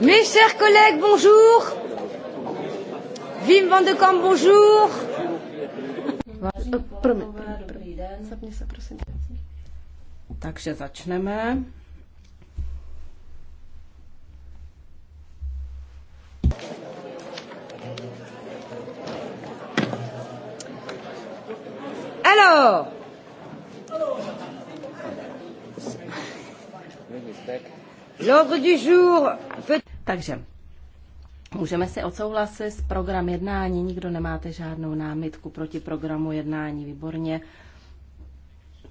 Mes chers collègues, bonjour. Vim van de Kamp, bonjour. Takže začneme. Alors. Hello. L'ordre du jour. Takže můžeme si odsouhlasit s program jednání. Nikdo nemáte žádnou námitku proti programu jednání. Výborně.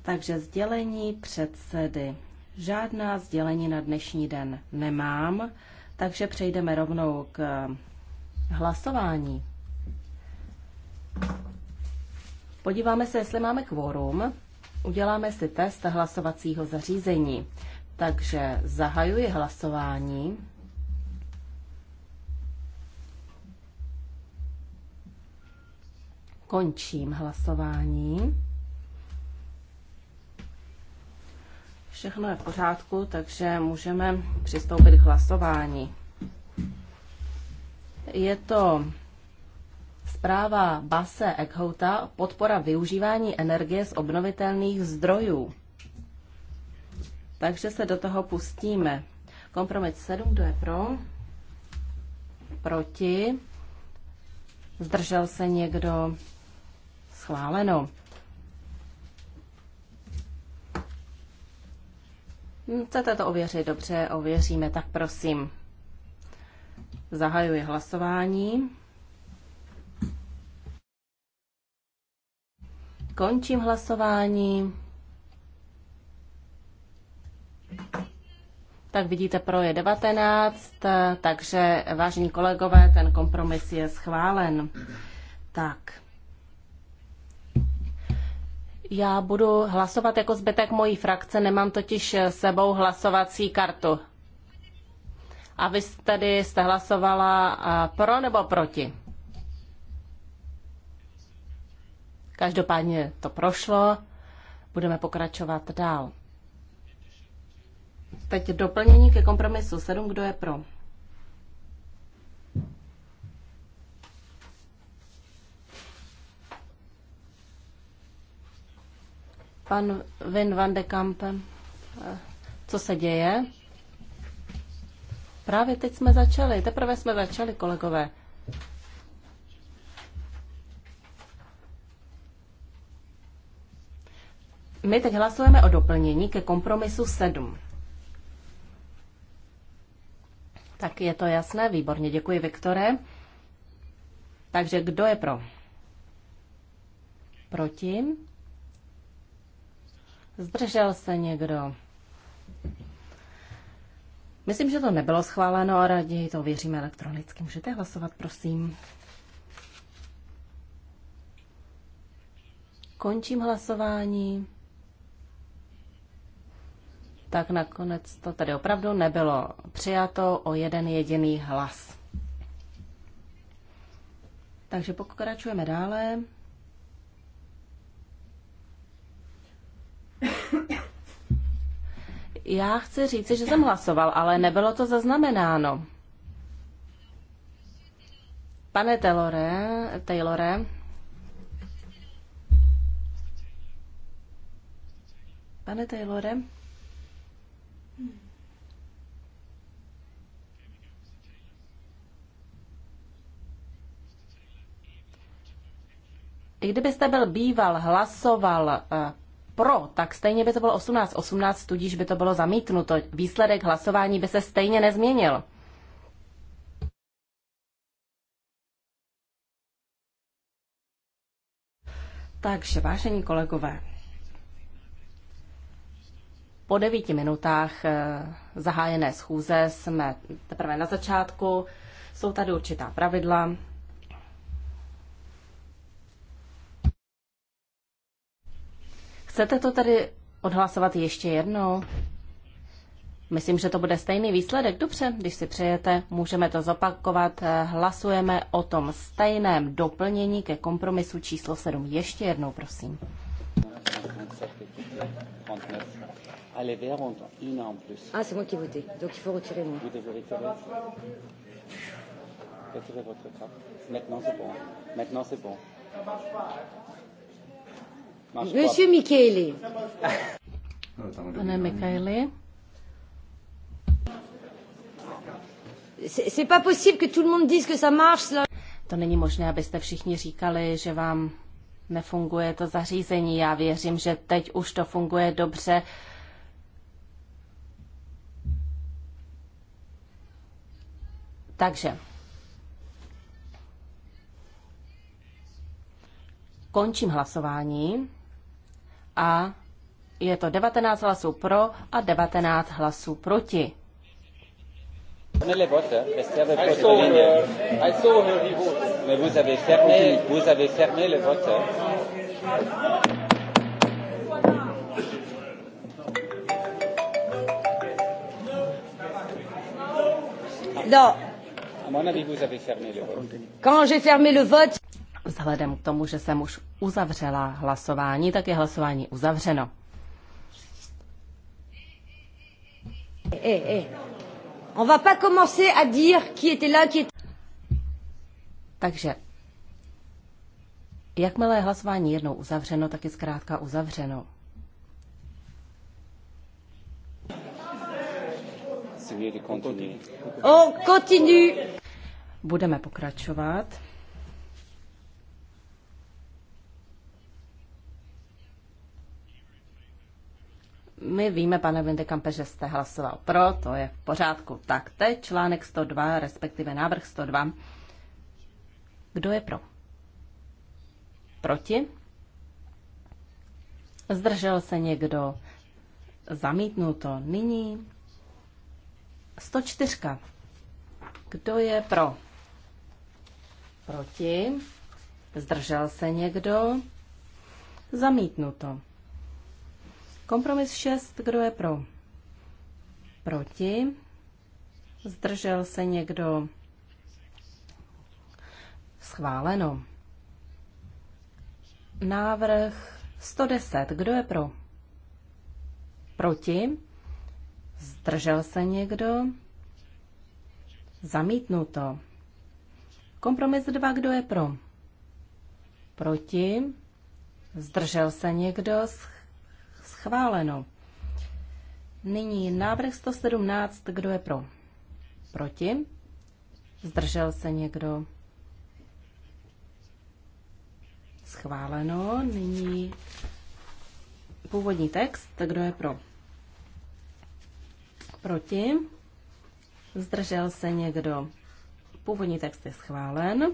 Takže sdělení předsedy. Žádná sdělení na dnešní den nemám, takže přejdeme rovnou k hlasování. Podíváme se, jestli máme kvorum. Uděláme si test hlasovacího zařízení. Takže zahajuji hlasování. Končím hlasování. Všechno je v pořádku, takže můžeme přistoupit k hlasování. Je to zpráva Base Eckhouta podpora využívání energie z obnovitelných zdrojů. Takže se do toho pustíme. Kompromis 7, kdo je pro? Proti? Zdržel se někdo? Schváleno. Hm, chcete to ověřit? Dobře, ověříme, tak prosím. Zahajuji hlasování. Končím hlasování tak vidíte, pro je 19, takže vážení kolegové, ten kompromis je schválen. Tak. Já budu hlasovat jako zbytek mojí frakce, nemám totiž sebou hlasovací kartu. A vy tedy jste hlasovala pro nebo proti? Každopádně to prošlo, budeme pokračovat dál. Teď doplnění ke kompromisu 7. Kdo je pro? Pan Vin van de Kampen, eh, co se děje? Právě teď jsme začali, teprve jsme začali, kolegové. My teď hlasujeme o doplnění ke kompromisu 7. Tak je to jasné, výborně, děkuji Viktore. Takže kdo je pro? Proti? Zdržel se někdo? Myslím, že to nebylo schváleno a raději to věříme elektronicky. Můžete hlasovat, prosím. Končím hlasování tak nakonec to tedy opravdu nebylo přijato o jeden jediný hlas. Takže pokračujeme dále. Já chci říct, že jsem hlasoval, ale nebylo to zaznamenáno. Pane Taylore, Taylore, Pane Taylore, I kdybyste byl býval, hlasoval eh, pro, tak stejně by to bylo 18-18, tudíž by to bylo zamítnuto. Výsledek hlasování by se stejně nezměnil. Takže, vážení kolegové, po devíti minutách eh, zahájené schůze jsme teprve na začátku. Jsou tady určitá pravidla, Chcete to tedy odhlasovat ještě jednou? Myslím, že to bude stejný výsledek. Dobře, když si přejete, můžeme to zopakovat. Hlasujeme o tom stejném doplnění ke kompromisu číslo 7. Ještě jednou, prosím. plus. Ah, Maintenant, c'est bon. Maintenant, c'est bon. Monsieur Michele. No, Pane Michele. C'est pas possible que tout le monde dise que ça marche. Là. To není možné, abyste všichni říkali, že vám nefunguje to zařízení. Já věřím, že teď už to funguje dobře. Takže končím hlasování a je to 19 hlasů pro a 19 hlasů proti. Non. À mon avis, vous avez fermé le vote. Quand j'ai fermé le vote. Vzhledem k tomu, že jsem už uzavřela hlasování, tak je hlasování uzavřeno. Eh, eh, eh. On va pas commencer à dire qui était là, qui était... Takže jakmile je hlasování jednou uzavřeno, tak je zkrátka uzavřeno. On continue. Budeme pokračovat. My víme, pane Vindekampe, že jste hlasoval pro, to je v pořádku. Tak, teď článek 102, respektive návrh 102. Kdo je pro? Proti? Zdržel se někdo? to Nyní 104. Kdo je pro? Proti? Zdržel se někdo? to. Kompromis 6, kdo je pro? Proti. Zdržel se někdo? Schváleno. Návrh 110, kdo je pro? Proti. Zdržel se někdo? Zamítnuto. Kompromis 2, kdo je pro? Proti. Zdržel se někdo? Schváleno schváleno. Nyní návrh 117, kdo je pro? Proti? Zdržel se někdo? Schváleno. Nyní původní text, kdo je pro? Proti? Zdržel se někdo? Původní text je schválen.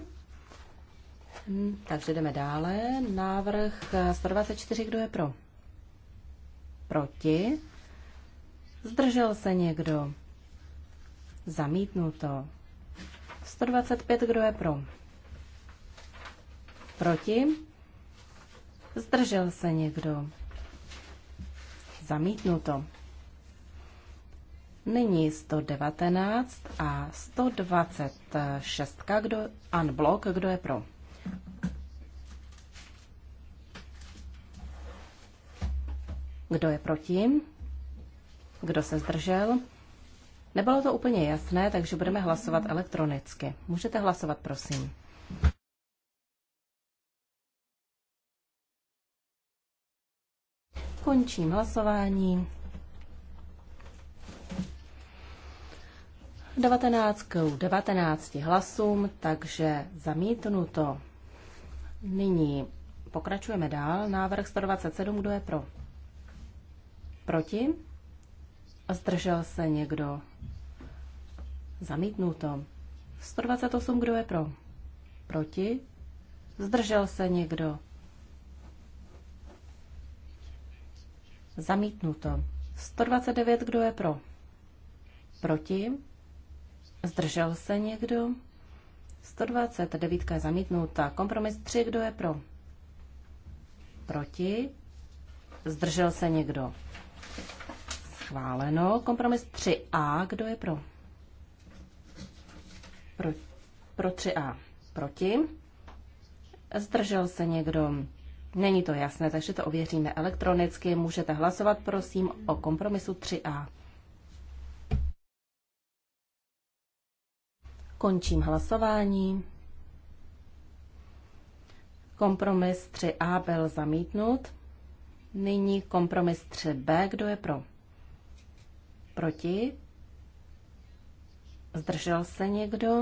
Hm, takže jdeme dále. Návrh 124, kdo je pro? Proti? Zdržel se někdo? Zamítnuto. 125, kdo je pro? Proti? Zdržel se někdo? Zamítnuto. Nyní 119 a 126, kdo, unblock, kdo je pro? Kdo je proti? Kdo se zdržel? Nebylo to úplně jasné, takže budeme hlasovat elektronicky. Můžete hlasovat, prosím. Končím hlasování. 19 k 19 hlasům, takže zamítnuto. Nyní pokračujeme dál. Návrh 127, kdo je pro? Proti? A Zdržel se někdo? Zamítnuto. 128, kdo je pro? Proti? Zdržel se někdo? Zamítnuto. 129, kdo je pro? Proti? Zdržel se někdo? 129 je zamítnuta. Kompromis 3, kdo je pro? Proti? Zdržel se někdo? schváleno. Kompromis 3A, kdo je pro? Pro, pro 3A. Proti? Zdržel se někdo? Není to jasné, takže to ověříme elektronicky. Můžete hlasovat, prosím, o kompromisu 3A. Končím hlasování. Kompromis 3A byl zamítnut. Nyní kompromis 3B. Kdo je pro? Proti? Zdržel se někdo?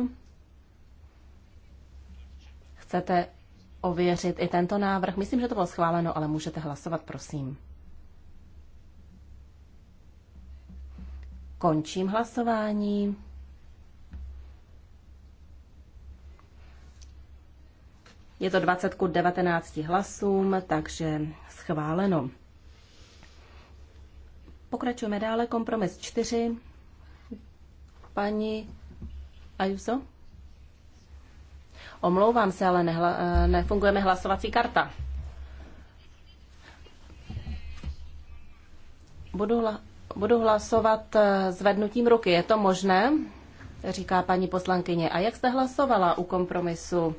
Chcete ověřit i tento návrh? Myslím, že to bylo schváleno, ale můžete hlasovat, prosím. Končím hlasování. Je to 20 k 19 hlasům, takže schváleno. Pokračujeme dále. Kompromis 4. Paní Ajuso? Omlouvám se, ale nehla, eh, nefunguje hlasovací karta. Budu, budu hlasovat eh, zvednutím ruky. Je to možné? Říká paní poslankyně. A jak jste hlasovala u kompromisu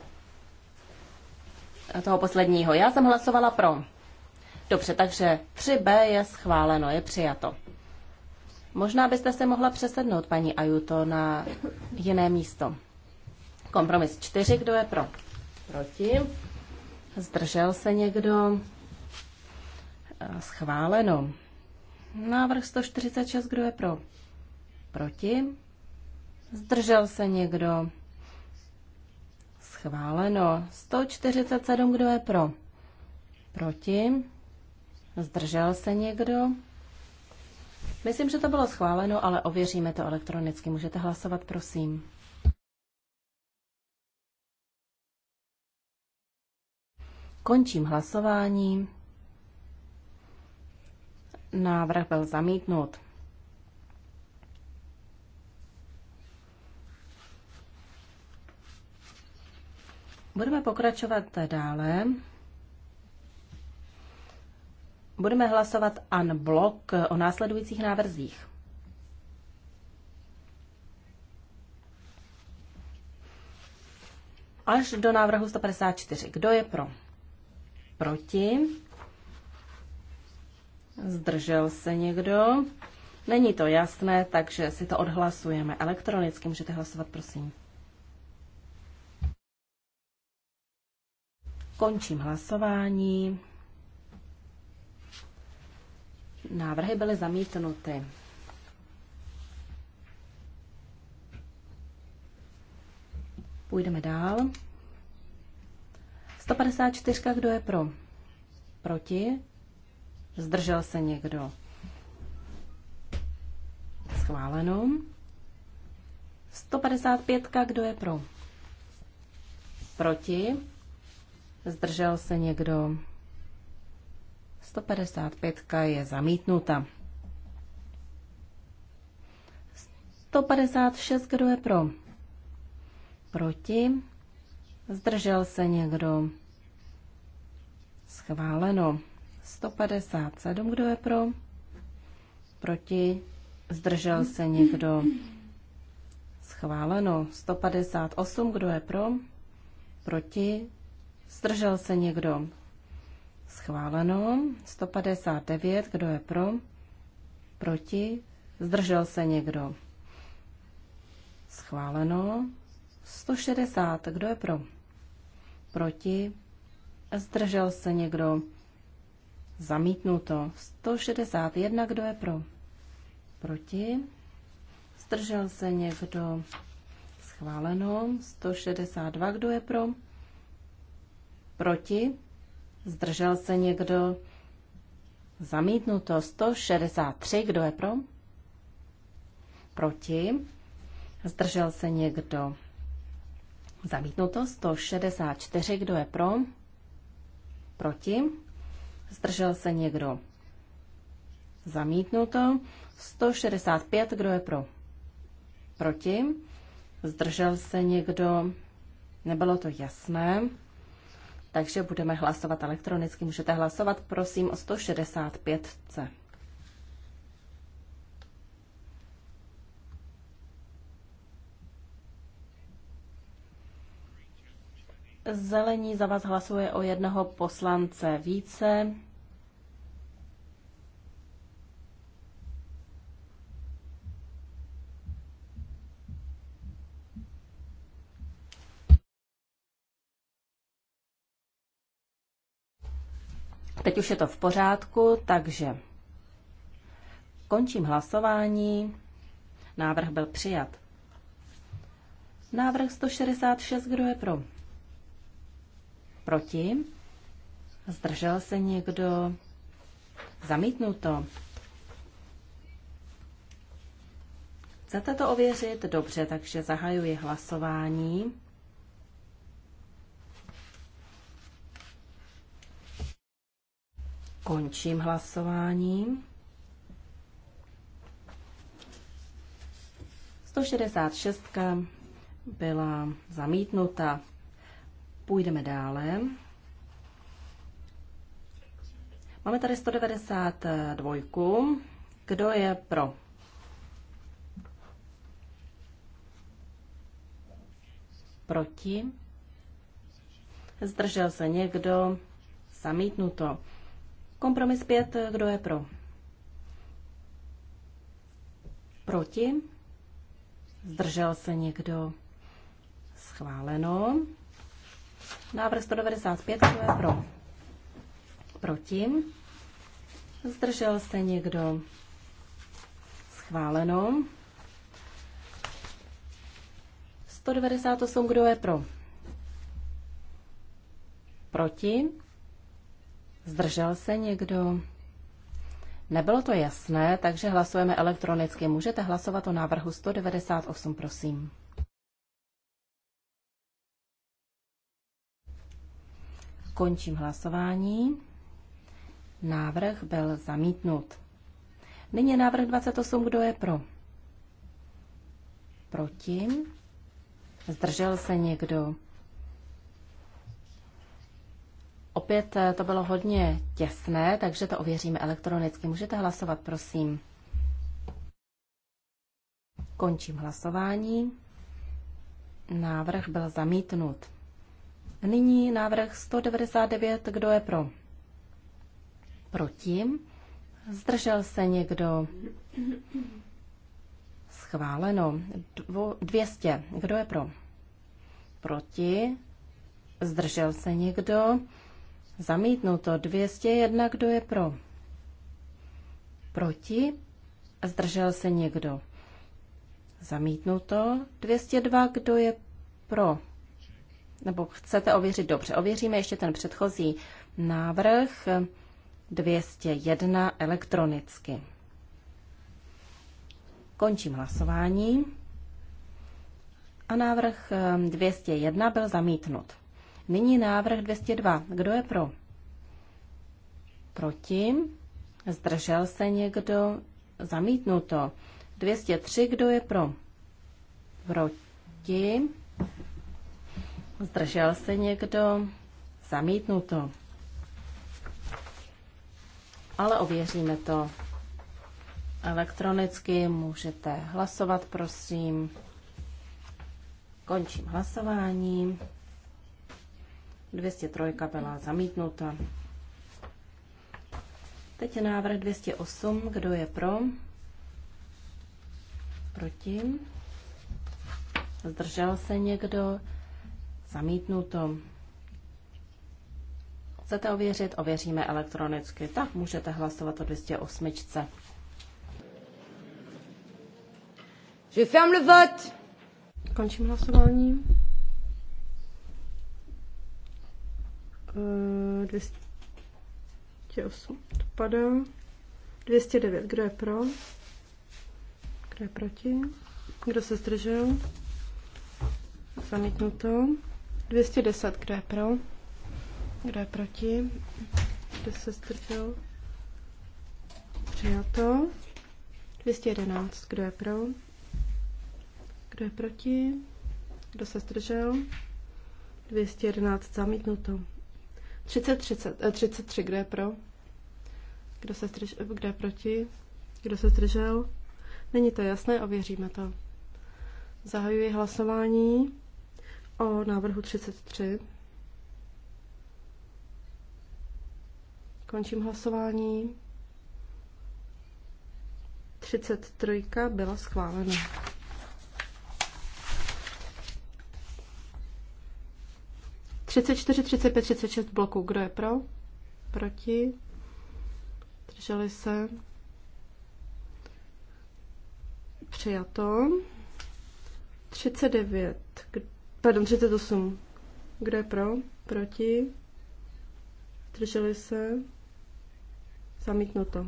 toho posledního? Já jsem hlasovala pro. Dobře, takže 3b je schváleno, je přijato. Možná byste se mohla přesednout, paní Ajuto, na jiné místo. Kompromis 4, eh, kdo je pro? Proti. Zdržel se někdo? Schváleno. Návrh 146, kdo je pro? Proti. Zdržel se někdo? Schváleno. 147, kdo je pro? Proti. Zdržel se někdo? Myslím, že to bylo schváleno, ale ověříme to elektronicky. Můžete hlasovat, prosím. Končím hlasování. Návrh byl zamítnut. Budeme pokračovat dále. Budeme hlasovat blok o následujících návrzích. Až do návrhu 154. Kdo je pro? Proti? Zdržel se někdo? Není to jasné, takže si to odhlasujeme elektronicky. Můžete hlasovat, prosím. Končím hlasování. Návrhy byly zamítnuty. Půjdeme dál. 154. Kdo je pro? Proti? Zdržel se někdo? Schváleno. 155. Kdo je pro? Proti? Zdržel se někdo? 155 je zamítnuta. 156, kdo je pro? Proti? Zdržel se někdo? Schváleno. 157, kdo je pro? Proti? Zdržel se někdo? Schváleno. 158, kdo je pro? Proti? Zdržel se někdo? Schváleno. 159. Kdo je pro? Proti? Zdržel se někdo? Schváleno. 160. Kdo je pro? Proti? Zdržel se někdo? Zamítnuto. 161. Kdo je pro? Proti? Zdržel se někdo? Schváleno. 162. Kdo je pro? Proti? Zdržel se někdo? Zamítnuto 163. Kdo je pro? Proti. Zdržel se někdo? Zamítnuto 164. Kdo je pro? Proti. Zdržel se někdo? Zamítnuto 165. Kdo je pro? Proti. Zdržel se někdo? Nebylo to jasné takže budeme hlasovat elektronicky. Můžete hlasovat, prosím, o 165C. Zelení za vás hlasuje o jednoho poslance více. Teď už je to v pořádku, takže končím hlasování. Návrh byl přijat. Návrh 166, kdo je pro? Proti? Zdržel se někdo? Zamítnuto. Chcete to ověřit? Dobře, takže zahajuji hlasování. Končím hlasování. 166 byla zamítnuta. Půjdeme dále. Máme tady 192. Kdo je pro? Proti? Zdržel se někdo? Zamítnuto. Kompromis 5, kdo je pro? Proti? Zdržel se někdo? Schváleno. Návrh 195, kdo je pro? Proti? Zdržel se někdo? Schváleno. 198, kdo je pro? Proti? Zdržel se někdo? Nebylo to jasné, takže hlasujeme elektronicky. Můžete hlasovat o návrhu 198, prosím. Končím hlasování. Návrh byl zamítnut. Nyní návrh 28. Kdo je pro? Proti? Zdržel se někdo? Opět eh, to bylo hodně těsné, takže to ověříme elektronicky. Můžete hlasovat, prosím. Končím hlasování. Návrh byl zamítnut. Nyní návrh 199. Kdo je pro? Proti? Zdržel se někdo? Schváleno. 200. Kdo je pro? Proti? Zdržel se někdo? Zamítnuto 201, kdo je pro? Proti? Zdržel se někdo? Zamítnuto 202, kdo je pro? Nebo chcete ověřit? Dobře, ověříme ještě ten předchozí návrh 201 elektronicky. Končím hlasování. A návrh 201 eh, byl zamítnut. Nyní návrh 202. Kdo je pro? Proti? Zdržel se někdo? Zamítnuto. 203. Kdo je pro? Proti? Zdržel se někdo? Zamítnuto. Ale ověříme to. Elektronicky můžete hlasovat, prosím. Končím hlasování. 203 byla zamítnuta. Teď je návrh 208. Kdo je pro? Proti? Zdržel se někdo? Zamítnuto. Chcete ověřit? Ověříme elektronicky. Tak můžete hlasovat o 208. Je ferme le vote. Končím hlasování. 208 odpadá. 209, kdo je pro? Kdo je proti? Kdo se zdržel? Zamítnuto. 210, kdo je pro? Kdo je proti? Kdo se zdržel? Přijato. 211, kdo je pro? Kdo je proti? Kdo se zdržel? 211 zamítnuto. 30, 30, 33, kdo je pro? Kdo, se zdrž, eh, kdo je proti? Kdo se zdržel? Není to jasné, ověříme to. Zahajuji hlasování o návrhu 33. Končím hlasování. 33 byla schválena. 34, 35, 36 bloků. Kdo je pro? Proti? Drželi se? Přijato. 39, pardon, 38. Kdo je pro? Proti? Drželi se? Zamítnuto.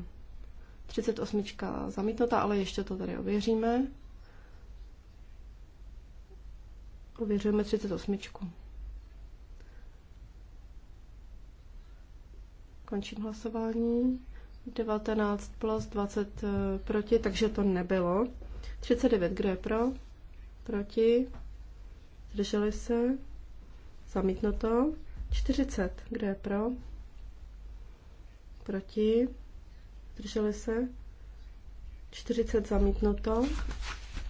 38. zamítnuta, ale ještě to tady ověříme. Ověřujeme 38. Končím hlasování. 19 plus 20 eh, proti, takže to nebylo. 39, kdo je pro? Proti? Zdrželi se? Zamítnuto. 40, kdo je pro? Proti? Zdrželi se? 40 zamítnuto.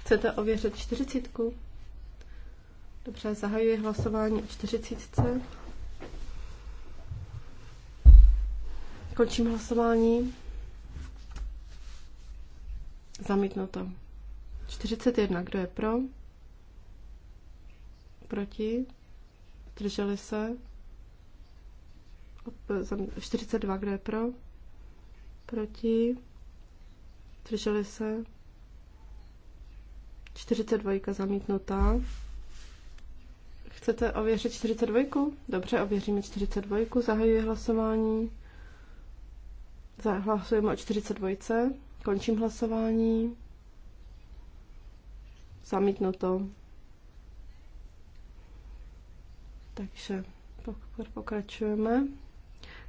Chcete ověřit 40? Dobře, zahajuji hlasování o 40. Končím hlasování. to. 41. Kdo je pro? Proti? Drželi se? 42. Kdo je pro? Proti? Drželi se? 42. Zamítnutá. Chcete ověřit 42? Dobře, ověříme 42. Zahajuji hlasování. Hlasujeme o 42. Končím hlasování. Zamítnuto. Takže pokud pokračujeme.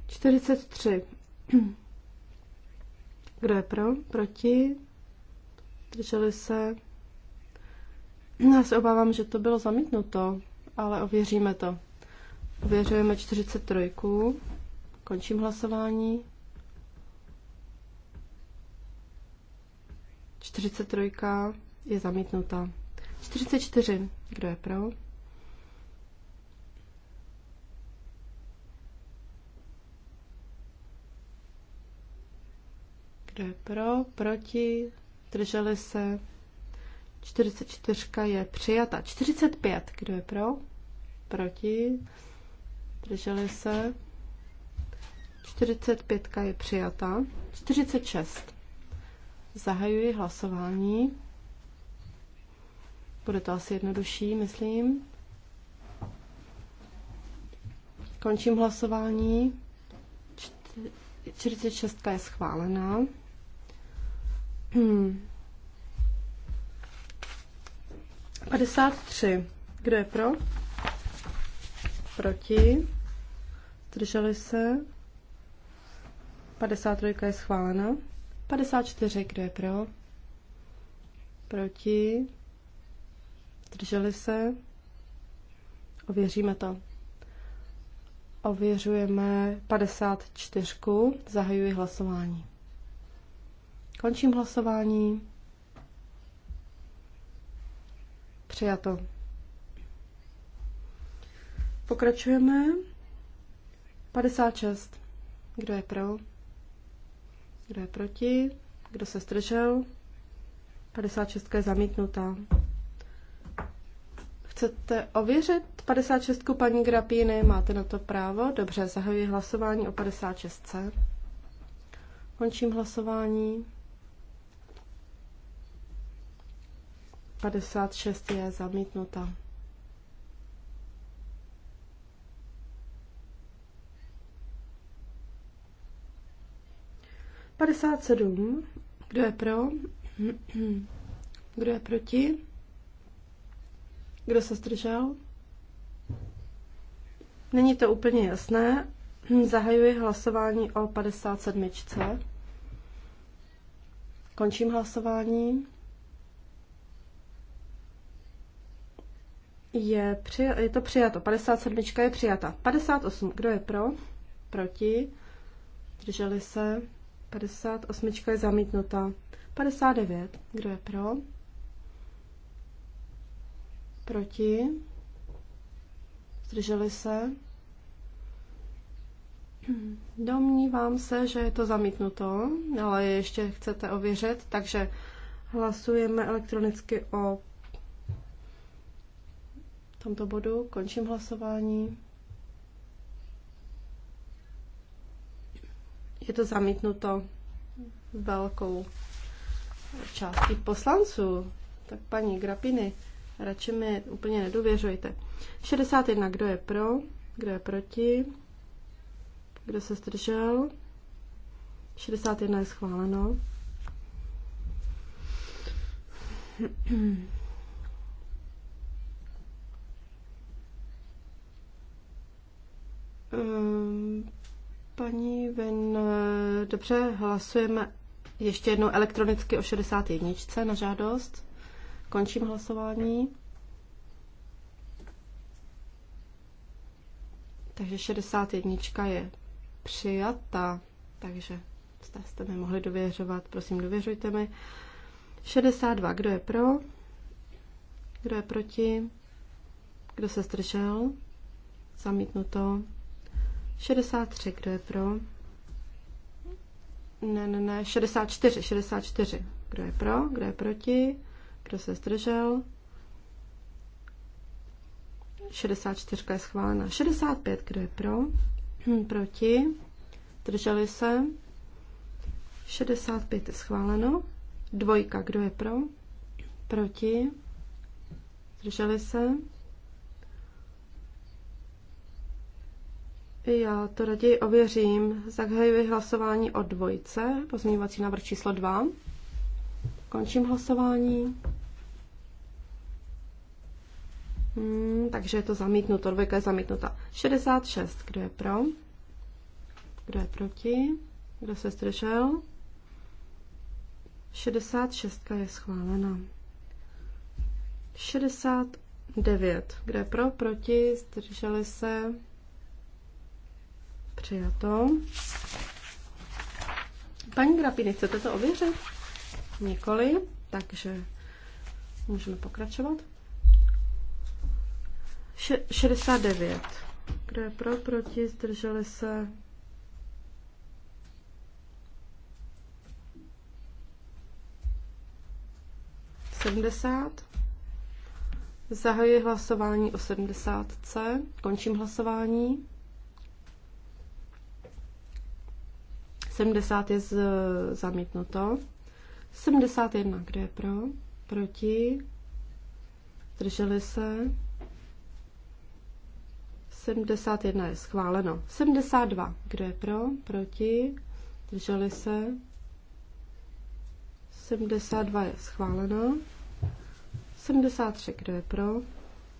43. Kdo je pro? Proti? Drželi se? Já se obávám, že to bylo zamítnuto, ale ověříme to. Ověřujeme 43. Končím hlasování. 43 je zamítnutá. 44. Kdo je pro? Kdo je pro? Proti? Drželi se? 44 je přijata. 45. Kdo je pro? Proti? Drželi se? 45 je přijata. 46. Zahajuji hlasování. Bude to asi jednodušší, myslím. Končím hlasování. 46 je schválená. Hmm. 53. Kdo je pro? Proti? Drželi se? 53 je schválena. 54, kdo je pro? Proti? Drželi se? Ověříme to. Ověřujeme 54. Zahajuji hlasování. Končím hlasování. Přijato. Pokračujeme. 56. Kdo je pro? Kdo je proti? Kdo se zdržel? 56 je zamítnutá. Chcete ověřit 56 paní Grapíny? Máte na to právo? Dobře, zahajuji hlasování o 56 Končím hlasování. 56 je zamítnuta. 57. Kdo je pro? Kdo je proti? Kdo se zdržel? Není to úplně jasné. Zahajuji hlasování o 57. Končím hlasování. Je, při, je to přijato. 57. je přijata. 58. Kdo je pro? Proti? Drželi se? 58 je zamítnuta. 59. Kdo je pro? Proti? Zdrželi se? Domnívám se, že je to zamítnuto, ale ještě chcete ověřit, takže hlasujeme elektronicky o tomto bodu. Končím hlasování. je to zamítnuto velkou částí poslanců. Tak paní Grapiny, radši mi úplně nedověřujte. 61, kdo je pro, kdo je proti, kdo se zdržel. 61 je schváleno. Paní Vin, eh, dobře, hlasujeme ještě jednou elektronicky o 61 na žádost. Končím hlasování. Takže 61 je přijata, takže jste, jste mi mohli dověřovat, prosím dověřujte mi. 62, kdo je pro? Kdo je proti? Kdo se zdržel? Zamítnuto. 63, kdo je pro? Ne, ne, ne, 64, 64. Kdo je pro, kdo je proti, kdo se zdržel? 64 je schválena. 65, kdo je pro, hm, proti, drželi se. 65 je schváleno. Dvojka, kdo je pro, proti, drželi se. Já to raději ověřím. Zahajuji hlasování o dvojce, pozměňovací návrh číslo 2. Končím hlasování. Hmm, takže je to zamítnuto, dvojka je zamítnuta. 66, kdo je pro? Kdo je proti? Kdo se zdržel? 66 je schválena. 69, kdo je pro, proti, zdrželi se, Přijato. Paní Grapiny, chcete to ověřit? Nikoli, takže můžeme pokračovat. 69. Kdo je pro, proti, zdrželi se. Zahajuji hlasování o 70. Končím hlasování. 70 je z, zamítnuto. 71, kde je pro? Proti? Drželi se? 71 je schváleno. 72, kdo je pro? Proti? Drželi se? 72 je schváleno. 73, kdo je pro?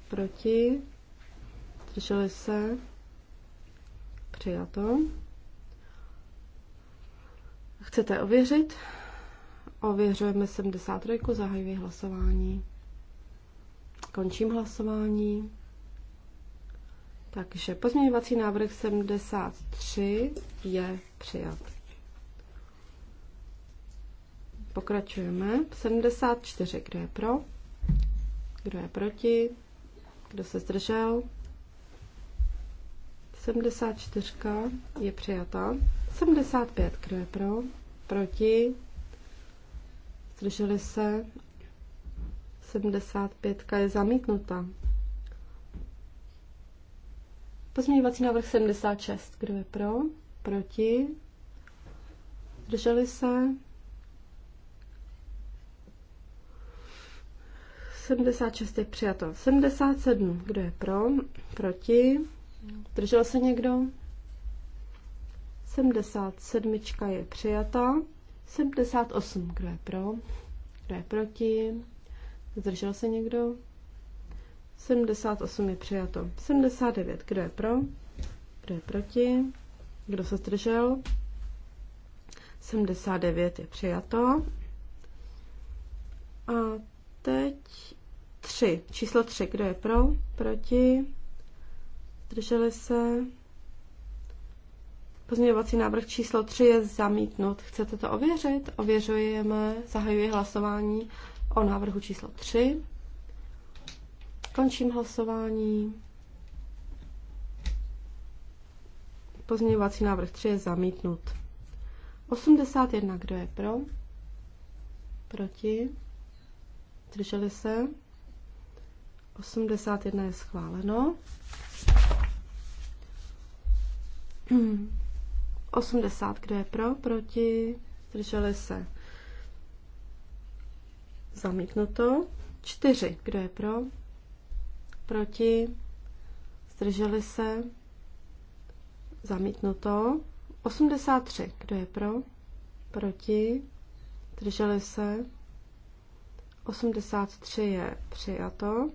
Proti? Drželi se? Přijato. Chcete ověřit? Ověřujeme 73, zahajuji hlasování. Končím hlasování. Takže pozměňovací návrh 73 je přijat. Pokračujeme. 74, kdo je pro? Kdo je proti? Kdo se zdržel? 74 je přijata. 75, kdo je pro? Proti? Zdrželi se? 75 je zamítnuta. Pozměňovací návrh 76. Kdo je pro? Proti? Zdrželi se? 76 je přijato. 77. Kdo je pro? Proti? Držel se někdo? 77 je přijata. 78, kdo je pro? Kdo je proti? Zdržel se někdo? 78 je přijato. 79, kdo je pro? Kdo je proti? Kdo se zdržel? 79 je přijato. A teď 3. Číslo 3. Kdo je pro? Proti? zdrželi se? Pozměňovací návrh číslo 3 je zamítnut. Chcete to ověřit? Ověřujeme, zahajuji hlasování o návrhu číslo 3. Končím hlasování. Pozměňovací návrh 3 je zamítnut. 81, kdo je pro? Proti? Drželi se? 81 je schváleno. 80, kdo je pro, proti, zdrželi se. Zamítnuto. 4, kdo je pro, proti, zdrželi se. Zamítnuto. 83, kdo je pro, proti, zdrželi se. 83 je přijato.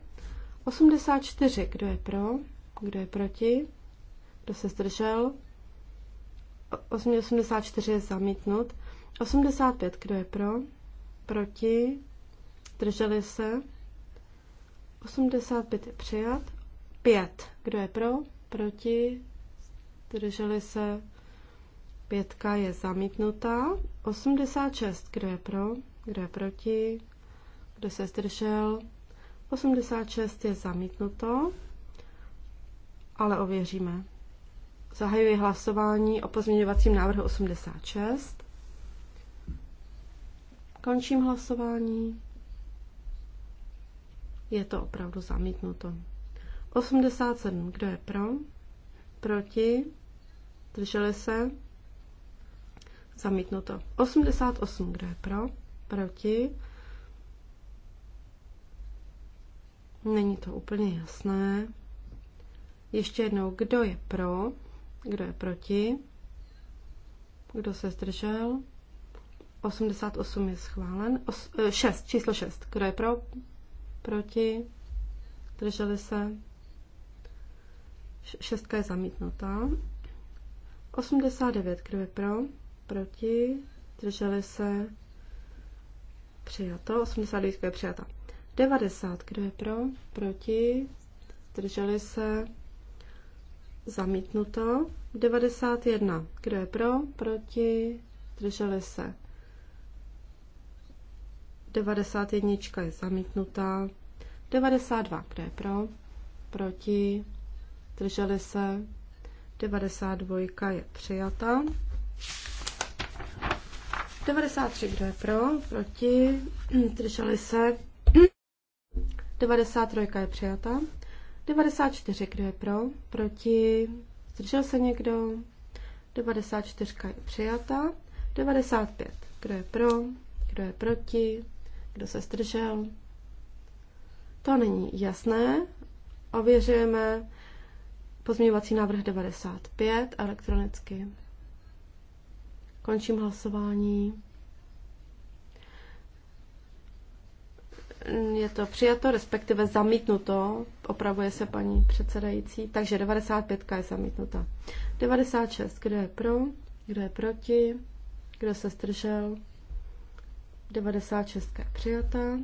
84, kdo je pro, kdo je proti, kdo se zdržel, 84 je zamítnut. 85, kdo je pro? Proti? Drželi se? 85 je přijat. 5, kdo je pro? Proti? Drželi se? Pětka je zamítnutá. 86, kdo je pro? Kdo je proti? Kdo se zdržel? 86 je zamítnuto, ale ověříme. Zahajuji hlasování o pozměňovacím návrhu 86. Končím hlasování. Je to opravdu zamítnuto. 87. Kdo je pro? Proti? Drželi se? Zamítnuto. 88. Kdo je pro? Proti? Není to úplně jasné. Ještě jednou, kdo je pro? Kdo je proti? Kdo se zdržel? 88 je schválen. Os, 6, eh, číslo 6. Kdo je pro? Proti? Drželi se? Šestka je zamítnutá. 89. Kdo je pro? Proti? Drželi se? Přijato. 89 je přijata. 90. Kdo je pro? Proti? Drželi se? Zamítnuto. 91. Kdo je pro? Proti? Drželi se. 91 je zamítnutá. 92. Kdo je pro? Proti? Drželi se. 92 je přijata. 93. Kdo je pro? Proti? Drželi se. 93 je přijata. 94, kdo je pro? Proti? Zdržel se někdo? 94 je přijata. 95, kdo je pro? Kdo je proti? Kdo se zdržel? To není jasné. Ověřujeme pozměňovací návrh 95 elektronicky. Končím hlasování. Je to přijato, respektive zamítnuto, opravuje se paní předsedající, takže 95 je zamítnuta. 96, kdo je pro, kdo je proti, kdo se zdržel, 96 je přijata.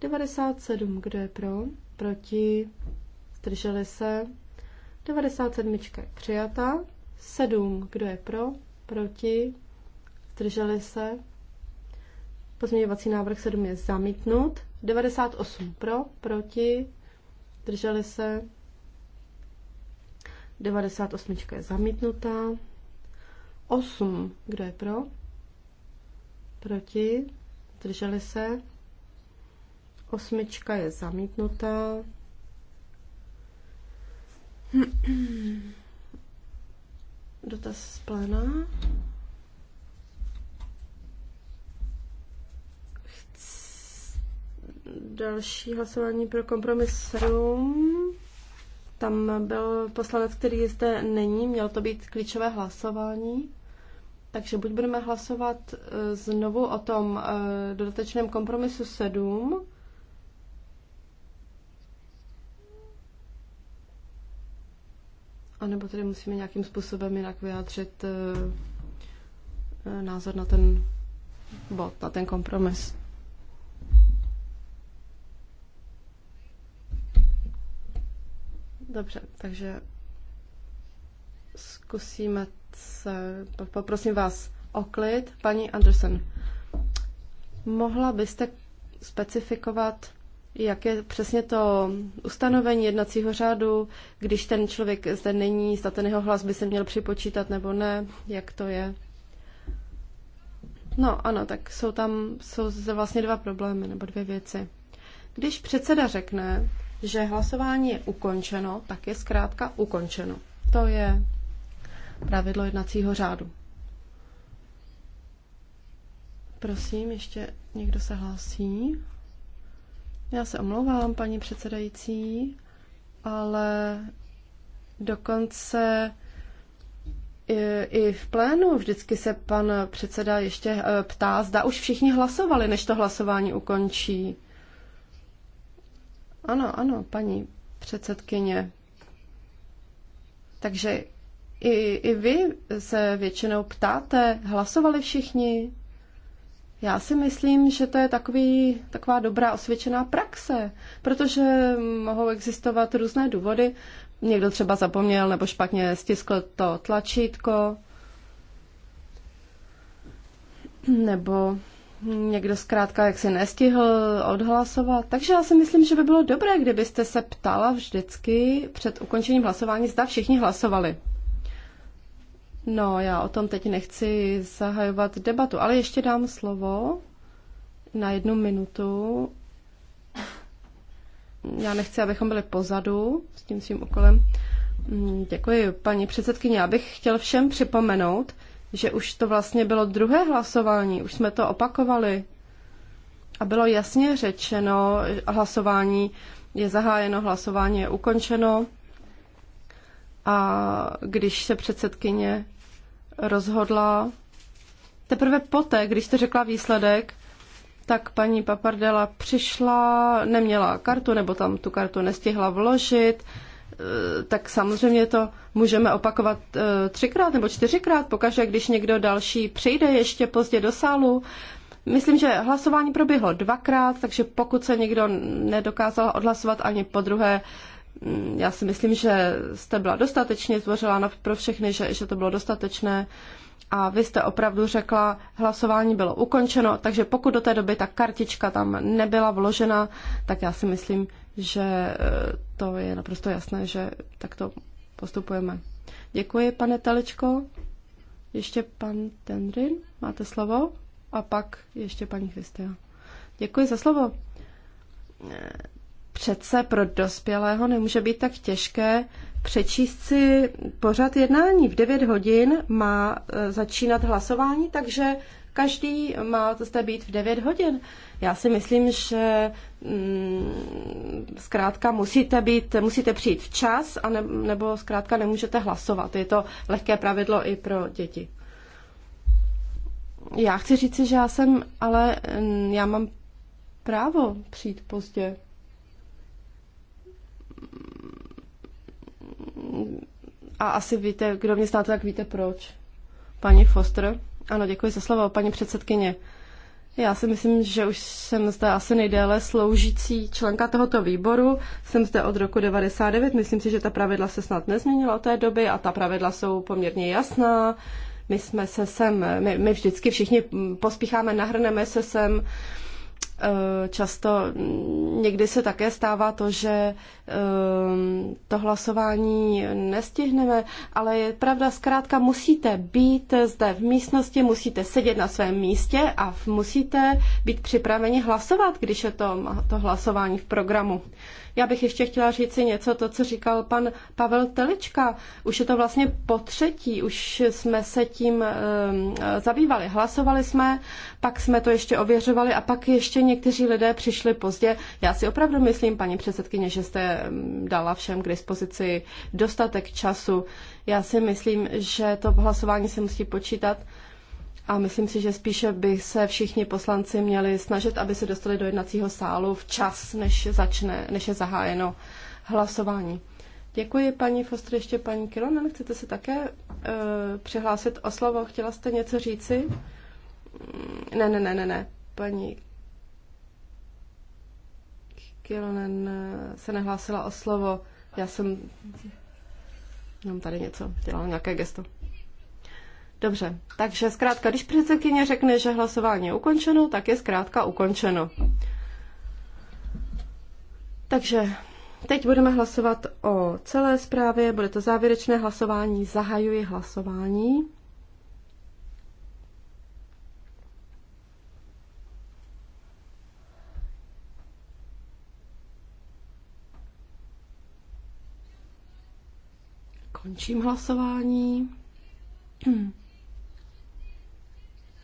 97, kdo je pro, proti, zdrželi se, 97 je přijata. 7, kdo je pro, proti, zdrželi se, Pozměňovací návrh 7 je zamítnut. 98 pro, proti, drželi se. 98 je zamítnutá. 8, kdo je pro? Proti, drželi se. Osmička je zamítnutá. Dotaz z pléna. další hlasování pro kompromis 7. Tam byl poslanec, který zde není, mělo to být klíčové hlasování. Takže buď budeme hlasovat e, znovu o tom e, dodatečném kompromisu 7, nebo tedy musíme nějakým způsobem jinak vyjádřit e, názor na ten bod, na ten kompromis. Dobře, takže zkusíme se, poprosím vás o klid. Paní Anderson, mohla byste specifikovat, jak je přesně to ustanovení jednacího řádu, když ten člověk zde není, zda ten jeho hlas by se měl připočítat nebo ne, jak to je? No ano, tak jsou tam jsou zde vlastně dva problémy nebo dvě věci. Když předseda řekne, že hlasování je ukončeno, tak je zkrátka ukončeno. To je pravidlo jednacího řádu. Prosím, ještě někdo se hlásí? Já se omlouvám, paní předsedající, ale dokonce i v plénu vždycky se pan předseda ještě eh, ptá, zda už všichni hlasovali, než to hlasování ukončí. Ano, ano, paní předsedkyně. Takže i, i vy se většinou ptáte, hlasovali všichni? Já si myslím, že to je takový, taková dobrá osvědčená praxe, protože mohou existovat různé důvody. Někdo třeba zapomněl nebo špatně stiskl to tlačítko, nebo někdo zkrátka jak si nestihl odhlasovat. Takže já si myslím, že by bylo dobré, kdybyste se ptala vždycky před ukončením hlasování, zda všichni hlasovali. No, já o tom teď nechci zahajovat debatu, ale ještě dám slovo na jednu minutu. Já nechci, abychom byli pozadu s tím svým úkolem. Děkuji, paní předsedkyně. Já bych chtěl všem připomenout, že už to vlastně bylo druhé hlasování, už jsme to opakovali a bylo jasně řečeno, hlasování je zahájeno, hlasování je ukončeno a když se předsedkyně rozhodla, teprve poté, když jste řekla výsledek, tak paní Papardela přišla, neměla kartu, nebo tam tu kartu nestihla vložit, Eh, tak samozřejmě to můžeme opakovat eh, třikrát nebo čtyřikrát, pokaždé, když někdo další přijde ještě pozdě do sálu. Myslím, že hlasování proběhlo dvakrát, takže pokud se někdo nedokázal odhlasovat ani po druhé, mm, já si myslím, že jste byla dostatečně zvořila pro všechny, že, že to bylo dostatečné. A vy jste opravdu řekla, hlasování bylo ukončeno, takže pokud do té doby ta kartička tam nebyla vložena, tak já si myslím, že eh, to je naprosto jasné, že takto postupujeme. Děkuji, pane Telečko. Ještě pan Tendrin, máte slovo? A pak ještě paní Christia. Děkuji za slovo. Eh, přece pro dospělého nemůže být tak těžké přečíst si pořad jednání. V 9 hodin má eh, začínat hlasování, takže Každý má zde být v 9 hodin. Já si myslím, že mm, zkrátka musíte, být, musíte přijít včas, a ne, nebo zkrátka nemůžete hlasovat. Je to lehké pravidlo i pro děti. Já chci říci, že já jsem, ale mm, já mám právo přijít pozdě. A asi víte, kdo mě znáte, tak víte proč. Paní Foster. Ano, děkuji za slovo, paní předsedkyně. Já si myslím, že už jsem zde asi nejdéle sloužící členka tohoto výboru. Jsem zde od roku 99. Myslím si, že ta pravidla se snad nezměnila od té doby a ta pravidla jsou poměrně jasná. My jsme se sem, my, my vždycky všichni pospícháme, nahrneme se sem Eh, často mm, někdy se také stává to, že eh, to hlasování nestihneme, ale je pravda, zkrátka musíte být zde v místnosti, musíte sedět na svém místě a musíte být připraveni hlasovat, když je to, to hlasování v programu. Já bych ještě chtěla říct si něco, to, co říkal pan Pavel Telička. Už je to vlastně po třetí, už jsme se tím um, zabývali. Hlasovali jsme, pak jsme to ještě ověřovali a pak ještě někteří lidé přišli pozdě. Já si opravdu myslím, paní předsedkyně, že jste dala všem k dispozici dostatek času. Já si myslím, že to hlasování se musí počítat. A myslím si, že spíše by se všichni poslanci měli snažit, aby se dostali do jednacího sálu včas, než, začne, než je zahájeno hlasování. Děkuji, paní Foster, ještě paní Kilonen. Chcete se také uh, přihlásit o slovo? Chtěla jste něco říci? Ne, ne, ne, ne, ne. Paní Kilnen eh, se nehlásila o slovo. Já jsem jenom tady něco dělala, nějaké gesto. Dobře, takže zkrátka, když předsedkyně řekne, že hlasování je ukončeno, tak je zkrátka ukončeno. Takže teď budeme hlasovat o celé zprávě, bude to závěrečné hlasování, zahajuji hlasování. Končím hlasování.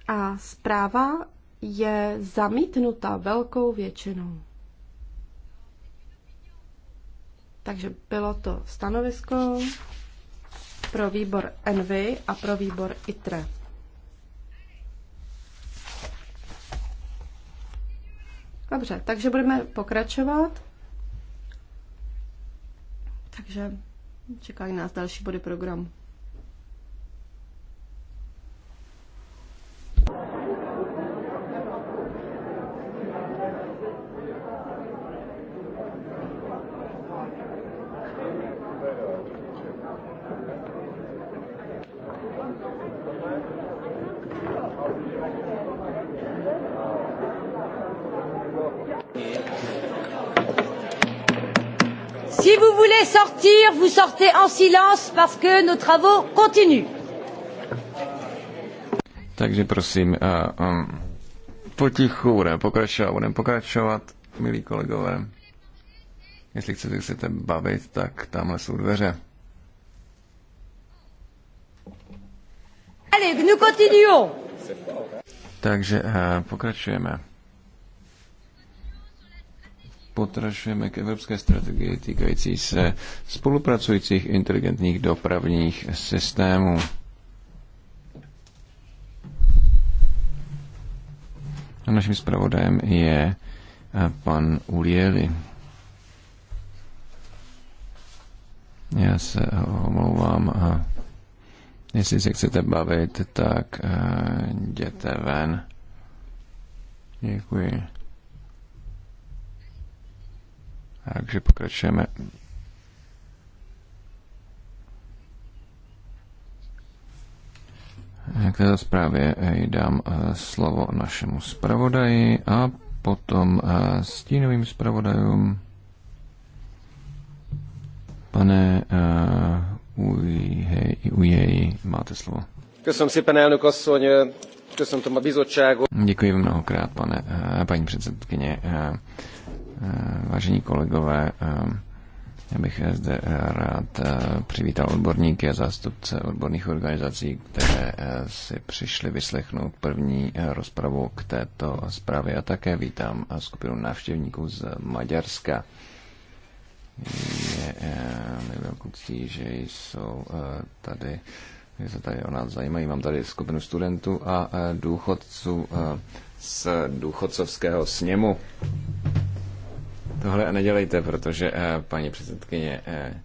A zpráva je zamítnuta velkou většinou. Takže bylo to stanovisko pro výbor Envy a pro výbor ITRE. Dobře, takže budeme pokračovat. Takže Čekají nás další body programu. sortez en silence parce que nos travaux continuent. Takže prosím, uh, um, potichu budeme pokračovat, budeme pokračovat, milí kolegové. Jestli chcete, chcete bavit, tak tamhle jsou dveře. Allez, nous continuons. Takže uh, pokračujeme potražujeme k evropské strategii týkající se spolupracujících inteligentních dopravních systémů. A naším zpravodajem je eh, pan Ulieli. Já se omlouvám. A eh, jestli se chcete bavit, tak eh, jděte ven. Děkuji. Takže pokračujeme. K této zprávě eh, dám eh, slovo našemu zpravodaji a potom eh, stínovým zpravodajům. Pane Ujej, máte slovo. Děkuji si, pane asszony, köszöntöm a bizottságot. Děkuji mnohokrát, pane, paní předsedkyně. Eh, vážení kolegové, eh, já bych zde rád eh, přivítal odborníky a zástupce odborných organizací, které si přišli vyslechnout první rozpravu k této zprávě a také vítám skupinu návštěvníků z Maďarska. Je mi velkou ctí, že jsou tady, že se tady o nás zajímají. Mám tady skupinu studentů a důchodců z důchodcovského sněmu. Tohle nedělejte, protože eh, paní předsedkyně eh,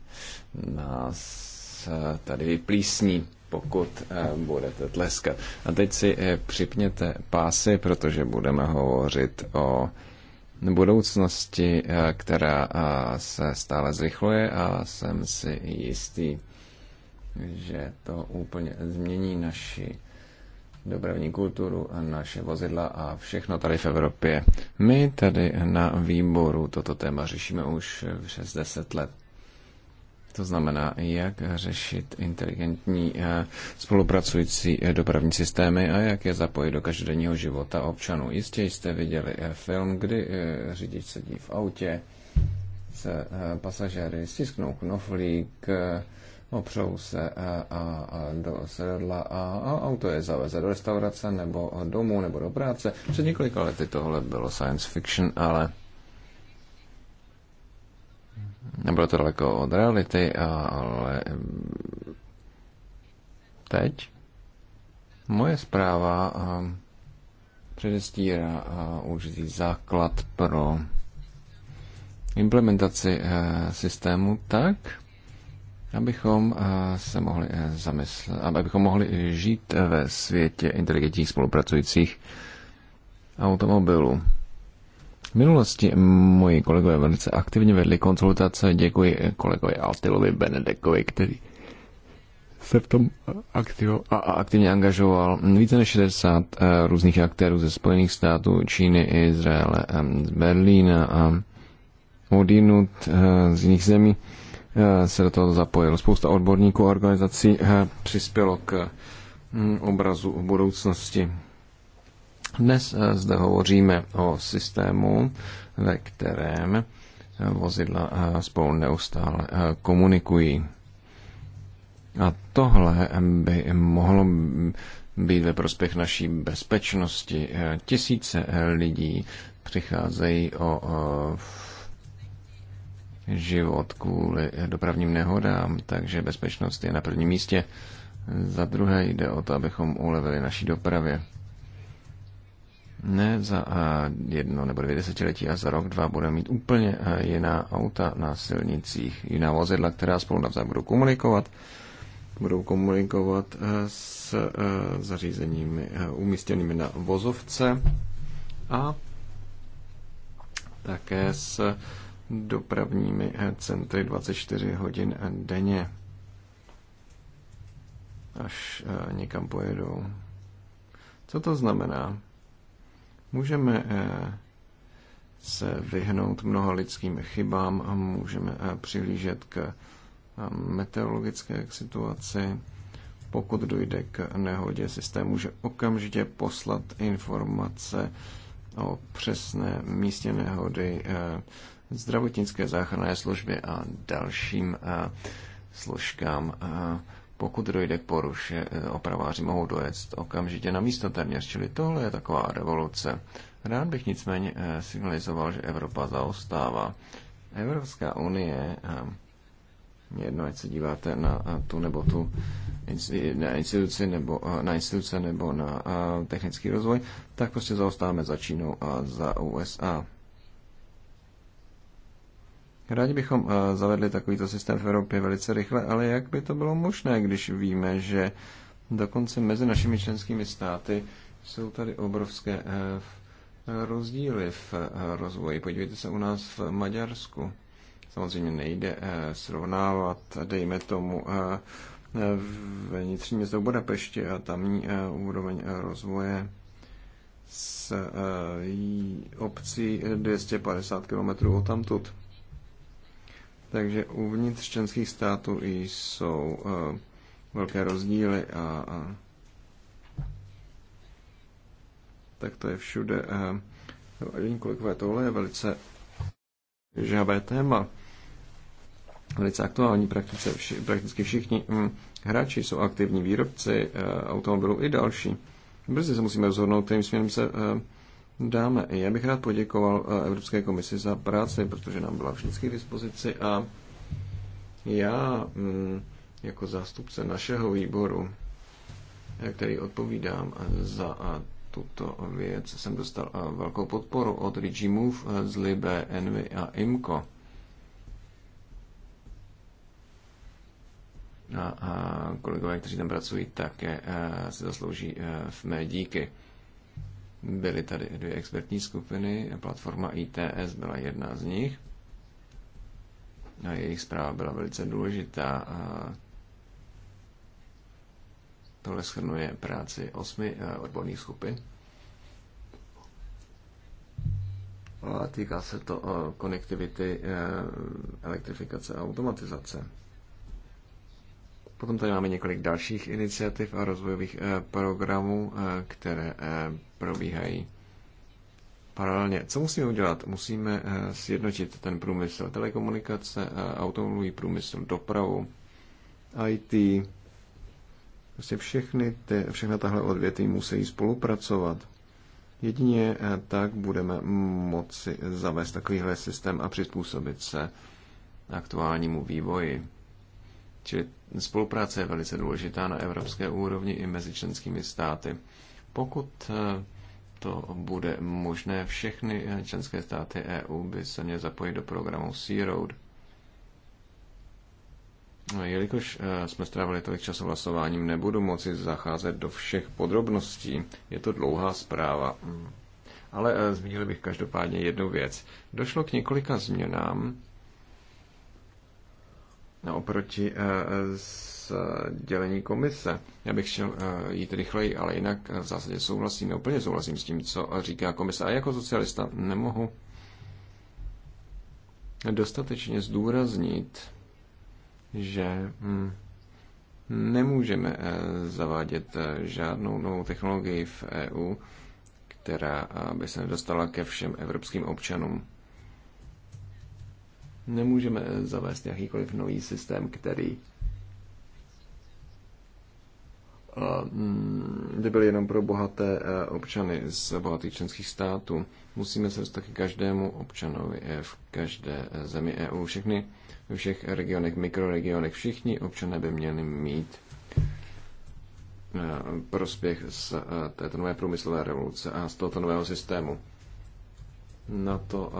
nás eh, tady vyplísní, pokud budete tleskat. A teď si připněte pásy, protože budeme hovořit o budoucnosti, která se stále zrychluje a jsem si jistý, že to úplně změní naši dopravní kulturu, naše vozidla a všechno tady v Evropě. My tady na výboru toto téma řešíme už přes 10 let. To znamená, jak řešit inteligentní eh, spolupracující eh, dopravní systémy a jak je zapojit do každodenního života občanů. Jistě jste viděli eh, film, kdy řidič sedí v autě se pasažéry, stisknou knoflík, opřou se eh, a, a do sedadla a, a auto je zaveze do restaurace nebo domů nebo do práce. Před několika lety tohle bylo science fiction, ale nebylo to daleko od reality, ale mm, teď moje zpráva předestírá určitý základ pro implementaci eh, systému tak, abychom eh, se mohli eh, zamyslet, abychom mohli žít eh, ve světě inteligentních spolupracujících automobilů. V minulosti moji kolegové velice aktivně vedli konzultace. Děkuji kolegovi Altilovi Benedekovi, který se v tom aktivo- a, a aktivně angažoval více než 60 různých aktérů ze Spojených států, Číny, Izraele, z Berlína a odinut z jiných zemí. Eh, se do toho zapojilo Spousta odborníků a organizací eh, přispělo k hm, obrazu v budoucnosti. Dnes eh, zde hovoříme o systému, ve kterém vozidla spolu neustále komunikují. A tohle by mohlo být ve prospěch naší bezpečnosti. Tisíce lidí přicházejí o život kvůli dopravním nehodám, takže bezpečnost je na prvním místě. Za druhé jde o to, abychom ulevili naší dopravě. Ne za eh, jedno nebo dvě desetiletí a za rok, dva budeme mít úplně eh, jiná auta na silnicích, jiná vozidla, která spolu navzájem budou komunikovat, budou komunikovat eh, s zařízeními umístěnými na vozovce a také s dopravními eh, centry 24 hodin eh, denně, až eh, někam pojedou. Co to znamená? Můžeme se vyhnout mnoha lidským chybám a můžeme přihlížet k meteorologické situaci. Pokud dojde k nehodě, systém může okamžitě poslat informace o přesné místě nehody, eh, zdravotnické záchranné služby a dalším eh, složkám. Eh, pokud dojde k poruše, opraváři mohou dojet okamžitě na místo téměř, čili tohle je taková revoluce. Rád bych nicméně signalizoval, že Evropa zaostává. Evropská unie jedno, ať se díváte na tu nebo tu na instituci nebo na, instituce nebo na technický rozvoj, tak prostě zaostáváme za Čínou a za USA. Rádi bychom zavedli takovýto systém v Evropě velice rychle, ale jak by to bylo možné, když víme, že dokonce mezi našimi členskými státy jsou tady obrovské e, rozdíly v e, rozvoji. Podívejte se u nás v Maďarsku. Samozřejmě nejde eh, srovnávat, dejme tomu, eh, vnitřní město Budapešti a tamní eh, úroveň rozvoje s obcí 250 km od tamtud. Takže uvnitř členských států jsou velké rozdíly a, a tak to je všude. Vážení kolegové, tohle je velice žhavé téma velice aktuální. Praktice, vši, prakticky všichni hm, hráči jsou aktivní výrobci e, automobilů i další. Brzy se musíme rozhodnout, kterým směrem se e, dáme. Já bych rád poděkoval e, Evropské komisi za práci, protože nám byla vždycky k dispozici a já hm, jako zástupce našeho výboru, který odpovídám za tuto věc, jsem dostal velkou podporu od Rigi Move z Libe, Envy a Imco. a, a kolegové, kteří tam pracují, také eh, se zaslouží eh, v mé díky. Byly tady dvě expertní skupiny, platforma ITS byla jedna z nich a jejich zpráva byla velice důležitá. A tohle schrnuje práci osmi eh, odborných skupin. A týká se to konektivity, elektrifikace a automatizace. Potom tady máme několik dalších iniciativ a rozvojových eh, programů, eh, které eh, probíhají paralelně. Co musíme udělat? Musíme sjednotit ten průmysl telekomunikace, automobilový průmysl, dopravu, IT. Prostě všechny ty, všechna tahle odvětví musí spolupracovat. Jedině tak budeme moci zavést takovýhle systém a přizpůsobit se aktuálnímu vývoji. Čili spolupráce je velice důležitá na evropské úrovni i mezi členskými státy. Pokud eh, to bude možné, všechny eh, členské státy EU by se měly zapojit do programu Sea Road. No, jelikož eh, jsme strávili tolik času hlasováním, nebudu moci zacházet do všech podrobností. Je to dlouhá zpráva. Mm. Ale zmínil bych každopádně jednu věc. Došlo k několika změnám oproti eh, s eh, dělení komise. Já bych chtěl eh, jít rychleji, ale jinak v zásadě souhlasím, úplně souhlasím s tím, co říká komise. A jako socialista nemohu dostatečně zdůraznit, že hm, nemůžeme zavádět žádnou novou technologii v EU, která by se nedostala ke všem evropským občanům. Nemůžeme zavést jakýkoliv nový systém, který eh, mm, by byl jenom pro bohaté eh, občany z bohatých členských států. Musíme se dostat k každému občanovi eh, v každé zemi EU. Všechny ve všech regionech, mikroregionech, všichni občané by měli mít prospěch z této nové průmyslové revoluce a z tohoto nového systému. Na to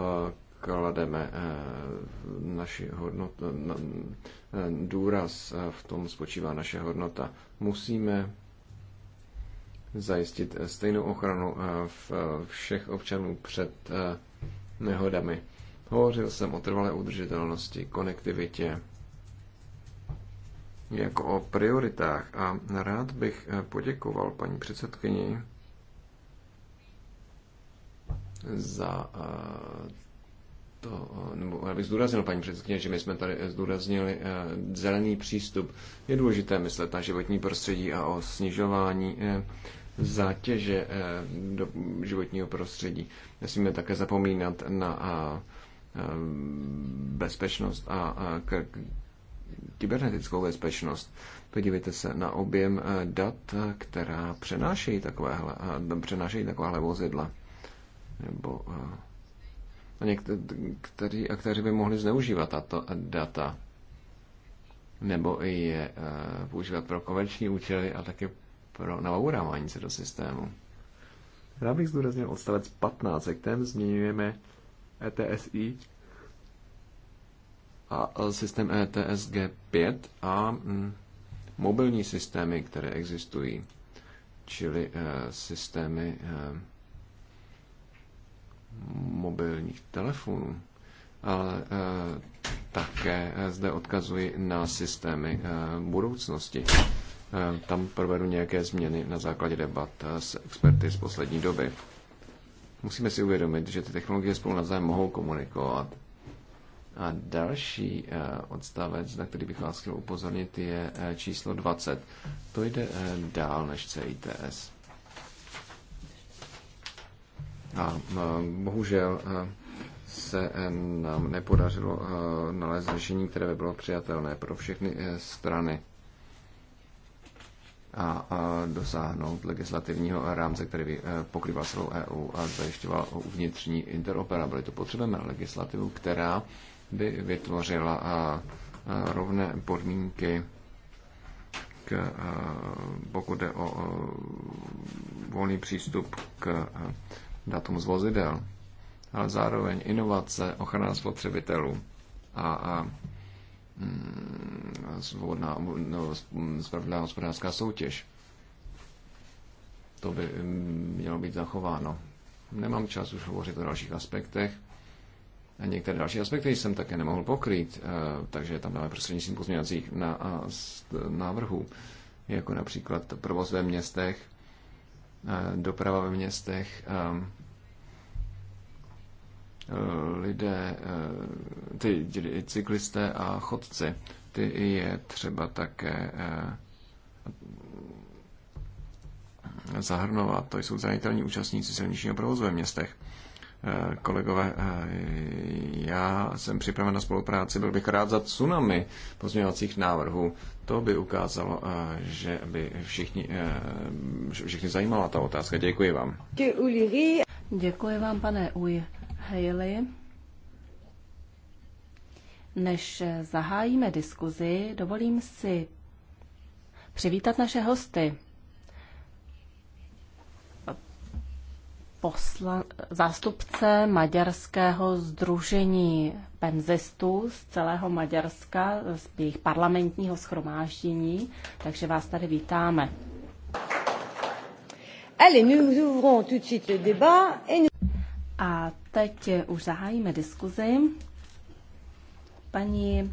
klademe eh, naši hodnot, eh, eh, důraz, v tom spočívá naše hodnota. Musíme zajistit stejnou ochranu všech občanů před nehodami. Hovořil jsem o trvalé udržitelnosti, konektivitě, jako o prioritách a rád bych poděkoval paní předsedkyni za to, nebo já bych zdůraznil, paní předsedkyně, že my jsme tady zdůraznili eh, zelený přístup. Je důležité myslet na životní prostředí a o snižování eh, zátěže eh, do životního prostředí. Nesmíme také zapomínat na bezpečnost a kybernetickou bezpečnost. Podívejte se na objem dat, která přenášejí takovéhle, přenášejí takovéhle vozidla. Nebo a někteří aktéři by mohli zneužívat tato data nebo i je eh, používat pro komerční účely a také pro navourávání se do systému. Já bych zdůraznil odstavec 15, jak ten změňujeme ETSI a eh, systém ETS G5 a mm, mobilní systémy, které existují, čili eh, systémy mobilních telefonů, ale eh, také zde odkazuji na systémy eh, budoucnosti. Eh, tam provedu nějaké změny na základě debat s experty z poslední doby. Musíme si uvědomit, že ty technologie spolu navzájem mohou komunikovat. A další odstavec, na který bych vás chtěl upozornit, je číslo 20. To jde dál než CITS. A bohužel se e, nám nepodařilo e, nalézt řešení, které by bylo přijatelné pro všechny e, strany a dosáhnout legislativního rámce, který by pokryval celou EU a zajišťoval vnitřní interoperabilitu. Potřebujeme legislativu, která by vytvořila rovné podmínky k, pokud jde o volný přístup k datum z vozidel, ale zároveň inovace, ochrana spotřebitelů a, a mm, svobodná, no, spravedlivá hospodářská soutěž. To by mm, mělo být zachováno. Nemám čas už hovořit o dalších aspektech. A některé další aspekty jsem také nemohl pokrýt, eh, takže tam dáme prostřednictvím pozměňovacích na, návrhů, jako například provoz ve městech, Eh, doprava ve městech, eh, eh, lidé, ty cyklisté a chodci, ty je třeba také zahrnovat. To jsou zranitelní účastníci silničního provozu ve městech. Kolegové, já jsem připraven na spolupráci, byl bych rád za tsunami pozměňovacích návrhů, to by ukázalo, eh, že by všichni, eh, všichni zajímala ta otázka. Děkuji vám. Děkuji vám, pane Uj Haley. Než zahájíme diskuzi, dovolím si přivítat naše hosty. poslan- zástupce maďarského združení penzistů z celého Maďarska, z jejich parlamentního schromáždění, takže vás tady vítáme. Allez, nous ouvrons tout de suite le débat et nous... A teď už zahájíme diskuzi. Paní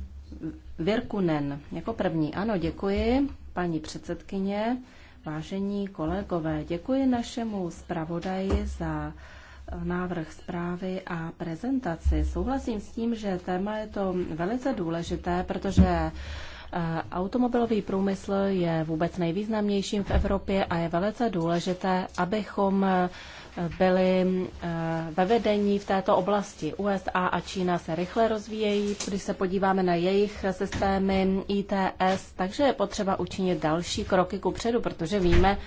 Virkunen jako první. Ano, děkuji, paní předsedkyně. Vážení kolegové, děkuji našemu zpravodaji za návrh zprávy a prezentaci. Souhlasím s tím, že téma je to velice důležité, protože eh, Automobilový průmysl je vůbec nejvýznamnějším v Evropě a je velice důležité, abychom eh, byly eh, ve vedení v této oblasti. USA a Čína se rychle rozvíjejí, když se podíváme na jejich systémy ITS, takže je potřeba učinit další kroky ku předu, protože víme,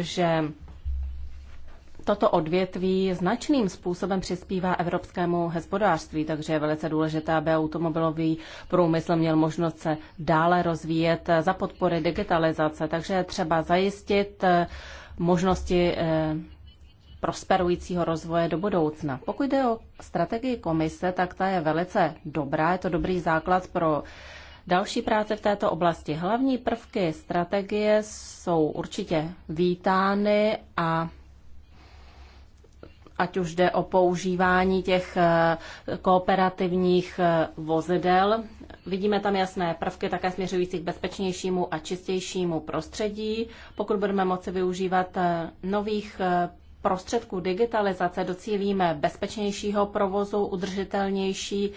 že toto odvětví značným způsobem přispívá evropskému hospodářství, takže je velice důležité, aby automobilový průmysl měl možnost se dále rozvíjet za podpory digitalizace. Takže je třeba zajistit eh, možnosti eh, prosperujícího rozvoje do budoucna. Pokud jde o strategii komise, tak ta je velice dobrá, je to dobrý základ pro další práce v této oblasti. Hlavní prvky strategie jsou určitě vítány a ať už jde o používání těch eh, kooperativních eh, vozidel. Vidíme tam jasné prvky také směřující k bezpečnějšímu a čistějšímu prostředí. Pokud budeme moci využívat eh, nových prostředků digitalizace docílíme bezpečnějšího provozu, udržitelnější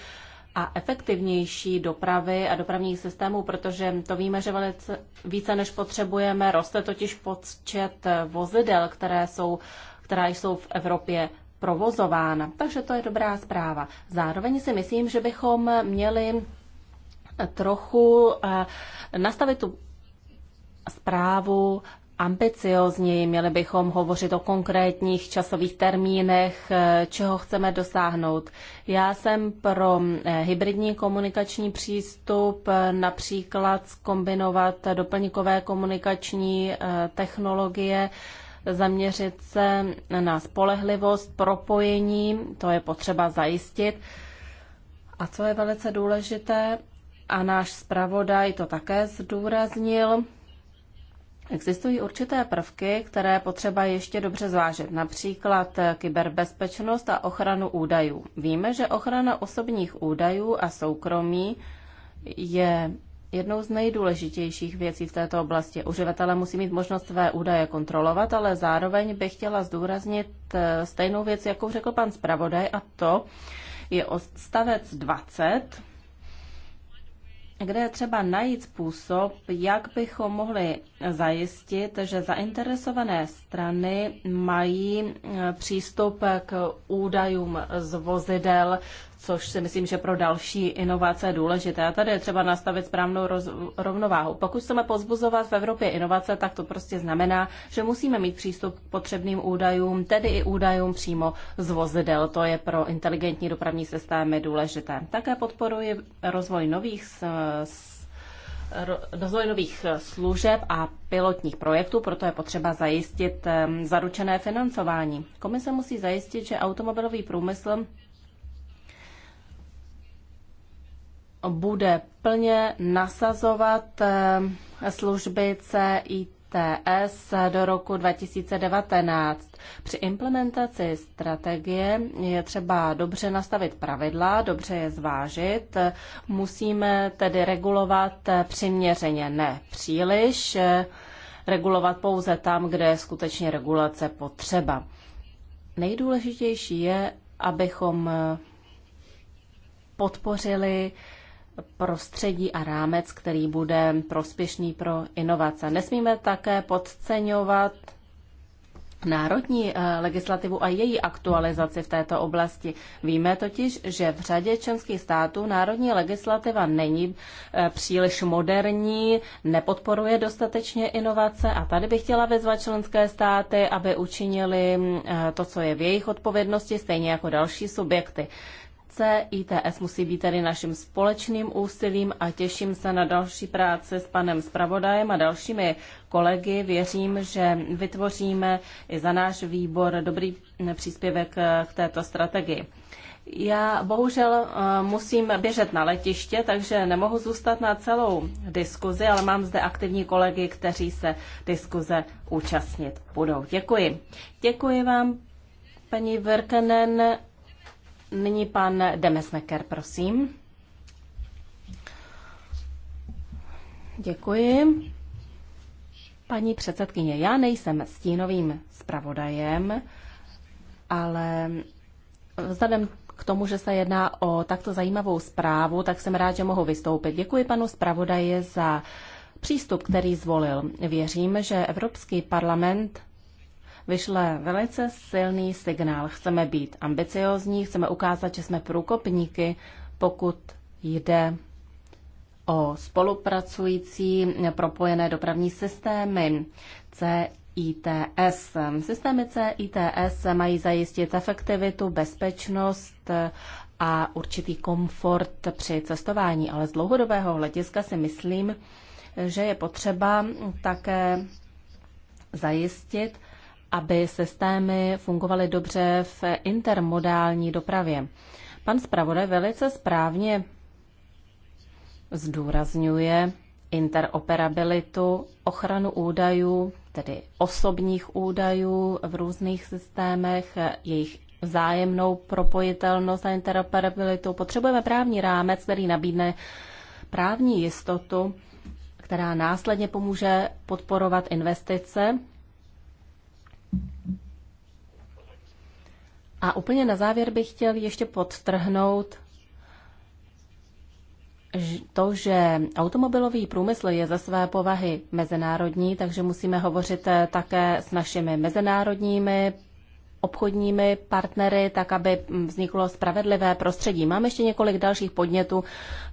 a efektivnější dopravy a dopravních systémů, protože to víme, že velice, více než potřebujeme. Roste totiž počet vozidel, které jsou, která jsou v Evropě provozována. Takže to je dobrá zpráva. Zároveň si myslím, že bychom měli trochu eh, nastavit tu zprávu ambiciozněji, měli bychom hovořit o konkrétních časových termínech, eh, čeho chceme dosáhnout. Já jsem pro eh, hybridní komunikační přístup, eh, například zkombinovat doplňkové komunikační technologie, zaměřit se na spolehlivost, propojení, to je potřeba zajistit. A co je velice důležité, a náš zpravodaj to také zdůraznil, Existují určité prvky, které potřeba ještě dobře zvážit, například kyberbezpečnost a ochranu údajů. Víme, že ochrana osobních údajů a soukromí je jednou z nejdůležitějších věcí v této oblasti. Uživatelé musí mít možnost své údaje kontrolovat, ale zároveň bych chtěla zdůraznit eh, stejnou věc, jakou řekl pan zpravodaj, a to je odstavec 20 kde je třeba najít způsob, jak bychom mohli zajistit, že zainteresované strany mají eh, přístup k údajům z vozidel což si myslím, že pro další inovace je důležité. A tady je třeba nastavit správnou roz, rovnováhu. Pokud chceme pozbuzovat v Evropě inovace, tak to prostě znamená, že musíme mít přístup k potřebným údajům, tedy i údajům přímo z vozidel. To je pro inteligentní dopravní systémy důležité. Také podporuji rozvoj nových s, s, rozvoj nových služeb a pilotních projektů, proto je potřeba zajistit zaručené financování. Komise musí zajistit, že automobilový průmysl bude plně nasazovat eh, služby CITS do roku 2019. Při implementaci strategie je třeba dobře nastavit pravidla, dobře je zvážit. Musíme tedy regulovat přiměřeně, ne příliš, eh, regulovat pouze tam, kde je skutečně regulace potřeba. Nejdůležitější je, abychom eh, podpořili prostředí a rámec, který bude prospěšný pro inovace. Nesmíme také podceňovat národní eh, legislativu a její aktualizaci v této oblasti. Víme totiž, že v řadě členských států národní legislativa není eh, příliš moderní, nepodporuje dostatečně inovace a tady bych chtěla vyzvat členské státy, aby učinili mm, eh, to, co je v jejich odpovědnosti, stejně jako další subjekty otázce. ITS musí být tedy naším společným úsilím a těším se na další práce s panem Spravodajem a dalšími kolegy. Věřím, že vytvoříme i za náš výbor dobrý příspěvek eh, k této strategii. Já bohužel eh, musím běžet na letiště, takže nemohu zůstat na celou diskuzi, ale mám zde aktivní kolegy, kteří se diskuze účastnit budou. Děkuji. Děkuji vám, paní Verkenen. Nyní pan Demesneker, prosím. Děkuji. Paní předsedkyně, já nejsem stínovým zpravodajem, ale vzhledem k tomu, že se jedná o takto zajímavou zprávu, tak jsem rád, že mohu vystoupit. Děkuji panu zpravodaji za přístup, který zvolil. Věřím, že Evropský parlament vyšle velice silný signál. Chceme být ambiciozní, chceme ukázat, že jsme průkopníky, pokud jde o spolupracující propojené dopravní systémy CITS. Systémy CITS mají zajistit efektivitu, bezpečnost a určitý komfort při cestování, ale z dlouhodobého hlediska si myslím, že je potřeba také zajistit, aby systémy fungovaly dobře v intermodální dopravě. Pan zpravodaj velice správně zdůrazňuje interoperabilitu, ochranu údajů, tedy osobních údajů v různých systémech, jejich vzájemnou propojitelnost a interoperabilitu. Potřebujeme právní rámec, který nabídne právní jistotu, která následně pomůže podporovat investice a úplně na závěr bych chtěl ještě podtrhnout to, že automobilový průmysl je ze své povahy mezinárodní, takže musíme hovořit eh, také s našimi mezinárodními obchodními partnery, tak aby mm, vzniklo spravedlivé prostředí. Mám ještě několik dalších podnětů,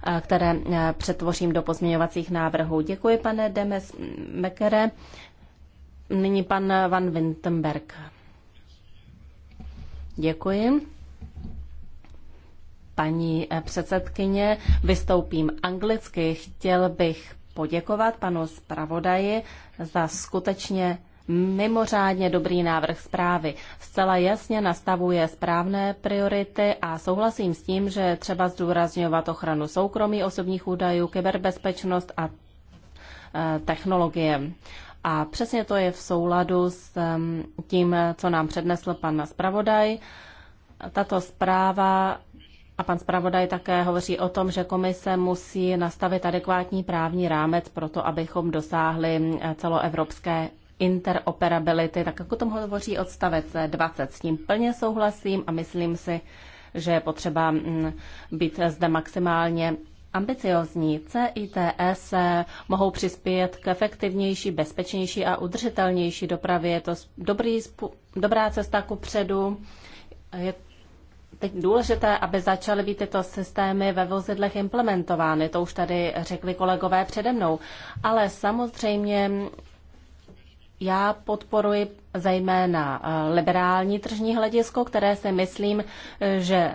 eh, které eh, přetvořím do pozměňovacích návrhů. Děkuji, pane Demes Mekere nyní pan Van Wintenberg. Děkuji. Paní eh, předsedkyně, vystoupím anglicky. Chtěl bych poděkovat panu zpravodaji za skutečně mimořádně dobrý návrh zprávy. Zcela jasně nastavuje správné priority a souhlasím s tím, že třeba zdůrazňovat ochranu soukromí osobních údajů, kyberbezpečnost a eh, technologie. A přesně to je v souladu s tím, co nám přednesl pan zpravodaj. Tato zpráva a pan zpravodaj také hovoří o tom, že komise musí nastavit adekvátní právní rámec pro to, abychom dosáhli celoevropské interoperability, tak jak o tom hovoří odstavec 20. S tím plně souhlasím a myslím si, že je potřeba být zde maximálně ambiciozní CITS mohou přispět k efektivnější, bezpečnější a udržitelnější dopravě. Je to dobrý, dobrá cesta ku předu. Je teď důležité, aby začaly být tyto systémy ve vozidlech implementovány. To už tady řekli kolegové přede mnou. Ale samozřejmě já podporuji zejména eh, liberální tržní hledisko, které si myslím, eh, že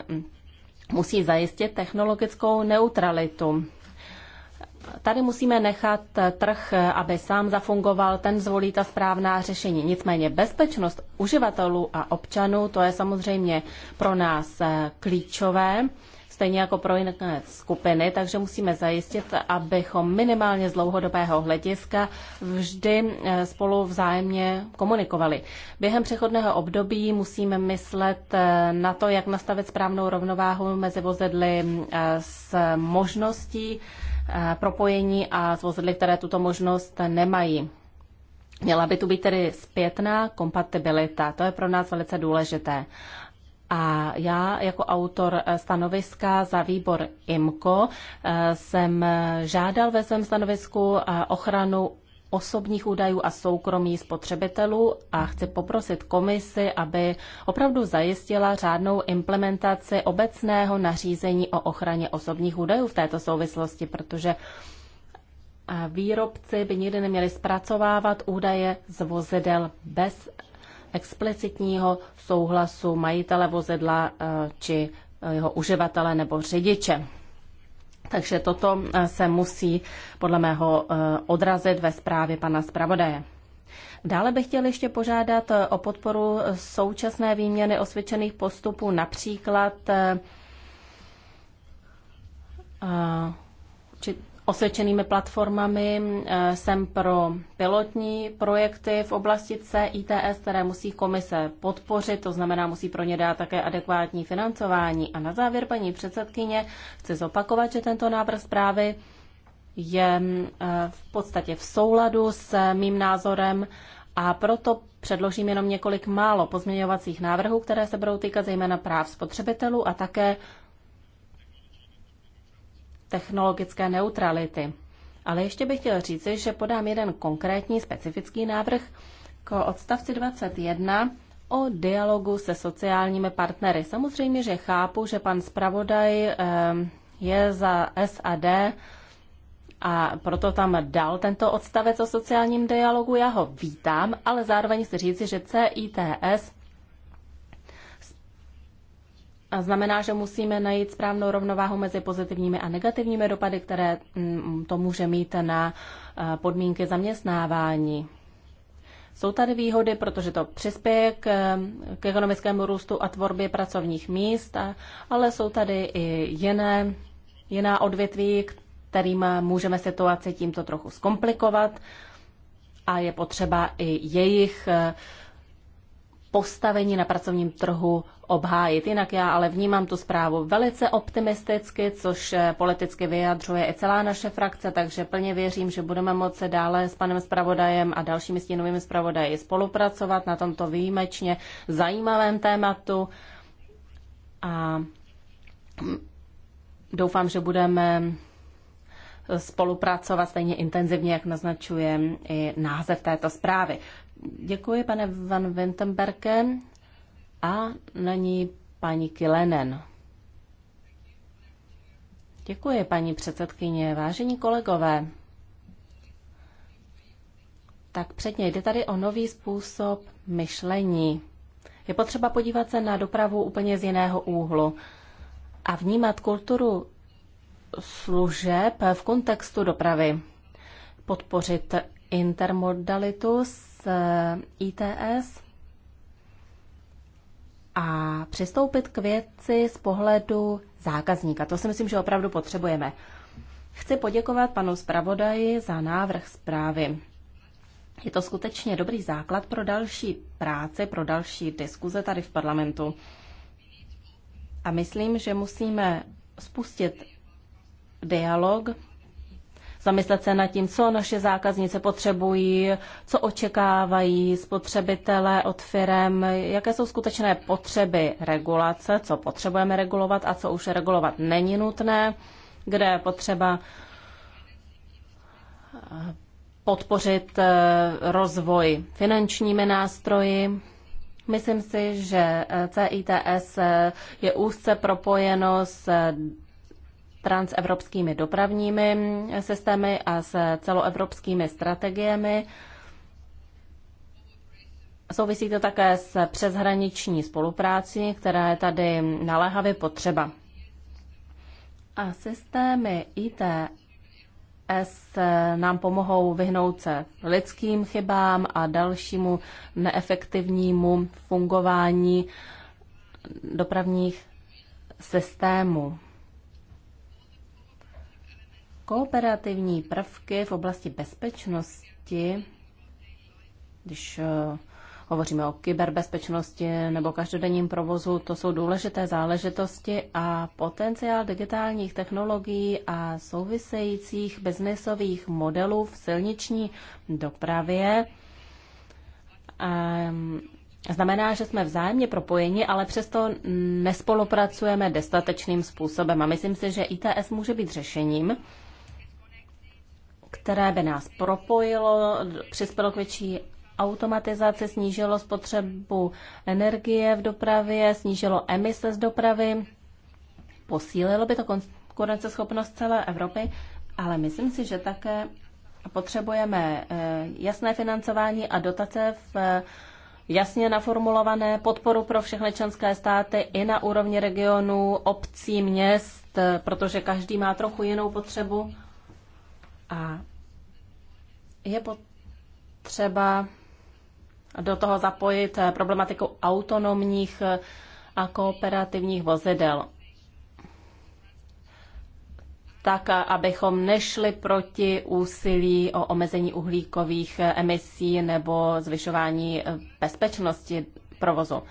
musí zajistit technologickou neutralitu. Tady musíme nechat trh, aby sám zafungoval, ten zvolí ta správná řešení. Nicméně bezpečnost uživatelů a občanů, to je samozřejmě pro nás eh, klíčové stejně jako pro jiné skupiny, takže musíme zajistit, abychom minimálně z dlouhodobého hlediska vždy eh, spolu vzájemně komunikovali. Během přechodného období musíme myslet eh, na to, jak nastavit správnou rovnováhu mezi vozidly eh, s možností propojení a s vozidly, které tuto možnost nemají. Měla by tu být tedy zpětná kompatibilita. To je pro nás velice důležité. A já jako autor eh, stanoviska za výbor IMKO eh, jsem eh, žádal ve svém stanovisku ochranu osobních údajů a soukromí spotřebitelů a chci poprosit komisi, aby opravdu zajistila řádnou implementaci obecného nařízení o ochraně osobních údajů v této souvislosti, protože výrobci by nikdy neměli zpracovávat údaje z vozidel bez explicitního souhlasu majitele vozidla eh, či eh, jeho uživatele nebo řidiče. Takže toto eh, se musí podle mého odrazit ve zprávě pana zpravodaje. Dále bych chtěl ještě požádat o podporu současné výměny osvědčených postupů, například osvědčenými platformami. Eh, jsem pro pilotní projekty v oblasti CITS, které musí komise podpořit, to znamená, musí pro ně dát také adekvátní financování. A na závěr, paní předsedkyně, chci zopakovat, že tento návrh zprávy je eh, v podstatě v souladu s mým názorem a proto předložím jenom několik málo pozměňovacích návrhů, které se budou týkat zejména práv spotřebitelů a také technologické neutrality. Ale ještě bych chtěl říci, že podám jeden konkrétní specifický návrh k odstavci 21 o dialogu se sociálními partnery. Samozřejmě, že chápu, že pan zpravodaj ehm, je za SAD a proto tam dal tento odstavec o sociálním dialogu. Já ho vítám, ale zároveň si říci, že CITS a znamená, že musíme najít správnou rovnováhu mezi pozitivními a negativními dopady, které mm, to může mít na eh, podmínky zaměstnávání. Jsou tady výhody, protože to přispěje k, eh, k ekonomickému růstu a tvorbě pracovních míst, ale jsou tady i jiné, jiná odvětví, kterým můžeme situaci tímto trochu zkomplikovat a je potřeba i jejich uh, postavení na pracovním trhu obhájit. Jinak já ale vnímám tu zprávu velice optimisticky, což eh, politicky vyjadřuje i celá naše frakce, takže plně věřím, že budeme moci dále s panem zpravodajem a dalšími stínovými zpravodaji spolupracovat na tomto výjimečně zajímavém tématu. A doufám, že budeme spolupracovat stejně intenzivně, jak naznačuje i název této zprávy. Děkuji, pane Van Wintenbergen. A na ní paní Kilenen. Děkuji, paní předsedkyně. Vážení kolegové, tak předně jde tady o nový způsob myšlení. Je potřeba podívat se na dopravu úplně z jiného úhlu a vnímat kulturu služeb v kontextu dopravy. Podpořit intermodalitu ITS a přistoupit k věci z pohledu zákazníka. To si myslím, že opravdu potřebujeme. Chci poděkovat panu zpravodaji za návrh zprávy. Je to skutečně dobrý základ pro další práci, pro další diskuze tady v parlamentu. A myslím, že musíme spustit dialog zamyslet se nad tím, co naše zákaznice potřebují, co očekávají spotřebitelé od firm, jaké jsou skutečné potřeby regulace, co potřebujeme regulovat a co už regulovat není nutné, kde je potřeba eh, podpořit eh, rozvoj finančními nástroji. Myslím si, že eh, CITS je úzce propojeno s transevropskými dopravními systémy a s celoevropskými strategiemi. Souvisí to také s přeshraniční spolupráci, která je tady naléhavě potřeba. A systémy IT nám pomohou vyhnout se lidským chybám a dalšímu neefektivnímu fungování dopravních systémů. Kooperativní prvky v oblasti bezpečnosti, když eh, hovoříme o kyberbezpečnosti nebo každodenním provozu, to jsou důležité záležitosti a potenciál digitálních technologií a souvisejících biznesových modelů v silniční dopravě ehm, Znamená, že jsme vzájemně propojeni, ale přesto nespolupracujeme dostatečným způsobem. A myslím si, že ITS může být řešením které by nás propojilo, přispělo k větší automatizaci, snížilo spotřebu energie v dopravě, snížilo emise z dopravy, posílilo by to konkurenceschopnost celé Evropy, ale myslím si, že také potřebujeme eh, jasné financování a dotace v eh, jasně naformulované podporu pro všechny členské státy i na úrovni regionů, obcí, měst, eh, protože každý má trochu jinou potřebu a je potřeba do toho zapojit problematiku autonomních a kooperativních vozidel. Tak, abychom nešli proti úsilí o omezení uhlíkových emisí nebo zvyšování bezpečnosti provozu.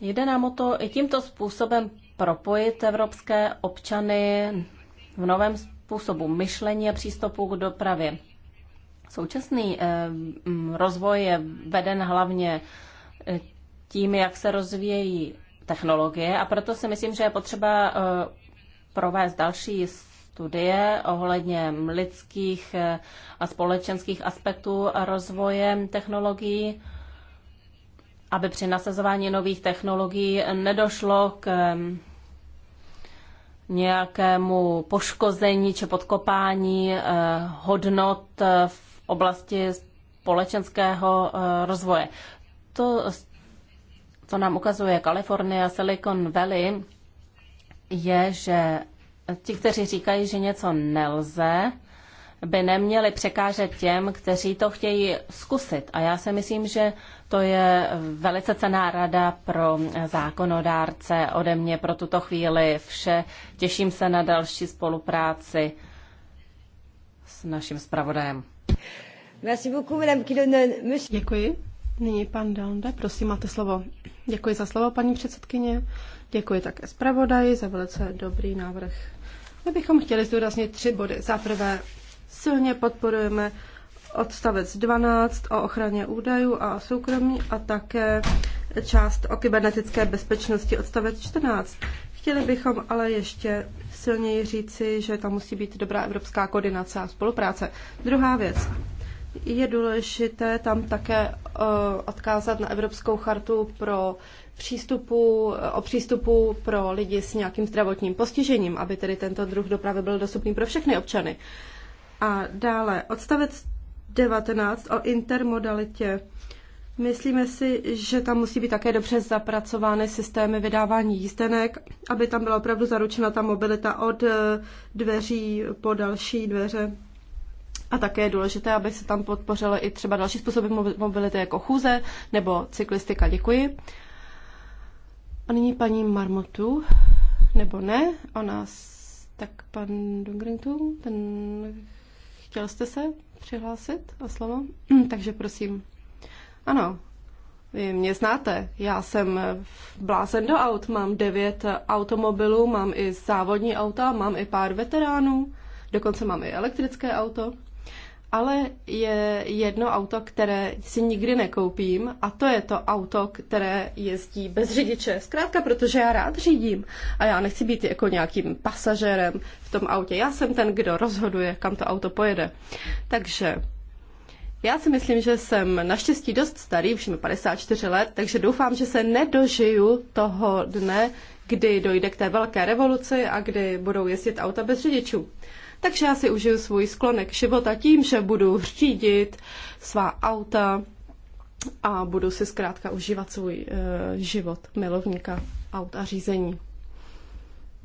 Jde nám o to i tímto způsobem propojit evropské občany v novém způsobu myšlení a přístupu k dopravě. Současný eh, rozvoj je veden hlavně eh, tím, jak se rozvíjejí technologie a proto si myslím, že je potřeba eh, provést další studie ohledně lidských a společenských aspektů rozvoje technologií, aby při nasazování nových technologií nedošlo k nějakému poškození či podkopání eh, hodnot eh, v oblasti společenského eh, rozvoje. To, co nám ukazuje Kalifornie a Silicon Valley, je, že ti, kteří říkají, že něco nelze, by neměli překážet těm, kteří to chtějí zkusit. A já si myslím, že to je velice cená rada pro zákonodárce. Ode mě pro tuto chvíli vše. Těším se na další spolupráci s naším zpravodajem. Děkuji. Nyní pan Dalde, prosím, máte slovo. Děkuji za slovo, paní předsedkyně. Děkuji také zpravodaji za velice dobrý návrh. My bychom chtěli zdůraznit tři body. Za prvé, silně podporujeme odstavec 12 o ochraně údajů a soukromí a také část o kybernetické bezpečnosti odstavec 14. Chtěli bychom ale ještě silněji říci, že tam musí být dobrá evropská koordinace a spolupráce. Druhá věc. Je důležité tam také eh, odkázat na Evropskou chartu pro přístupu, eh, o přístupu pro lidi s nějakým zdravotním postižením, aby tedy tento druh dopravy byl dostupný pro všechny občany. A dále odstavec 19 o intermodalitě. Myslíme si, že tam musí být také dobře zapracovány systémy vydávání jízdenek, aby tam byla opravdu zaručena ta mobilita od eh, dveří po další dveře. A také je důležité, aby se tam podpořily i třeba další způsoby mobility jako chůze nebo cyklistika. Děkuji. A nyní paní Marmotu, nebo ne, ona tak pan Dungrintu, ten chtěl jste se přihlásit o slovo? Hm, takže prosím. Ano, vy mě znáte. Já jsem blázen do aut. Mám devět automobilů, mám i závodní auta, mám i pár veteránů, dokonce mám i elektrické auto ale je jedno auto, které si nikdy nekoupím a to je to auto, které jezdí bez řidiče. Zkrátka, protože já rád řídím a já nechci být jako nějakým pasažérem v tom autě. Já jsem ten, kdo rozhoduje, kam to auto pojede. Takže já si myslím, že jsem naštěstí dost starý, už mi 54 let, takže doufám, že se nedožiju toho dne, kdy dojde k té velké revoluci a kdy budou jezdit auta bez řidičů takže já si užiju svůj sklonek života tím, že budu řídit svá auta a budu si zkrátka užívat svůj uh, život milovníka aut a řízení.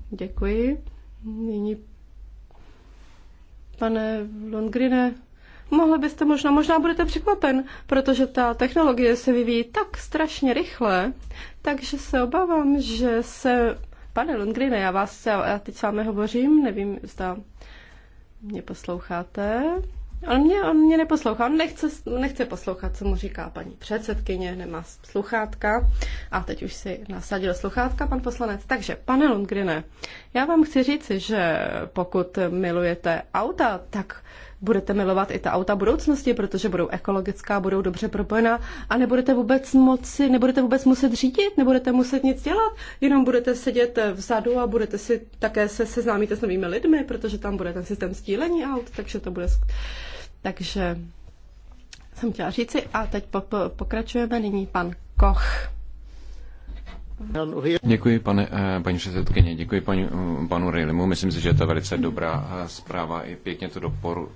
Děkuji. Nyní, pane Longrine, mohli byste možná, možná budete překvapen, protože ta technologie se vyvíjí tak strašně rychle, takže se obávám, že se, pane Lundgrine, já vás, já teď s vámi hovořím, nevím, zda mě posloucháte? On mě, on mě neposlouchá, on nechce, nechce poslouchat, co mu říká paní předsedkyně, nemá sluchátka. A teď už si nasadil sluchátka pan poslanec. Takže, pane Lundgrine, já vám chci říct, že pokud milujete auta, tak budete milovat i ta auta budoucnosti, protože budou ekologická, budou dobře propojena a nebudete vůbec moci, nebudete vůbec muset řídit, nebudete muset nic dělat, jenom budete sedět vzadu a budete si také se seznámíte s novými lidmi, protože tam bude ten systém stílení aut, takže to bude... Takže jsem chtěla říci a teď pokračujeme nyní pan Koch. Děkuji, pane, eh, paní předsedkyně, děkuji paní, eh, panu Rejlimu. Myslím si, že je to velice dobrá eh, zpráva i pěkně to doporu,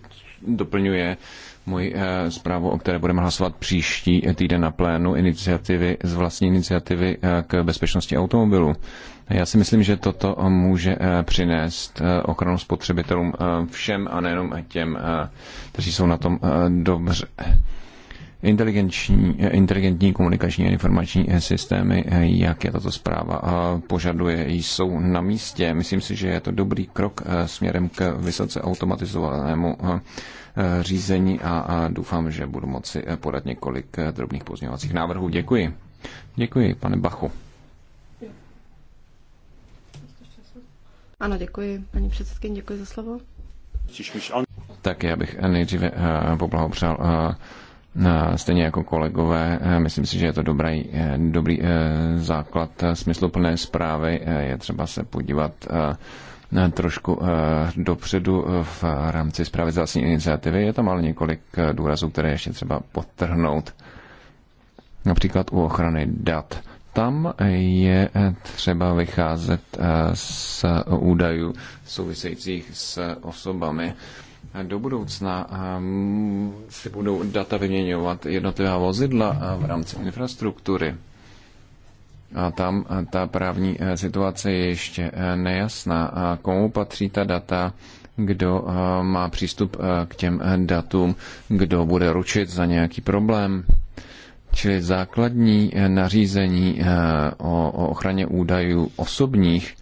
doplňuje moji zprávu, o které budeme hlasovat příští týden na plénu iniciativy z vlastní iniciativy k bezpečnosti automobilů. Já si myslím, že toto může přinést ochranu spotřebitelům všem a nejenom těm, kteří jsou na tom dobře. Inteligenční, inteligentní komunikační a informační systémy, jak je tato zpráva eh, požaduje, jsou na místě. Myslím si, že je to dobrý krok eh, směrem k vysoce automatizovanému eh, řízení a doufám, že budu moci podat několik drobných pozměňovacích návrhů. Děkuji. Děkuji, pane Bachu. Ano, děkuji, paní předsedkyně, děkuji za slovo. Tak já bych nejdříve poblahopřál Stejně jako kolegové, eh, myslím si, že je to dobrý, eh, dobrý eh, základ smysluplné zprávy. Je třeba se podívat trošku dopředu v rámci zprávy zásadní iniciativy. Je tam ale několik důrazů, které ještě třeba podtrhnout. Například u ochrany dat. Tam je třeba vycházet z údajů souvisejících s osobami, do budoucna mm, si budou data vyměňovat jednotlivá vozidla v rámci infrastruktury. A tam ta právní e, situace je ještě e, nejasná. A komu patří ta data, kdo e, má přístup k těm datům, kdo bude ručit za nějaký problém. Čili základní nařízení o ochraně údajů osobních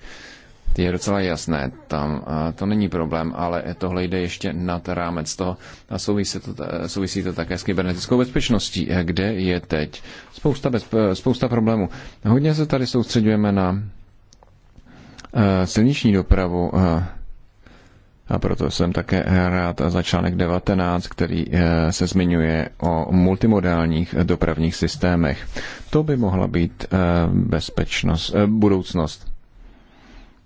je docela jasné, tam to není problém, ale tohle jde ještě nad rámec toho a souvisí to, e, souvisí to také s kybernetickou bezpečností, e, kde je teď spousta, bezp, spousta problémů. Hodně se tady soustředujeme na e, silniční dopravu a proto jsem také rád za článek 19, který se zmiňuje o multimodálních dopravních systémech. To by mohla být bezpečnost, budoucnost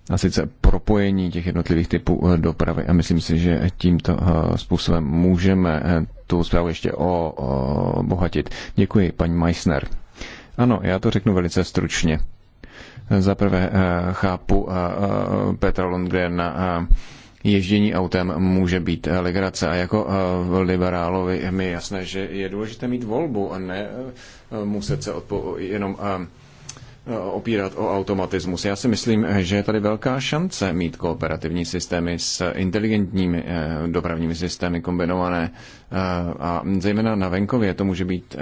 a sice propojení těch jednotlivých typů eh, dopravy. A myslím si, že tímto eh, způsobem můžeme eh, tu zprávu ještě obohatit. Děkuji, paní Meissner. Ano, já to řeknu velice stručně. Za prvé chápu Petra Lundgrena ježdění autem může být legrace. A jako liberálovi je mi jasné, že je důležité mít volbu a ne muset se odpo- jenom Eh, opírat o automatismus. Já si myslím, že je tady velká šance mít kooperativní systémy s inteligentními eh, dopravními systémy kombinované eh, a zejména na venkově to může být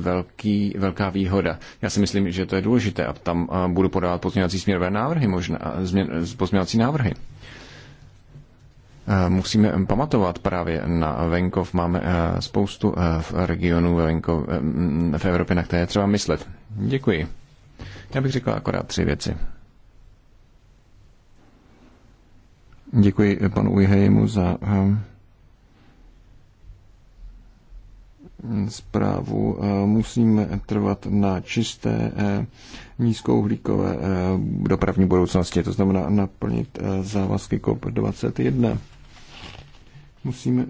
velký, velká výhoda. Já si myslím, že to je důležité a tam budu podávat pozměňovací směrové návrhy, možná pozměňovací návrhy. Musíme pamatovat právě na venkov. Máme spoustu regionů venkov, v Evropě, na které je třeba myslet. Děkuji. Já bych řekl akorát tři věci. Děkuji panu Ujhejmu za ehm, zprávu. Ehm, musíme trvat na čisté ehm, nízkouhlíkové dopravní budoucnosti, to znamená naplnit závazky COP21. Musíme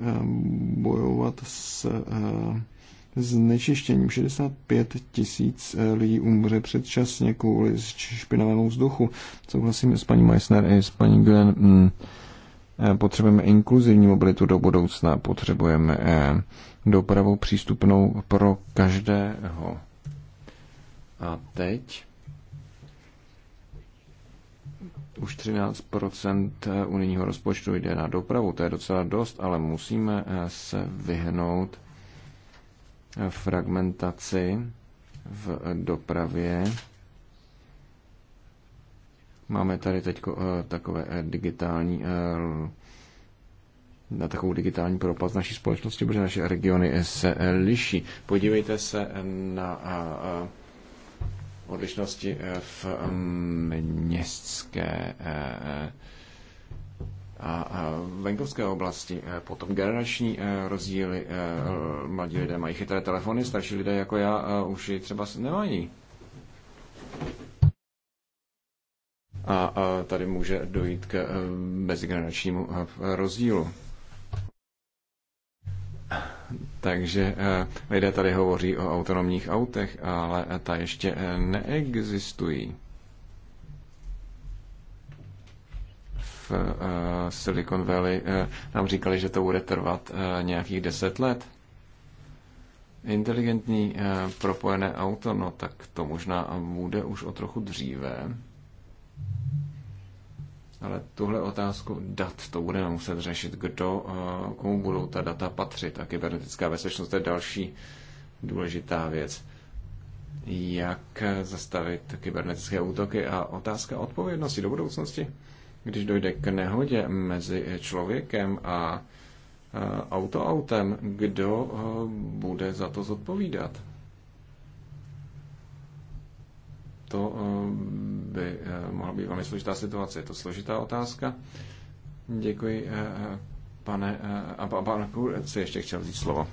bojovat s znečištěním. 65 tisíc eh, lidí umře předčasně kvůli špinavému vzduchu. Souhlasím s paní Meissner i s paní Glen. Mm, eh, potřebujeme inkluzivní mobilitu do budoucna, potřebujeme eh, dopravu přístupnou pro každého. A teď už 13% unijního rozpočtu jde na dopravu, to je docela dost, ale musíme se vyhnout fragmentaci v dopravě. Máme tady teď eh, takové eh, digitální eh, na takovou digitální propast naší společnosti, protože naše regiony se liší. Podívejte se na odlišnosti v mm, městské a venkovské oblasti, eh, potom generační eh, rozdíly, eh, mladí lidé mají chytré telefony, starší lidé jako já už ji třeba nemají. A tady může dojít k mezigeneračnímu rozdílu. Takže lidé tady hovoří o autonomních autech, ale ta ještě neexistují. Eh, Silicon Valley eh, nám říkali, že to bude trvat eh, nějakých deset let. Inteligentní propojené auto, no tak to možná bude už o trochu dříve. Ale tuhle otázku dat, to budeme muset řešit, kdo, komu budou ta data patřit. A kybernetická bezpečnost to je další důležitá věc. Jak zastavit kybernetické útoky a otázka odpovědnosti do budoucnosti. Když dojde k nehodě mezi člověkem a autoautem, kdo e, bude za to zodpovídat? To e, by e, mohla být velmi složitá situace. Je to složitá otázka. Děkuji, pane. A pan Kurec ještě chtěl vzít slovo.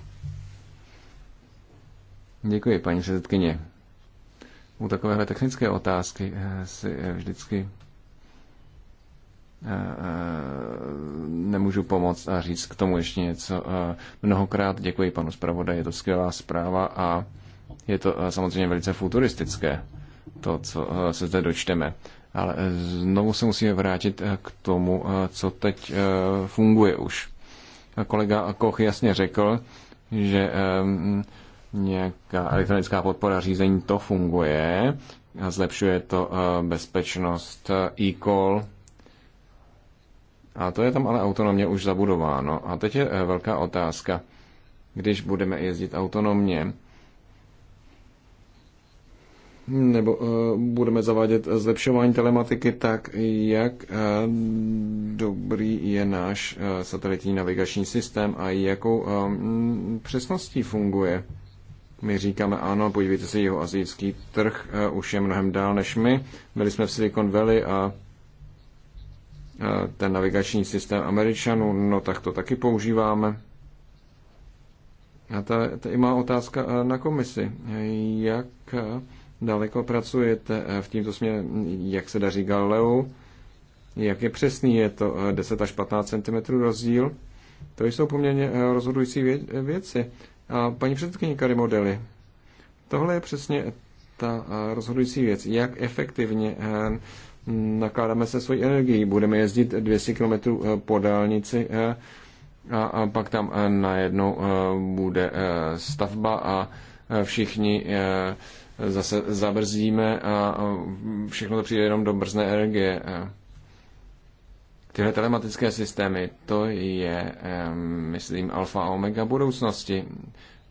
Děkuji, paní předsedkyně. U takovéhle technické otázky si vždycky Eh, eh, nemůžu pomoct a říct k tomu ještě něco. Eh, mnohokrát děkuji panu zpravodaji, je to skvělá zpráva a je to samozřejmě velice futuristické, to, co se zde dočteme. Ale znovu se musíme vrátit k tomu, co teď funguje už. Kolega Koch jasně řekl, že nějaká elektronická podpora řízení to funguje, zlepšuje to bezpečnost e-call a to je tam ale autonomně už zabudováno. A teď je eh, velká otázka, když budeme jezdit autonomně, nebo uh, budeme zavádět zlepšování telematiky tak, jak uh, dobrý je náš uh, satelitní navigační systém a jakou uh, přesností funguje. My říkáme ano, podívejte se, jeho azijský trh uh, už je mnohem dál než my. Byli jsme v Silicon Valley a ten navigační systém Američanů, no tak to taky používáme. A ta, ta i má otázka eh, na komisi. Jak eh, daleko pracujete eh, v tímto směru, jak se daří Galileu? Jak je přesný, je to 10 až 15 cm rozdíl? To jsou poměrně rozhodující věci. A paní předsedkyně Kary modely, tohle je přesně ta rozhodující věc, jak efektivně nakládáme se svojí energií. Budeme jezdit 200 km eh, po dálnici eh, a, a pak tam eh, najednou bude stavba a všichni zase zabrzíme a všechno to přijde jenom do brzné energie. Tyhle telematické systémy, to je, myslím, alfa a omega budoucnosti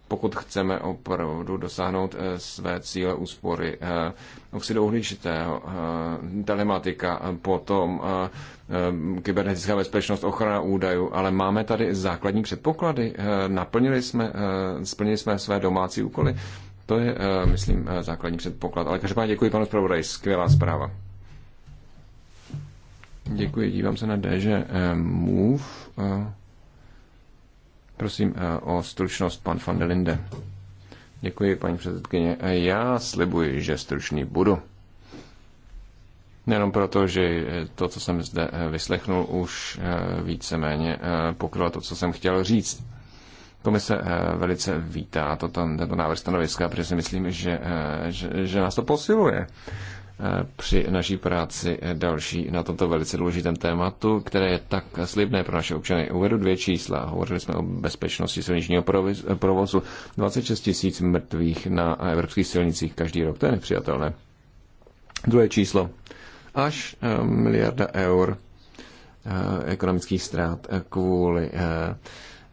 pokud chceme opravdu dosáhnout eh, své cíle úspory eh, oxidu uhličitého, eh, telematika, potom kybernetická bezpečnost, ochrana údajů, ale máme tady základní předpoklady. Naplnili jsme, splnili jsme své domácí úkoly. To je, myslím, základní předpoklad. Ale každopádně děkuji panu zpravodaj, skvělá zpráva. Děkuji, dívám se na DŽ Move. Prosím eh, o stručnost, pan van der Linde. Děkuji, paní předsedkyně. Já slibuji, že stručný budu. Nenom proto, že to, co jsem zde eh, vyslechnul, už eh, víceméně pokrylo to, co jsem chtěl říct. Komise velice vítá to, tento návrh stanoviska, protože si myslím, že, že, že nás to posiluje. Eh, při naší práci eh, další na tomto velice důležitém tématu, které je tak slibné pro naše občany. Uvedu dvě čísla. Hovořili jsme o bezpečnosti silničního provozu. 26 tisíc mrtvých na evropských silnicích každý rok. To je nepřijatelné. Druhé číslo. Až eh, miliarda eur ekonomických ztrát kvůli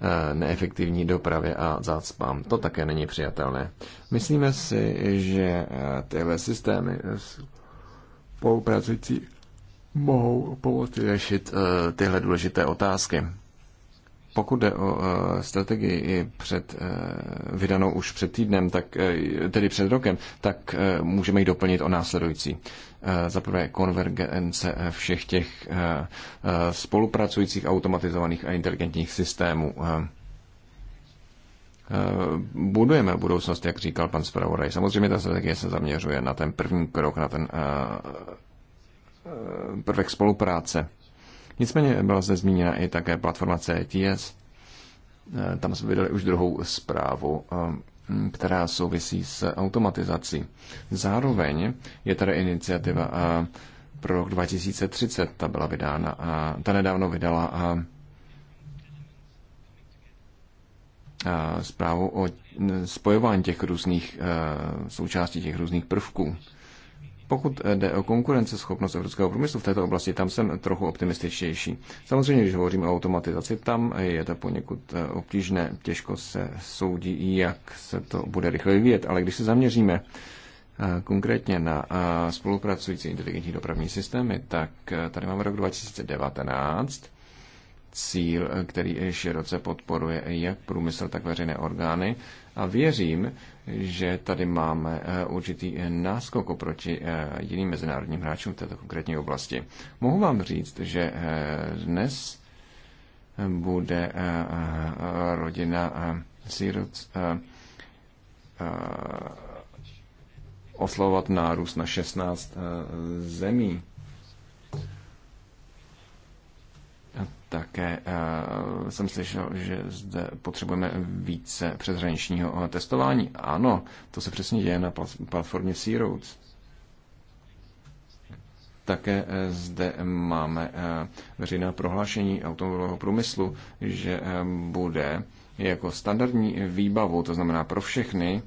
Eh, neefektivní dopravě a zácpám. To také není přijatelné. Myslíme si, že eh, tyhle systémy eh, spolupracující mohou pomoci řešit tyhle důležité otázky. Pokud jde o eh, strategii před, eh, vydanou už před týdnem, tak, eh, tedy před rokem, tak můžeme ji doplnit o následující. Za prvé konvergence všech těch spolupracujících automatizovaných a inteligentních systémů. Budujeme budoucnost, jak říkal pan zpravodaj. Samozřejmě ta strategie se zaměřuje na ten první krok, na ten prvek spolupráce Nicméně byla zde zmíněna i také platforma CTS. Eh, tam jsme vydali už druhou zprávu, eh, která souvisí s automatizací. Zároveň je tady iniciativa eh, pro rok 2030, ta byla vydána, a ta nedávno vydala a, zprávu o spojování těch různých součástí, těch různých prvků. Pokud jde o konkurenceschopnost evropského průmyslu v této oblasti, tam jsem trochu optimističtější. Samozřejmě, když hovoříme o automatizaci, tam je to poněkud eh, obtížné, těžko se soudí, jak se to bude rychle vyvíjet, ale když se zaměříme eh, konkrétně na eh, spolupracující inteligentní dopravní systémy, tak tady máme rok 2019, cíl, který široce podporuje jak průmysl, tak veřejné orgány a věřím, že tady máme eh, určitý eh, náskok oproti eh, jiným mezinárodním hráčům v této konkrétní oblasti. Mohu vám říct, že dnes bude rodina Sirot oslovovat nárůst na 16 zemí. Také eh, jsem slyšel, že zde potřebujeme více přeshraničního eh, testování. Ano, to se přesně děje na platformě Sea Roads. Také eh, zde máme veřejná prohlášení automobilového průmyslu, že bude jako standardní výbavu, to znamená pro všechny,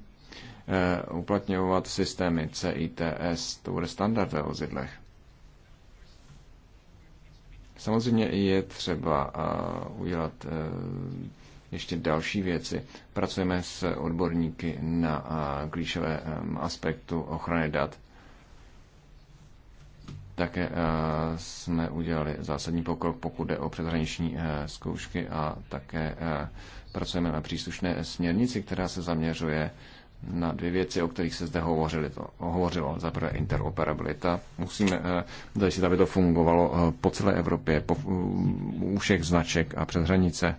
uplatňovat systémy CITS, to bude standard ve vozidlech. Samozřejmě je třeba eh, udělat eh, ještě další věci. Pracujeme s odborníky na eh, klíčové aspektu ochrany dat. Také jsme udělali zásadní pokrok, pokud jde o přeshraniční zkoušky a také pracujeme na příslušné směrnici, která se zaměřuje na dvě věci, o kterých se zde hovořili to, hovořilo. Za prvé interoperabilita. Musíme eh, zajistit, aby to fungovalo eh, po celé Evropě, po, eh, u všech značek a přes hranice.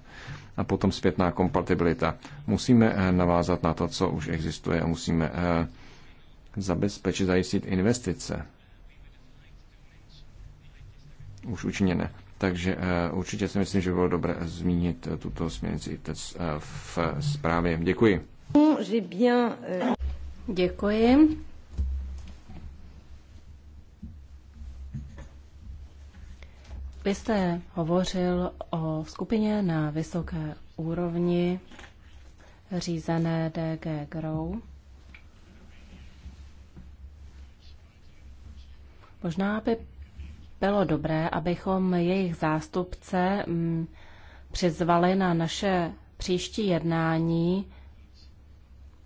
A potom zpětná kompatibilita. Musíme navázat na to, co už existuje a musíme zabezpečit, zajistit investice. Už učiněné. Takže určitě si myslím, že bylo dobré zmínit tuto směrnici v zprávě. Děkuji. Euh, Děkuji. Vy jste hovořil o skupině na vysoké úrovni řízené DG Grow. Možná by bylo dobré, abychom jejich zástupce mm, přizvali na naše příští jednání,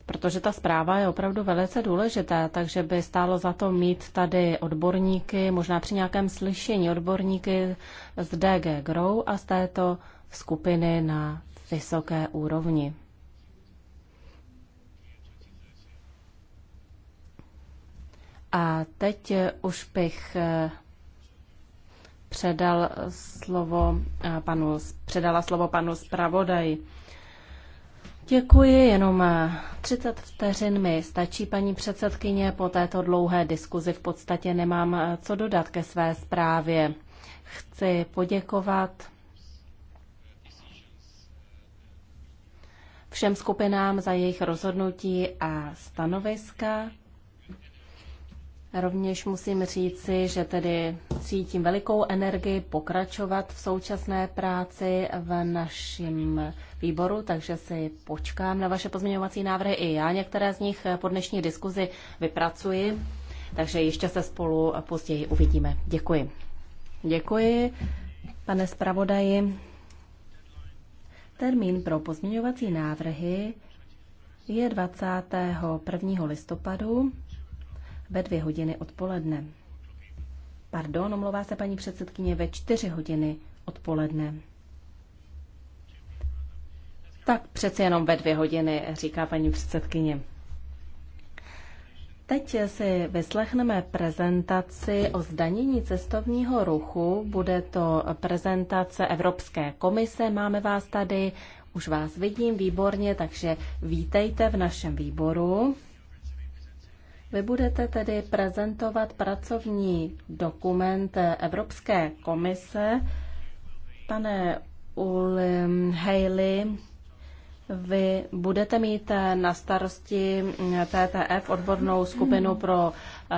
protože ta zpráva je opravdu velice důležitá, takže by stálo za to mít tady odborníky, možná při nějakém slyšení odborníky z DG Grow a z této skupiny na vysoké úrovni. A teď už bych eh, předal slovo eh, panu, předala slovo panu zpravodaji. Děkuji, jenom 30 eh, vteřin mi stačí, paní předsedkyně. Po této dlouhé diskuzi v podstatě nemám eh, co dodat ke své zprávě. Chci poděkovat všem skupinám za jejich rozhodnutí a stanoviska. Rovněž musím říci, že tedy cítím velikou energii pokračovat v současné práci v našem výboru, takže si počkám na vaše pozměňovací návrhy. I já některé z nich eh, po dnešní diskuzi vypracuji, takže ještě se spolu později uvidíme. Děkuji. Děkuji, pane zpravodaji. Termín pro pozměňovací návrhy je 21. listopadu ve dvě hodiny odpoledne. Pardon, omlouvá se paní předsedkyně ve čtyři hodiny odpoledne. Tak přece jenom ve dvě hodiny, říká paní předsedkyně. Teď si vyslechneme prezentaci o zdanění cestovního ruchu. Bude to prezentace Evropské komise. Máme vás tady, už vás vidím výborně, takže vítejte v našem výboru. Vy budete tedy prezentovat pracovní dokument Evropské komise. Pane Ulm Haley, vy budete mít eh, na starosti mm, TTF odbornou skupinu pro eh,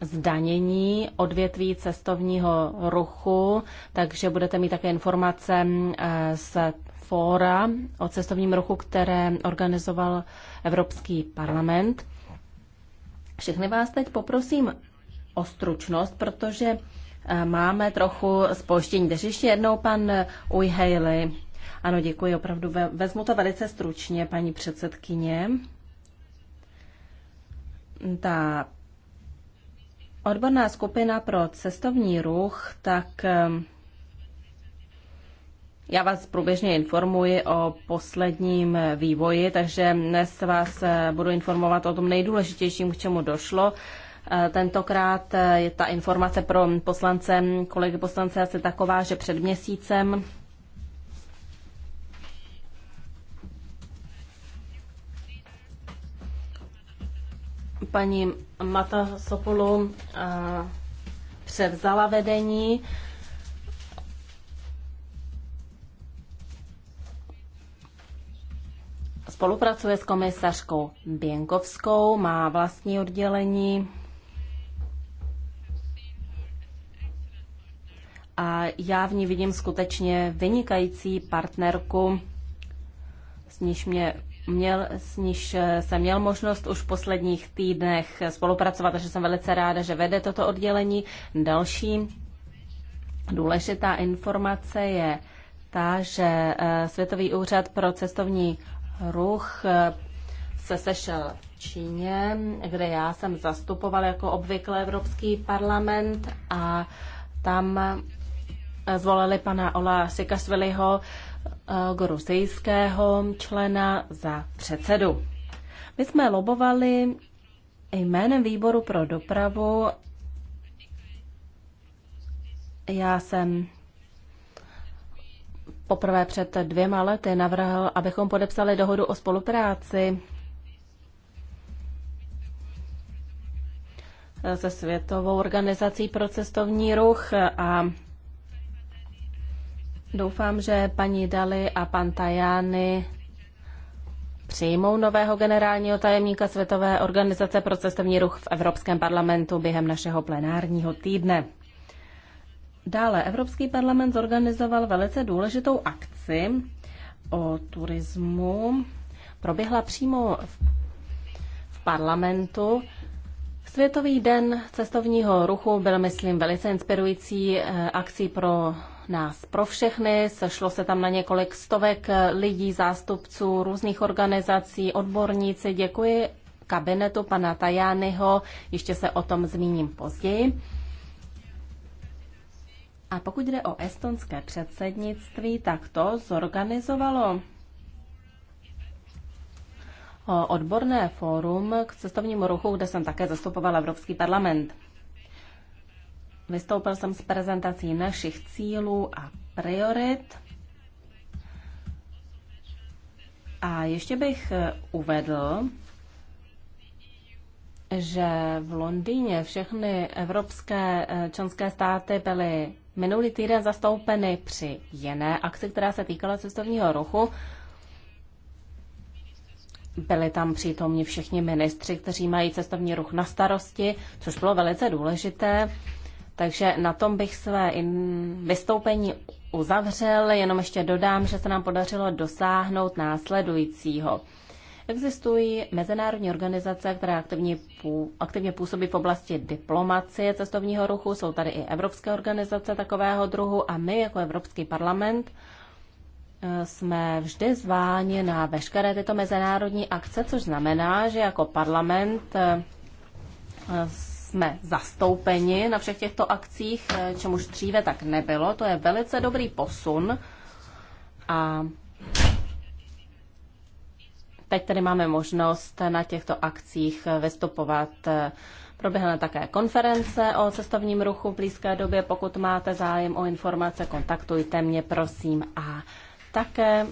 zdanění odvětví cestovního ruchu, takže budete mít také informace mm, eh, z fóra o cestovním ruchu, které organizoval Evropský parlament. Všechny vás teď poprosím o stručnost, protože máme trochu spoštění. Takže ještě jednou pan Ujhejli. Ano, děkuji, opravdu vezmu to velice stručně, paní předsedkyně. Ta odborná skupina pro cestovní ruch, tak ehm, já vás průběžně informuji o posledním vývoji, takže dnes vás eh, budu informovat o tom nejdůležitějším, k čemu došlo. Eh, tentokrát eh, je ta informace pro poslance, kolegy poslance asi taková, že před měsícem paní Mata Sopolu eh, převzala vedení. Spolupracuje s komisařkou Běnkovskou, má vlastní oddělení a já v ní vidím skutečně vynikající partnerku, s níž mě měl, s níž eh, jsem měl možnost už v posledních týdnech spolupracovat, takže jsem velice ráda, že vede toto oddělení. Další důležitá informace je ta, že eh, Světový úřad pro cestovní ruch eh, se sešel v Číně, kde já jsem zastupoval jako obvykle Evropský parlament a tam zvolili pana Ola Sikasviliho Eh, Gorusejského člena za předsedu. My jsme lobovali jménem výboru pro dopravu. Já jsem poprvé před dvěma lety navrhl, abychom podepsali dohodu o spolupráci se Světovou organizací pro cestovní ruch a Doufám, že paní Dali a pan Tajány přijmou nového generálního tajemníka Světové organizace pro cestovní ruch v Evropském parlamentu během našeho plenárního týdne. Dále Evropský parlament zorganizoval velice důležitou akci o turismu. Proběhla přímo v parlamentu. Světový den cestovního ruchu byl, myslím, velice inspirující eh, akcí pro nás pro všechny. Sešlo se tam na několik stovek lidí, zástupců různých organizací, odborníci. Děkuji kabinetu pana Tajányho, ještě se o tom zmíním později. A pokud jde o estonské předsednictví, tak to zorganizovalo odborné fórum k cestovnímu ruchu, kde jsem také zastupovala Evropský parlament. Vystoupil jsem s prezentací našich cílů a priorit. A ještě bych eh, uvedl, že v Londýně všechny evropské eh, členské státy byly minulý týden zastoupeny při jiné akci, která se týkala cestovního ruchu. Byli tam přítomni všichni ministři, kteří mají cestovní ruch na starosti, což bylo velice důležité. Takže na tom bych své vystoupení uzavřel, jenom ještě dodám, že se nám podařilo dosáhnout následujícího. Existují mezinárodní organizace, které aktivně, aktivně působí v oblasti diplomacie cestovního ruchu, jsou tady i evropské organizace takového druhu a my jako Evropský parlament eh, jsme vždy zváni na veškeré tyto mezinárodní akce, což znamená, že jako parlament eh, jsme zastoupeni na všech těchto akcích, eh, čemuž dříve tak nebylo. To je velice dobrý posun. A teď tedy máme možnost na těchto akcích vystupovat. Proběhne také konference o cestovním ruchu v blízké době. Pokud máte zájem o informace, kontaktujte mě, prosím. A také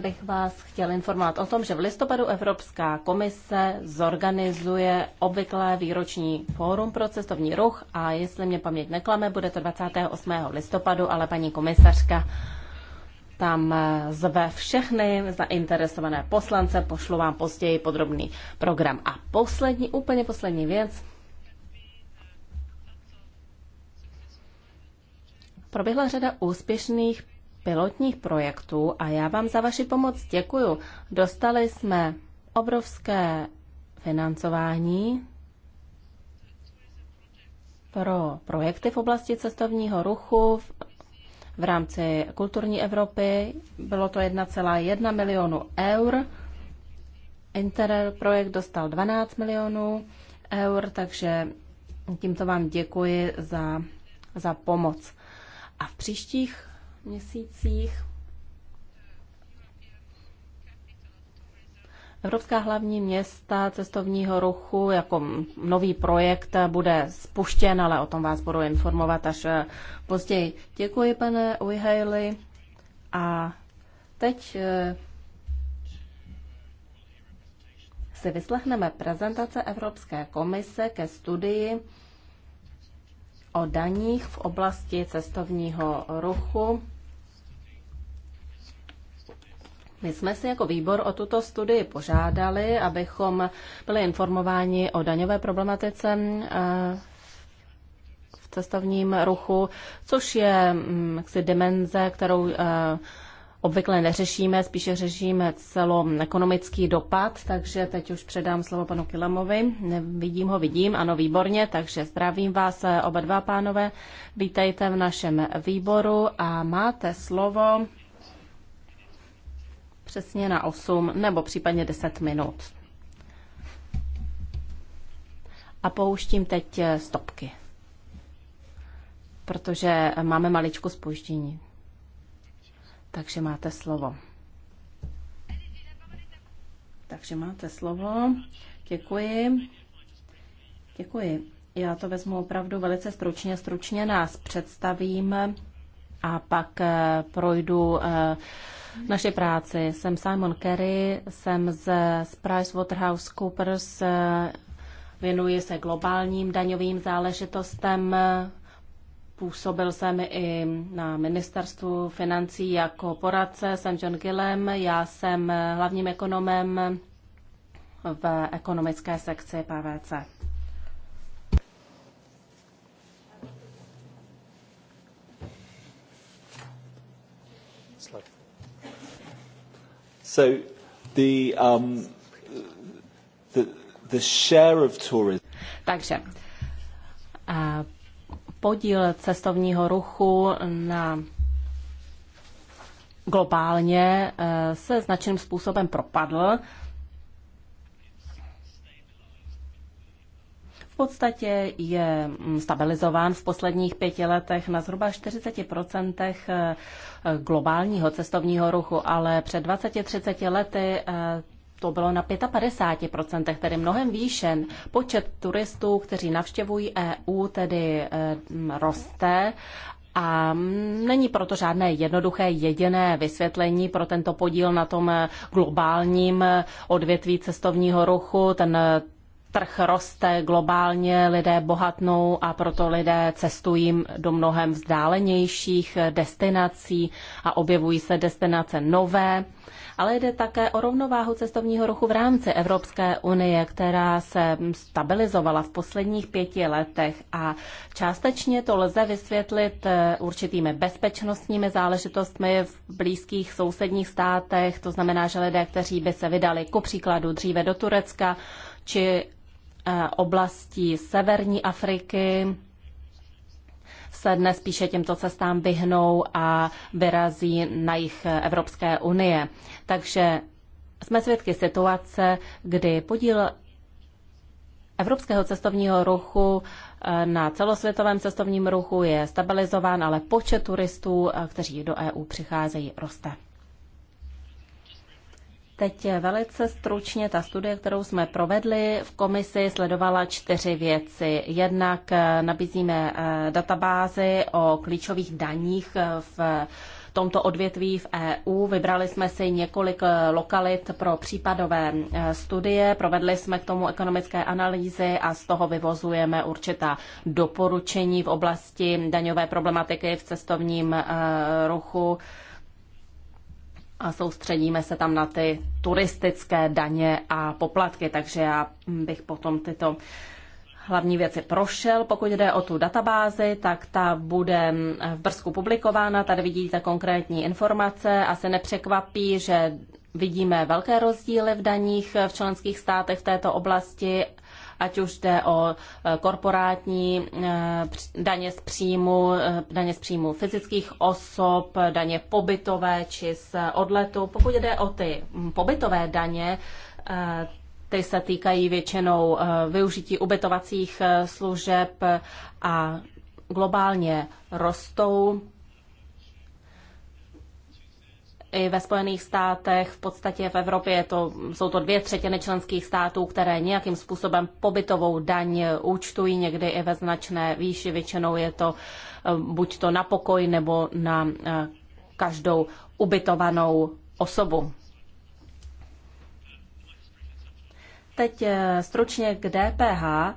bych vás chtěl informovat o tom, že v listopadu Evropská komise zorganizuje obvyklé výroční fórum pro cestovní ruch a jestli mě paměť neklame, bude to 28. listopadu, ale paní komisařka tam zve všechny zainteresované poslance, pošlu vám později podrobný program. A poslední, úplně poslední věc. Proběhla řada úspěšných pilotních projektů a já vám za vaši pomoc děkuju. Dostali jsme obrovské financování pro projekty v oblasti cestovního ruchu v rámci kulturní Evropy. Bylo to 1,1 milionu eur. Interrail projekt dostal 12 milionů eur, takže tímto vám děkuji za, za pomoc. A v příštích měsících. Evropská hlavní města cestovního ruchu jako nový projekt bude spuštěn, ale o tom vás budu informovat až eh, později. Děkuji, pane Ujhejli. A teď eh, si vyslechneme prezentace Evropské komise ke studii o daních v oblasti cestovního ruchu. My jsme si jako výbor o tuto studii požádali, abychom byli informováni o daňové problematice eh, v cestovním ruchu, což je mm, jaksi dimenze, kterou eh, obvykle neřešíme, spíše řešíme celoekonomický dopad, takže teď už předám slovo panu Kilamovi. Vidím ho, vidím, ano, výborně, takže zdravím vás eh, oba dva pánové. Vítejte v našem výboru a máte slovo přesně na 8 nebo případně 10 minut. A pouštím teď eh, stopky, protože máme maličko spoždění. Takže máte slovo. Takže máte slovo. Děkuji. Děkuji. Já to vezmu opravdu velice stručně. Stručně nás představím a pak eh, projdu eh, naše práci. Jsem Simon Kerry, jsem z, z PricewaterhouseCoopers, eh, věnuji se globálním daňovým záležitostem. Působil jsem i na ministerstvu financí jako poradce, jsem John Gillem, já jsem hlavním ekonomem v ekonomické sekci PVC. So the, um, the, the share of tourism. Takže podíl cestovního ruchu na globálně eh, se značným způsobem propadl v podstatě je mm, stabilizován v posledních pěti letech na zhruba 40% eh, globálního cestovního ruchu, ale před 20-30 lety eh, to bylo na 55%, tedy mnohem výšen. Počet turistů, kteří navštěvují EU, tedy eh, roste a mm, není proto žádné jednoduché jediné vysvětlení pro tento podíl na tom globálním odvětví cestovního ruchu. Ten trh roste globálně, lidé bohatnou a proto lidé cestují do mnohem vzdálenějších destinací a objevují se destinace nové. Ale jde také o rovnováhu cestovního ruchu v rámci Evropské unie, která se stabilizovala v posledních pěti letech a částečně to lze vysvětlit eh, určitými bezpečnostními záležitostmi v blízkých sousedních státech, to znamená, že lidé, kteří by se vydali ku příkladu dříve do Turecka, či Eh, oblastí severní Afriky se dnes spíše těmto cestám vyhnou a vyrazí na jich Evropské unie. Takže jsme svědky situace, kdy podíl evropského cestovního ruchu eh, na celosvětovém cestovním ruchu je stabilizován, ale počet turistů, eh, kteří do EU přicházejí, roste. Teď velice stručně ta studie, kterou jsme provedli v komisi, sledovala čtyři věci. Jednak eh, nabízíme eh, databázy o klíčových daních eh, v tomto odvětví v EU. Vybrali jsme si několik lokalit pro případové studie, provedli jsme k tomu ekonomické analýzy a z toho vyvozujeme určitá doporučení v oblasti daňové problematiky v cestovním ruchu a soustředíme se tam na ty turistické daně a poplatky, takže já bych potom tyto hlavní věci prošel. Pokud jde o tu databázi, tak ta bude v Brzku publikována. Tady vidíte konkrétní informace. Asi nepřekvapí, že vidíme velké rozdíly v daních v členských státech v této oblasti ať už jde o eh, korporátní eh, daně z příjmu, eh, daně z příjmu fyzických osob, daně pobytové či z odletu. Pokud jde o ty hm, pobytové daně, ty se týkají většinou využití ubytovacích služeb a globálně rostou i ve Spojených státech, v podstatě v Evropě je to, jsou to dvě třetiny členských států, které nějakým způsobem pobytovou daň účtují, někdy i ve značné výši, většinou je to eh, buď to na pokoj nebo na eh, každou ubytovanou osobu. Teď eh, stručně k DPH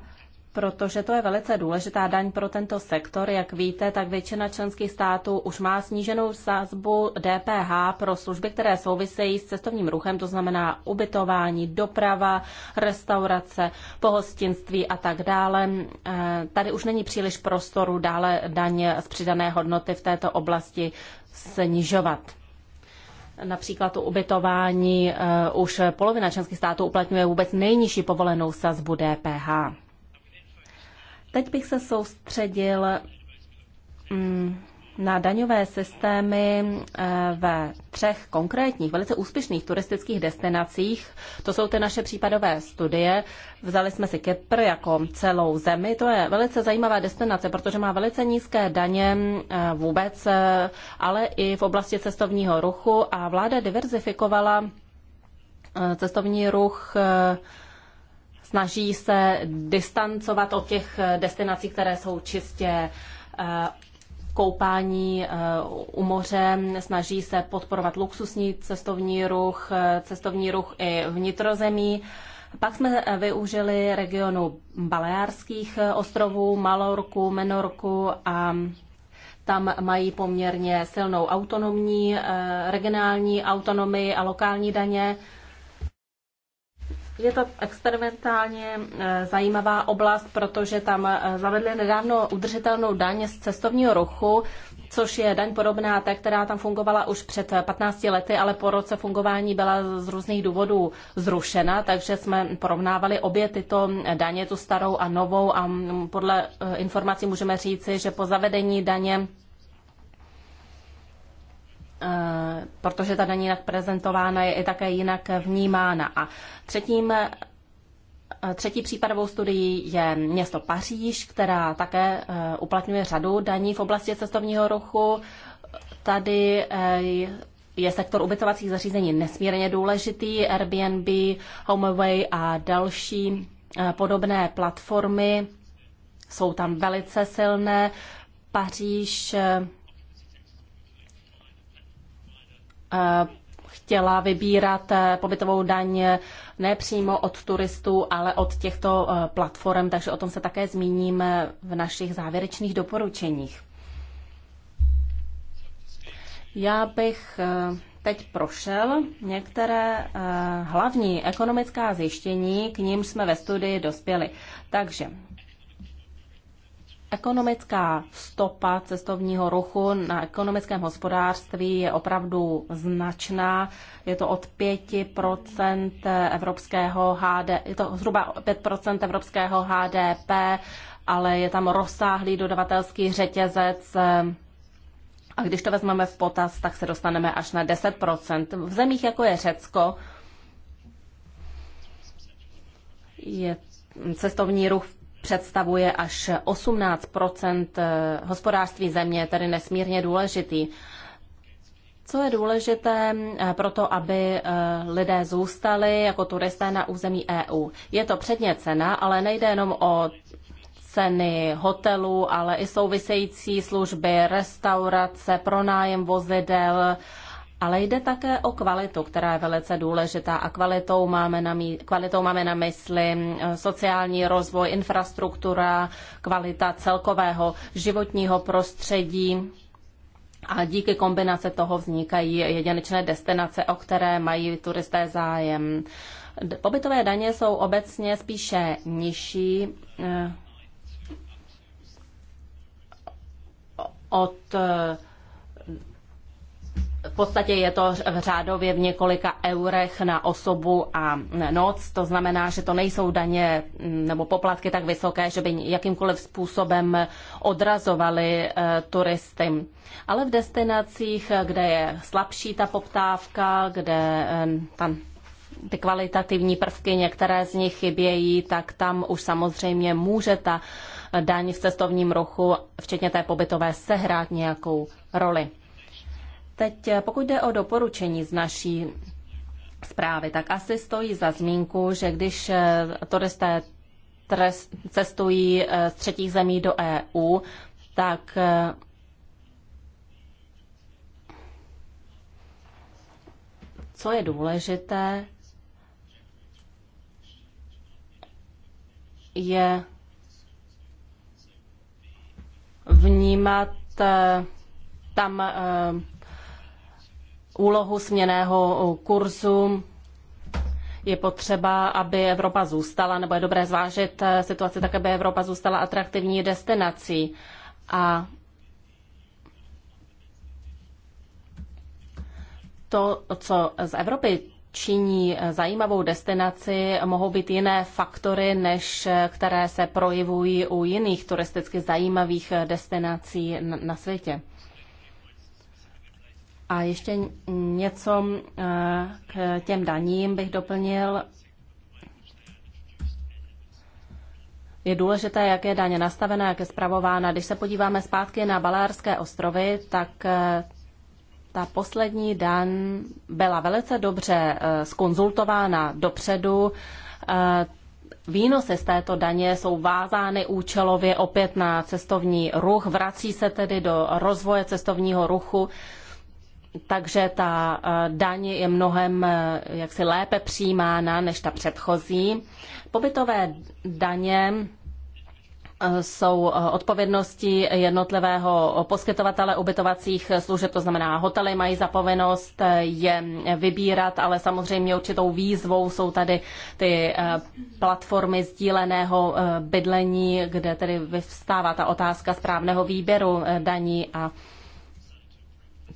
protože to je velice důležitá daň pro tento sektor. Jak víte, tak většina členských států už má sníženou sazbu DPH pro služby, které souvisejí s cestovním ruchem, to znamená ubytování, doprava, restaurace, pohostinství a tak dále. Eh, tady už není příliš prostoru dále daň z přidané hodnoty v této oblasti snižovat. Například u ubytování eh, už polovina členských států uplatňuje vůbec nejnižší povolenou sazbu DPH. Teď bych se soustředil mm, na daňové systémy eh, ve třech konkrétních, velice úspěšných turistických destinacích. To jsou ty naše případové studie. Vzali jsme si Kypr jako celou zemi. To je velice zajímavá destinace, protože má velice nízké daně eh, vůbec, eh, ale i v oblasti cestovního ruchu a vláda diverzifikovala cestovní ruch snaží se distancovat od těch destinací, které jsou čistě eh, koupání eh, u moře, snaží se podporovat luxusní cestovní ruch, eh, cestovní ruch i vnitrozemí. Pak jsme využili regionu Baleárských ostrovů, Malorku, Menorku a tam mají poměrně silnou autonomní, regionální autonomii a lokální daně. Je to experimentálně eh, zajímavá oblast, protože tam eh, zavedli nedávno udržitelnou daň z cestovního ruchu, což je daň podobná té, která tam fungovala už před 15 eh, lety, ale po roce fungování byla z různých důvodů zrušena, takže jsme porovnávali obě tyto daně, tu starou a novou a mm, podle informací můžeme říci, že po zavedení daně Eh, protože ta daň jinak prezentována je i také jinak vnímána. A třetím eh, Třetí případovou studií je město Paříž, která také eh, uplatňuje řadu daní v oblasti cestovního ruchu. Tady je sektor ubytovacích zařízení nesmírně důležitý. Airbnb, HomeAway a další podobné platformy jsou tam velice silné. Paříž Eh, chtěla vybírat eh, pobytovou daň eh, ne přímo od turistů, ale od těchto platform, takže o tom se také zmíníme v našich závěrečných doporučeních. Já bych teď prošel některé hlavní ekonomická zjištění, k nímž jsme ve studii dospěli. Takže Ekonomická stopa cestovního ruchu na ekonomickém hospodářství je opravdu značná. Je to od 5% evropského HDP, je to zhruba 5% evropského HDP, ale je tam rozsáhlý dodavatelský řetězec, a když to vezmeme v potaz, tak se dostaneme až na 10%. V zemích, jako je Řecko, je cestovní ruch představuje až 18 eh, hospodářství země, tedy nesmírně důležitý. Co je důležité eh, pro to, aby eh, lidé zůstali jako turisté na území EU? Je to předně cena, ale nejde jenom o ceny hotelů, ale i související služby, restaurace, pronájem vozidel, ale jde také o kvalitu, která je velice důležitá a kvalitou máme na, mý, kvalitou máme na mysli sociální rozvoj, infrastruktura, kvalita celkového životního prostředí. A díky kombinace toho vznikají jedinečné destinace, o které mají turisté zájem. Pobytové daně jsou obecně spíše nižší eh, od eh, v podstatě je to v řádově v několika eurech na osobu a noc, to znamená, že to nejsou daně nebo poplatky tak vysoké, že by jakýmkoliv způsobem odrazovali eh, turisty. Ale v destinacích, kde je slabší ta poptávka, kde eh, tam ty kvalitativní prvky, některé z nich chybějí, tak tam už samozřejmě může ta daň v cestovním ruchu, včetně té pobytové, sehrát nějakou roli. Teď eh, pokud jde o doporučení z naší zprávy, tak asi stojí za zmínku, že když eh, turisté cestují eh, z třetích zemí do EU, tak co je důležité, je vnímat tam úlohu směného kurzu je potřeba, aby Evropa zůstala, nebo je dobré zvážit eh, situaci tak, aby Evropa zůstala atraktivní destinací. A to, co z Evropy činí eh, zajímavou destinaci, mohou být jiné faktory, než eh, které se projevují u jiných turisticky zajímavých destinací na světě. A ještě něco eh, k těm daním bych doplnil. Je důležité, jak je daně nastavená, jak je zpravována. Když se podíváme zpátky na Balárské ostrovy, tak eh, ta poslední dan byla velice dobře eh, skonzultována dopředu. Výnosy z této daně jsou vázány účelově opět na cestovní ruch, vrací se tedy do rozvoje cestovního ruchu takže ta eh, daň je mnohem eh, jaksi lépe přijímána než ta předchozí. Pobytové daně eh, jsou odpovědnosti jednotlivého poskytovatele ubytovacích služeb, to znamená hotely mají zapovinnost je vybírat, ale samozřejmě určitou výzvou jsou tady ty platformy sdíleného bydlení, kde tedy vyvstává ta otázka správného výběru daní a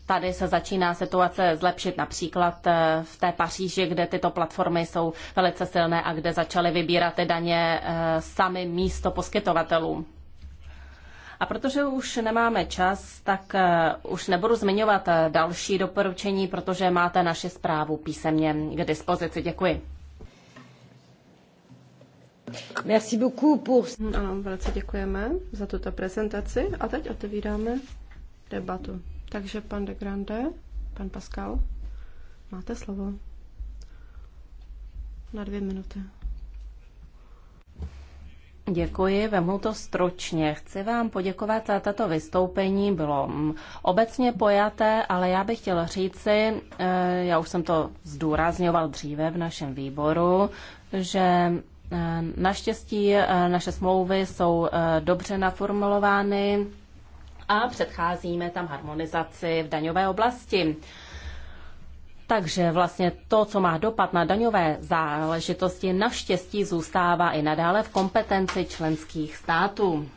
tady se začíná situace zlepšit například eh, v té Paříži, kde tyto platformy jsou velice silné a kde začaly vybírat ty daně eh, sami místo poskytovatelů. A protože už nemáme čas, tak eh, už nebudu zmiňovat další doporučení, protože máte naši zprávu písemně k dispozici. Děkuji. Merci beaucoup pour... Ano, velice děkujeme za tuto prezentaci a teď otevíráme debatu. Takže pan de Grande, pan Pascal, máte slovo. Na dvě minuty. Děkuji, vemu to stručně. Chci vám poděkovat za tato vystoupení. Bylo mm, obecně pojaté, ale já bych chtěla říci, eh, já už jsem to zdůrazňoval dříve v našem výboru, že eh, naštěstí eh, naše smlouvy jsou dobře naformulovány, a předcházíme tam harmonizaci v daňové oblasti. Takže vlastně to, co má dopad na daňové záležitosti, naštěstí zůstává i nadále v kompetenci členských států.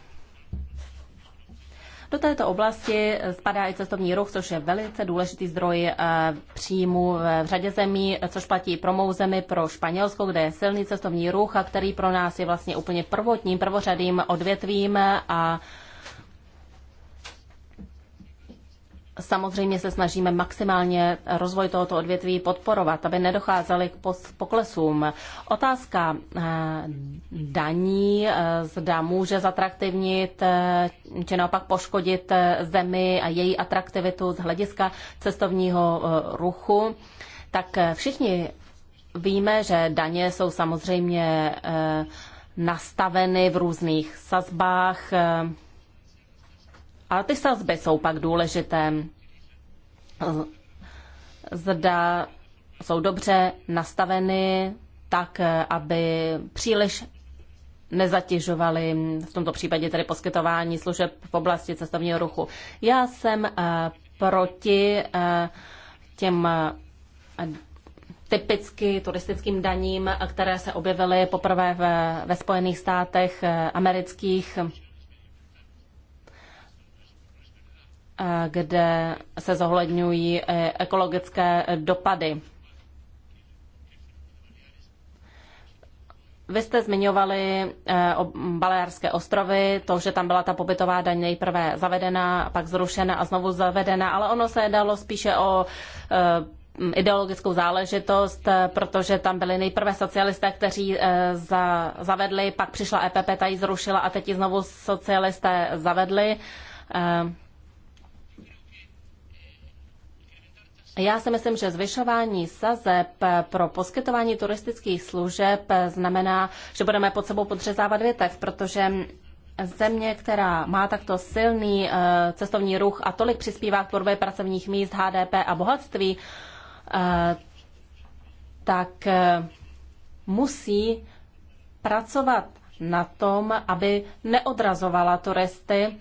Do této oblasti spadá i cestovní ruch, což je velice důležitý zdroj eh, příjmu v řadě zemí, což platí pro mou zemi, pro Španělsko, kde je silný cestovní ruch a který pro nás je vlastně úplně prvotním, prvořadým odvětvím a Samozřejmě se snažíme maximálně rozvoj tohoto odvětví podporovat, aby nedocházely k poklesům. Otázka eh, daní, eh, zda může zatraktivnit eh, či naopak poškodit zemi a její atraktivitu z hlediska cestovního ruchu, tak všichni víme, že daně jsou samozřejmě nastaveny v různých sazbách, a ty sazby jsou pak důležité. Zda jsou dobře nastaveny tak, aby příliš nezatěžovaly v tomto případě tedy poskytování služeb v oblasti cestovního ruchu. Já jsem eh, proti eh, těm eh, typicky turistickým daním, které se objevily poprvé ve, ve Spojených státech amerických. kde se zohledňují eh, ekologické dopady. Vy jste zmiňovali eh, Balearské ostrovy, to, že tam byla ta pobytová daň nejprve zavedena, pak zrušena a znovu zavedena, ale ono se jednalo spíše o eh, ideologickou záležitost, protože tam byli nejprve socialisté, kteří za, zavedli, pak přišla EPP, ta ji zrušila a teď ji znovu socialisté zavedli. Já si myslím, že zvyšování sazeb pro poskytování turistických služeb znamená, že budeme pod sebou podřezávat větev, protože země, která má takto silný eh, cestovní ruch a tolik přispívá k tvorbě pracovních míst, HDP a bohatství, eh, tak eh, musí pracovat na tom, aby neodrazovala turisty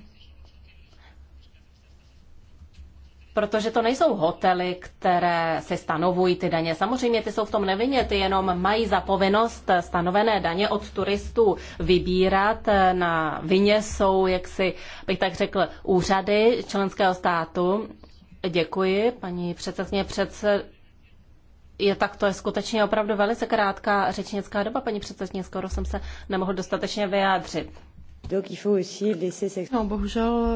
protože to nejsou hotely, které se stanovují ty daně. Samozřejmě ty jsou v tom nevině, ty jenom mají za povinnost stanovené daně od turistů vybírat. Na vině jsou, jak si bych tak řekl, úřady členského státu. Děkuji, paní předsedkyně předsed... Je tak, to je skutečně opravdu velice krátká řečnická doba, paní předsedkyně, skoro jsem se nemohl dostatečně vyjádřit. No, bohužel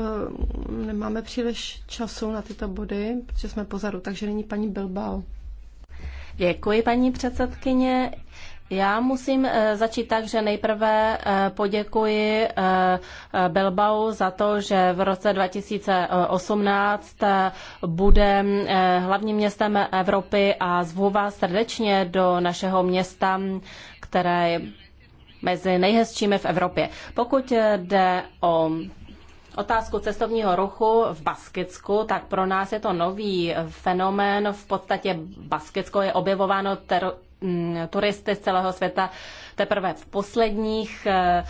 mm, nemáme příliš času na tyto body, protože jsme pozadu, takže není paní Bilbao. Děkuji, paní předsedkyně. Já musím eh, začít tak, že nejprve eh, poděkuji eh, Belbau za to, že v roce 2018 bude hlavním městem Evropy a zvu vás srdečně do našeho města, které mezi nejhezčími v Evropě. Pokud jde o otázku cestovního ruchu v Baskicku, tak pro nás je to nový fenomén. V podstatě Baskicko je objevováno ter- mm, turisty z celého světa teprve v posledních eh,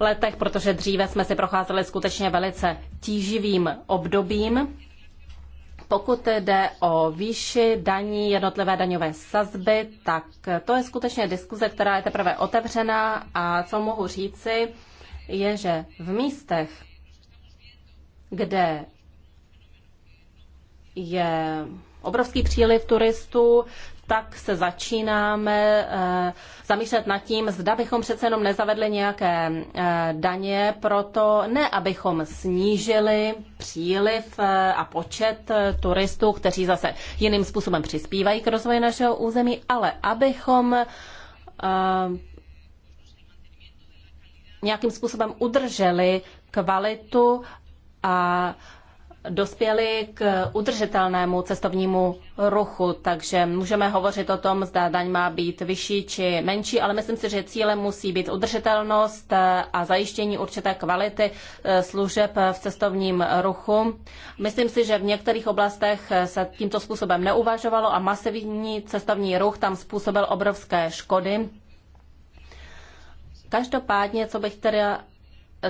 letech, protože dříve jsme si procházeli skutečně velice tíživým obdobím. Pokud jde o výši daní, jednotlivé daňové sazby, tak to je skutečně diskuze, která je teprve otevřená a co mohu říci, je, že v místech, kde je obrovský příliv turistů, tak se začínáme eh, zamýšlet nad tím, zda bychom přece jenom nezavedli nějaké eh, daně, proto ne, abychom snížili příliv eh, a počet turistů, kteří zase jiným způsobem přispívají k rozvoji našeho území, ale abychom nějakým způsobem udrželi kvalitu a dospěli k udržitelnému cestovnímu ruchu, takže můžeme hovořit o tom, zda daň má být vyšší či menší, ale myslím si, že cílem musí být udržitelnost a zajištění určité kvality eh, služeb v cestovním ruchu. Myslím si, že v některých oblastech se tímto způsobem neuvažovalo a masivní cestovní ruch tam způsobil obrovské škody. Každopádně, co bych tedy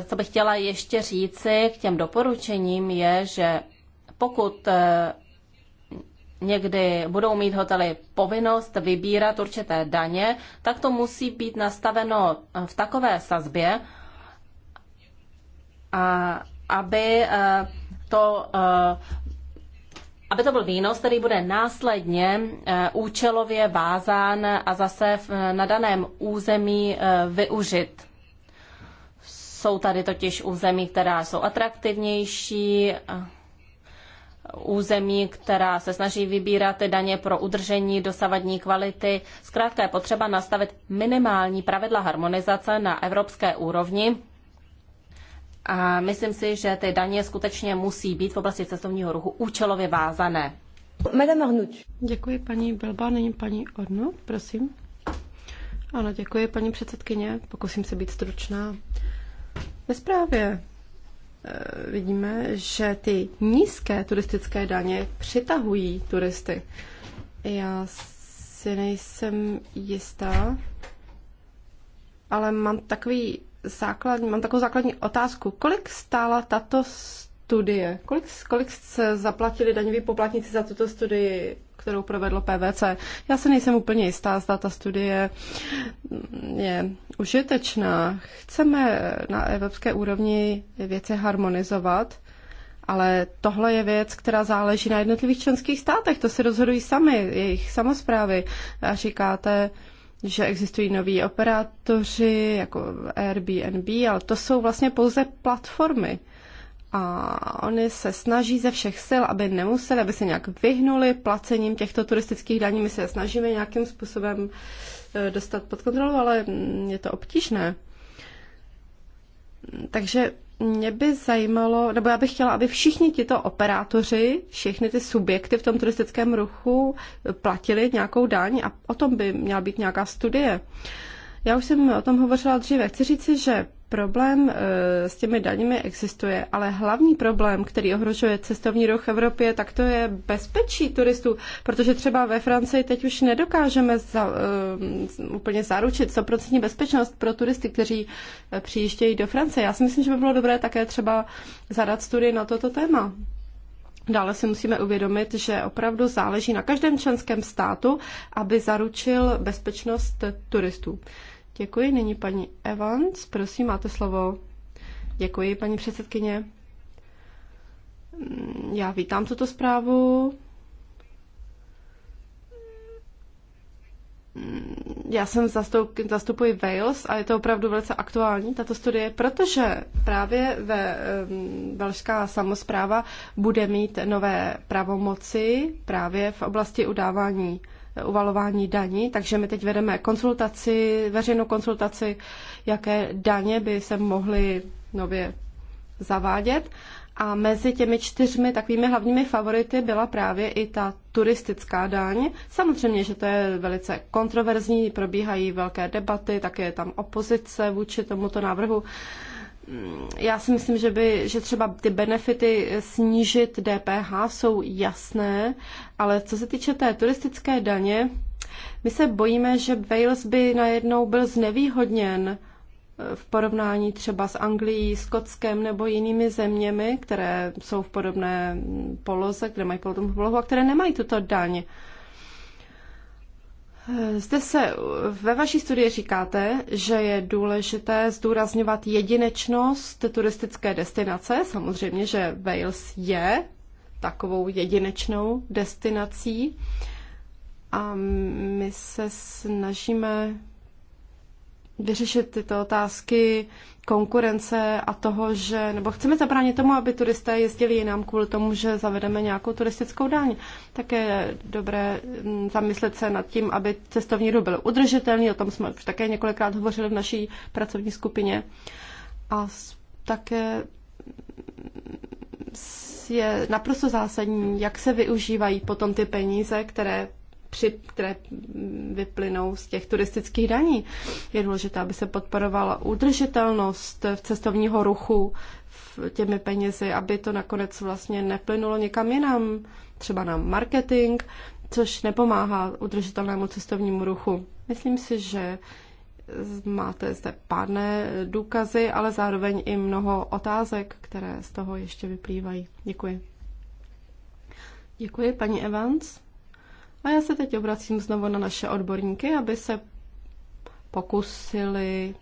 co bych chtěla ještě říci k těm doporučením, je, že pokud eh, někdy budou mít hotely povinnost vybírat určité daně, tak to musí být nastaveno eh, v takové sazbě, aby eh, to aby to byl výnos, který bude následně účelově vázán a zase na daném území využit. Jsou tady totiž území, která jsou atraktivnější, území, která se snaží vybírat daně pro udržení dosavadní kvality. Zkrátka je potřeba nastavit minimální pravidla harmonizace na evropské úrovni. A myslím si, že ty daně skutečně musí být v oblasti cestovního ruchu účelově vázané. Madame Arnout. Děkuji paní Bilba, není paní Ornu, prosím. Ano, děkuji paní předsedkyně, pokusím se být stručná. Ve zprávě eh, vidíme, že ty nízké turistické daně přitahují turisty. Já si nejsem jistá, ale mám takový základní, mám takovou základní otázku. Kolik stála tato studie? Kolik, kolik se zaplatili daňoví poplatníci za tuto studii kterou provedlo PVC. Já se nejsem úplně jistá, zda ta studie je užitečná. Chceme na evropské úrovni věci harmonizovat, ale tohle je věc, která záleží na jednotlivých členských státech. To se rozhodují sami, jejich samozprávy. A říkáte, že existují noví operátoři jako Airbnb, ale to jsou vlastně pouze platformy a oni se snaží ze všech sil, aby nemuseli, aby se nějak vyhnuli placením těchto turistických daní. My se snažíme nějakým způsobem e, dostat pod kontrolu, ale je to obtížné. Takže mě by zajímalo, nebo já bych chtěla, aby všichni tito operátoři, všichni ty subjekty v tom turistickém ruchu e, platili nějakou daň a o tom by měla být nějaká studie. Já už jsem o tom hovořila dříve. Chci říci, že Problém eh, s těmi daněmi existuje, ale hlavní problém, který ohrožuje cestovní ruch v Evropě, tak to je bezpečí turistů, protože třeba ve Francii teď už nedokážeme za, uh, úplně zaručit 100% bezpečnost pro turisty, kteří eh, přijíždějí do Francie. Já si myslím, že by bylo dobré také třeba zadat studii na toto téma. Dále si musíme uvědomit, že opravdu záleží na každém členském státu, aby zaručil bezpečnost turistů. Děkuji. Nyní paní Evans, prosím, máte slovo. Děkuji, paní předsedkyně. Mm, já vítám tuto zprávu. Mm, já jsem zastup, zastupuji Wales a je to opravdu velice aktuální, tato studie, protože právě ve, um, velšská samozpráva bude mít nové pravomoci právě v oblasti udávání uvalování daní, takže my teď vedeme konzultaci, veřejnou konzultaci, jaké daně by se mohly nově zavádět. A mezi těmi čtyřmi takovými hlavními favority byla právě i ta turistická daň. Samozřejmě, že to je velice kontroverzní, probíhají velké debaty, také je tam opozice vůči tomuto návrhu já si myslím, že, by, že třeba ty benefity snížit DPH jsou jasné, ale co se týče té turistické daně, my se bojíme, že Wales by najednou byl znevýhodněn eh, v porovnání třeba s Anglií, Skotskem nebo jinými zeměmi, které jsou v podobné poloze, které mají podobnou polohu a které nemají tuto daň. Zde se ve vaší studii říkáte, že je důležité zdůrazňovat jedinečnost turistické destinace. Samozřejmě, že Wales je takovou jedinečnou destinací a my se snažíme vyřešit tyto otázky konkurence a toho, že, nebo chceme zabránit tomu, aby turisté jezdili jinam kvůli tomu, že zavedeme nějakou turistickou daň. Také je dobré mm, zamyslet se nad tím, aby cestovní ruch byl udržitelný, o tom jsme už také několikrát hovořili v naší pracovní skupině. A také je naprosto zásadní, jak se využívají potom ty peníze, které při, které vyplynou z těch turistických daní. Je důležité, aby se podporovala udržitelnost v cestovního ruchu v těmi penězi, aby to nakonec vlastně neplynulo někam jinam, třeba na marketing, což nepomáhá udržitelnému cestovnímu ruchu. Myslím si, že máte zde pádné důkazy, ale zároveň i mnoho otázek, které z toho ještě vyplývají. Děkuji. Děkuji, paní Evans. A já se teď obracím znovu na naše odborníky, aby se pokusili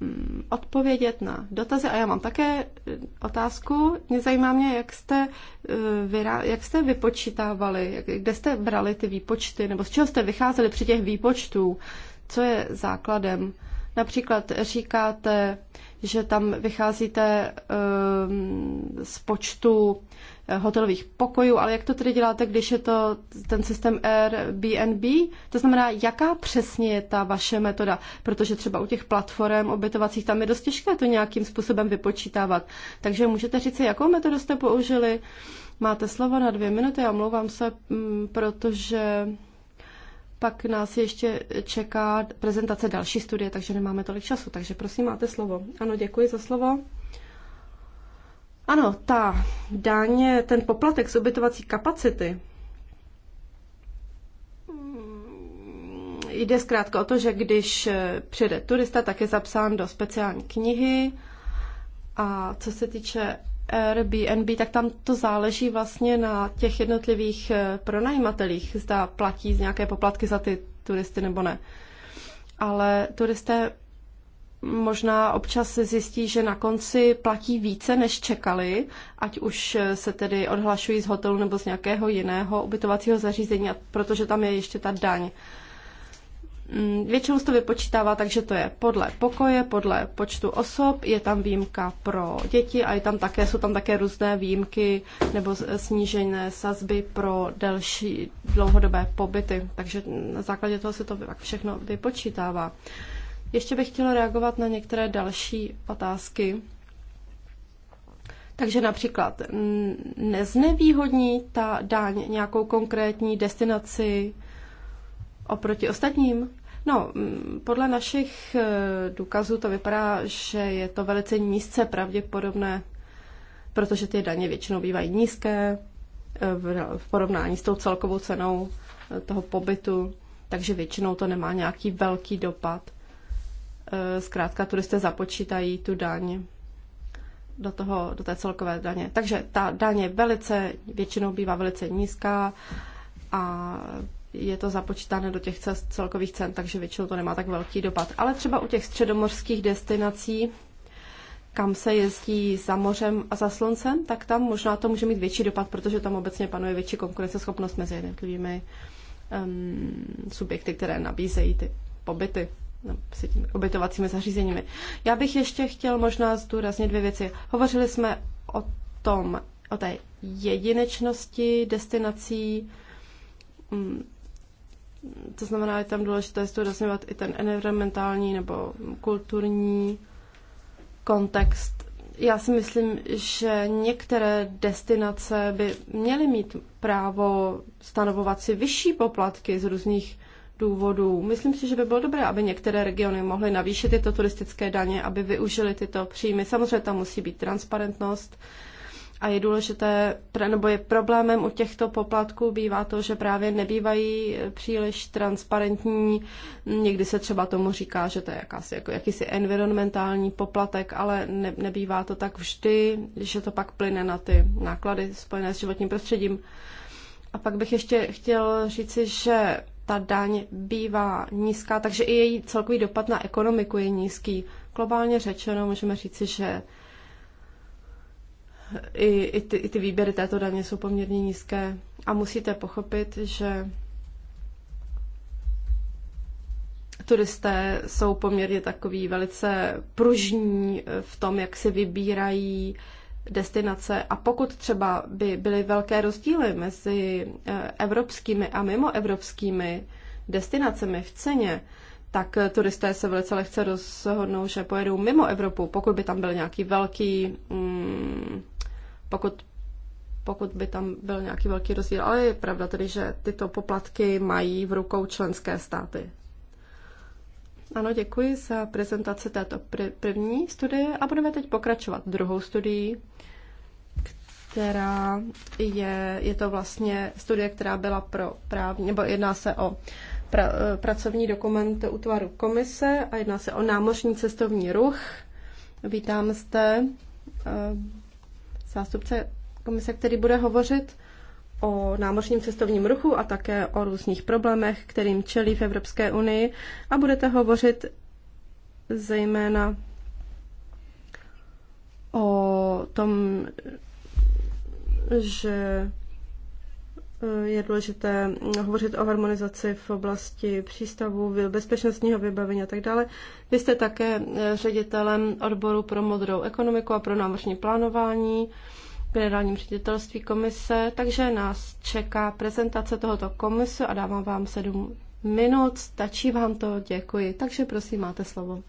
mm, odpovědět na dotazy. A já mám také eh, otázku. Mě zajímá mě, jak jste, eh, jak jste vypočítávali, kde jste brali ty výpočty, nebo z čeho jste vycházeli při těch výpočtů, co je základem. Například říkáte, že tam vycházíte ehm, z počtu Eh, hotelových pokojů, ale jak to tedy děláte, když je to ten systém Airbnb? To znamená, jaká přesně je ta vaše metoda? Protože třeba u těch platform obytovacích tam je dost těžké to nějakým způsobem vypočítávat. Takže můžete říct, jakou metodu jste použili? Máte slovo na dvě minuty, já omlouvám se, mm, protože pak nás ještě čeká prezentace další studie, takže nemáme tolik času. Takže prosím, máte slovo. Ano, děkuji za slovo. Ano, ta daň, ten poplatek z ubytovací kapacity, mm, jde zkrátka o to, že když eh, přijede turista, tak je zapsán do speciální knihy. A co se týče Airbnb, tak tam to záleží vlastně na těch jednotlivých eh, pronajímatelích, zda platí z nějaké poplatky za ty turisty nebo ne. Ale turisté možná občas zjistí, že na konci platí více, než čekali, ať už se tedy odhlašují z hotelu nebo z nějakého jiného ubytovacího zařízení, protože tam je ještě ta daň. Mm, většinou se to vypočítává, takže to je podle pokoje, podle počtu osob, je tam výjimka pro děti a je tam také, jsou tam také různé výjimky nebo snížené sazby pro delší dlouhodobé pobyty. Takže na základě toho se to všechno vypočítává. Uh, ještě bych chtěla reagovat na některé další otázky. Takže například neznevýhodní ta daň nějakou konkrétní destinaci oproti ostatním? No, podle našich e, důkazů to vypadá, že je to velice nízce pravděpodobné, protože ty daně většinou bývají nízké e, v porovnání s tou celkovou cenou e, toho pobytu, takže většinou to nemá nějaký velký dopad. Eh, zkrátka turisté započítají tu daň do, toho, do té celkové daně. Takže ta daň je velice, většinou bývá velice nízká a je to započítáno do těch celkových cen, takže většinou to nemá tak velký dopad. Ale třeba u těch středomorských destinací, kam se jezdí za mořem a za sluncem, tak tam možná to může mít větší dopad, protože tam obecně panuje větší konkurenceschopnost mezi jednotlivými um, subjekty, které nabízejí ty pobyty. No, s těmi ubytovacími zařízeními. Já bych ještě chtěl možná zdůraznit dvě věci. Hovořili jsme o tom, o té jedinečnosti destinací, mm, to znamená, je tam důležité zdůrazňovat i ten environmentální nebo kulturní kontext. Já si myslím, že některé destinace by měly mít právo stanovovat si vyšší poplatky z různých důvodů. Myslím si, že by bylo dobré, aby některé regiony mohly navýšit tyto turistické daně, aby využili tyto příjmy. Samozřejmě tam musí být transparentnost a je důležité, nebo je problémem u těchto poplatků bývá to, že právě nebývají eh, příliš transparentní. Někdy se třeba tomu říká, že to je jakási, jako jakýsi environmentální poplatek, ale ne, nebývá to tak vždy, že to pak plyne na ty náklady spojené s životním prostředím. A pak bych ještě chtěl říci, že ta daň bývá nízká, takže i její celkový dopad na ekonomiku je nízký. Globálně řečeno můžeme říci, že i, i, ty, i ty výběry této daně jsou poměrně nízké a musíte pochopit, že turisté jsou poměrně takový velice pružní v tom, jak si vybírají destinace. A pokud třeba by byly velké rozdíly mezi eh, evropskými a mimoevropskými destinacemi v ceně, tak eh, turisté se velice lehce rozhodnou, že pojedou mimo Evropu, pokud by tam byl nějaký velký, mm, pokud, pokud by tam byl nějaký velký rozdíl. Ale je pravda tedy, že tyto poplatky mají v rukou členské státy. Ano, děkuji za prezentaci této první studie a budeme teď pokračovat druhou studií, která je, je to vlastně studie, která byla pro právní, nebo jedná se o pra, eh, pracovní dokument útvaru komise a jedná se o námořní cestovní ruch. Vítám zde eh, zástupce komise, který bude hovořit o námořním cestovním ruchu a také o různých problémech, kterým čelí v Evropské unii a budete hovořit zejména o tom, že eh, je důležité hovořit o harmonizaci v oblasti přístavu, bezpečnostního vybavení a tak dále. Vy jste také eh, ředitelem odboru pro modrou ekonomiku a pro námořní plánování generálním ředitelství komise, takže nás čeká prezentace tohoto komisu a dávám vám sedm minut. Stačí vám to? Děkuji. Takže prosím, máte slovo.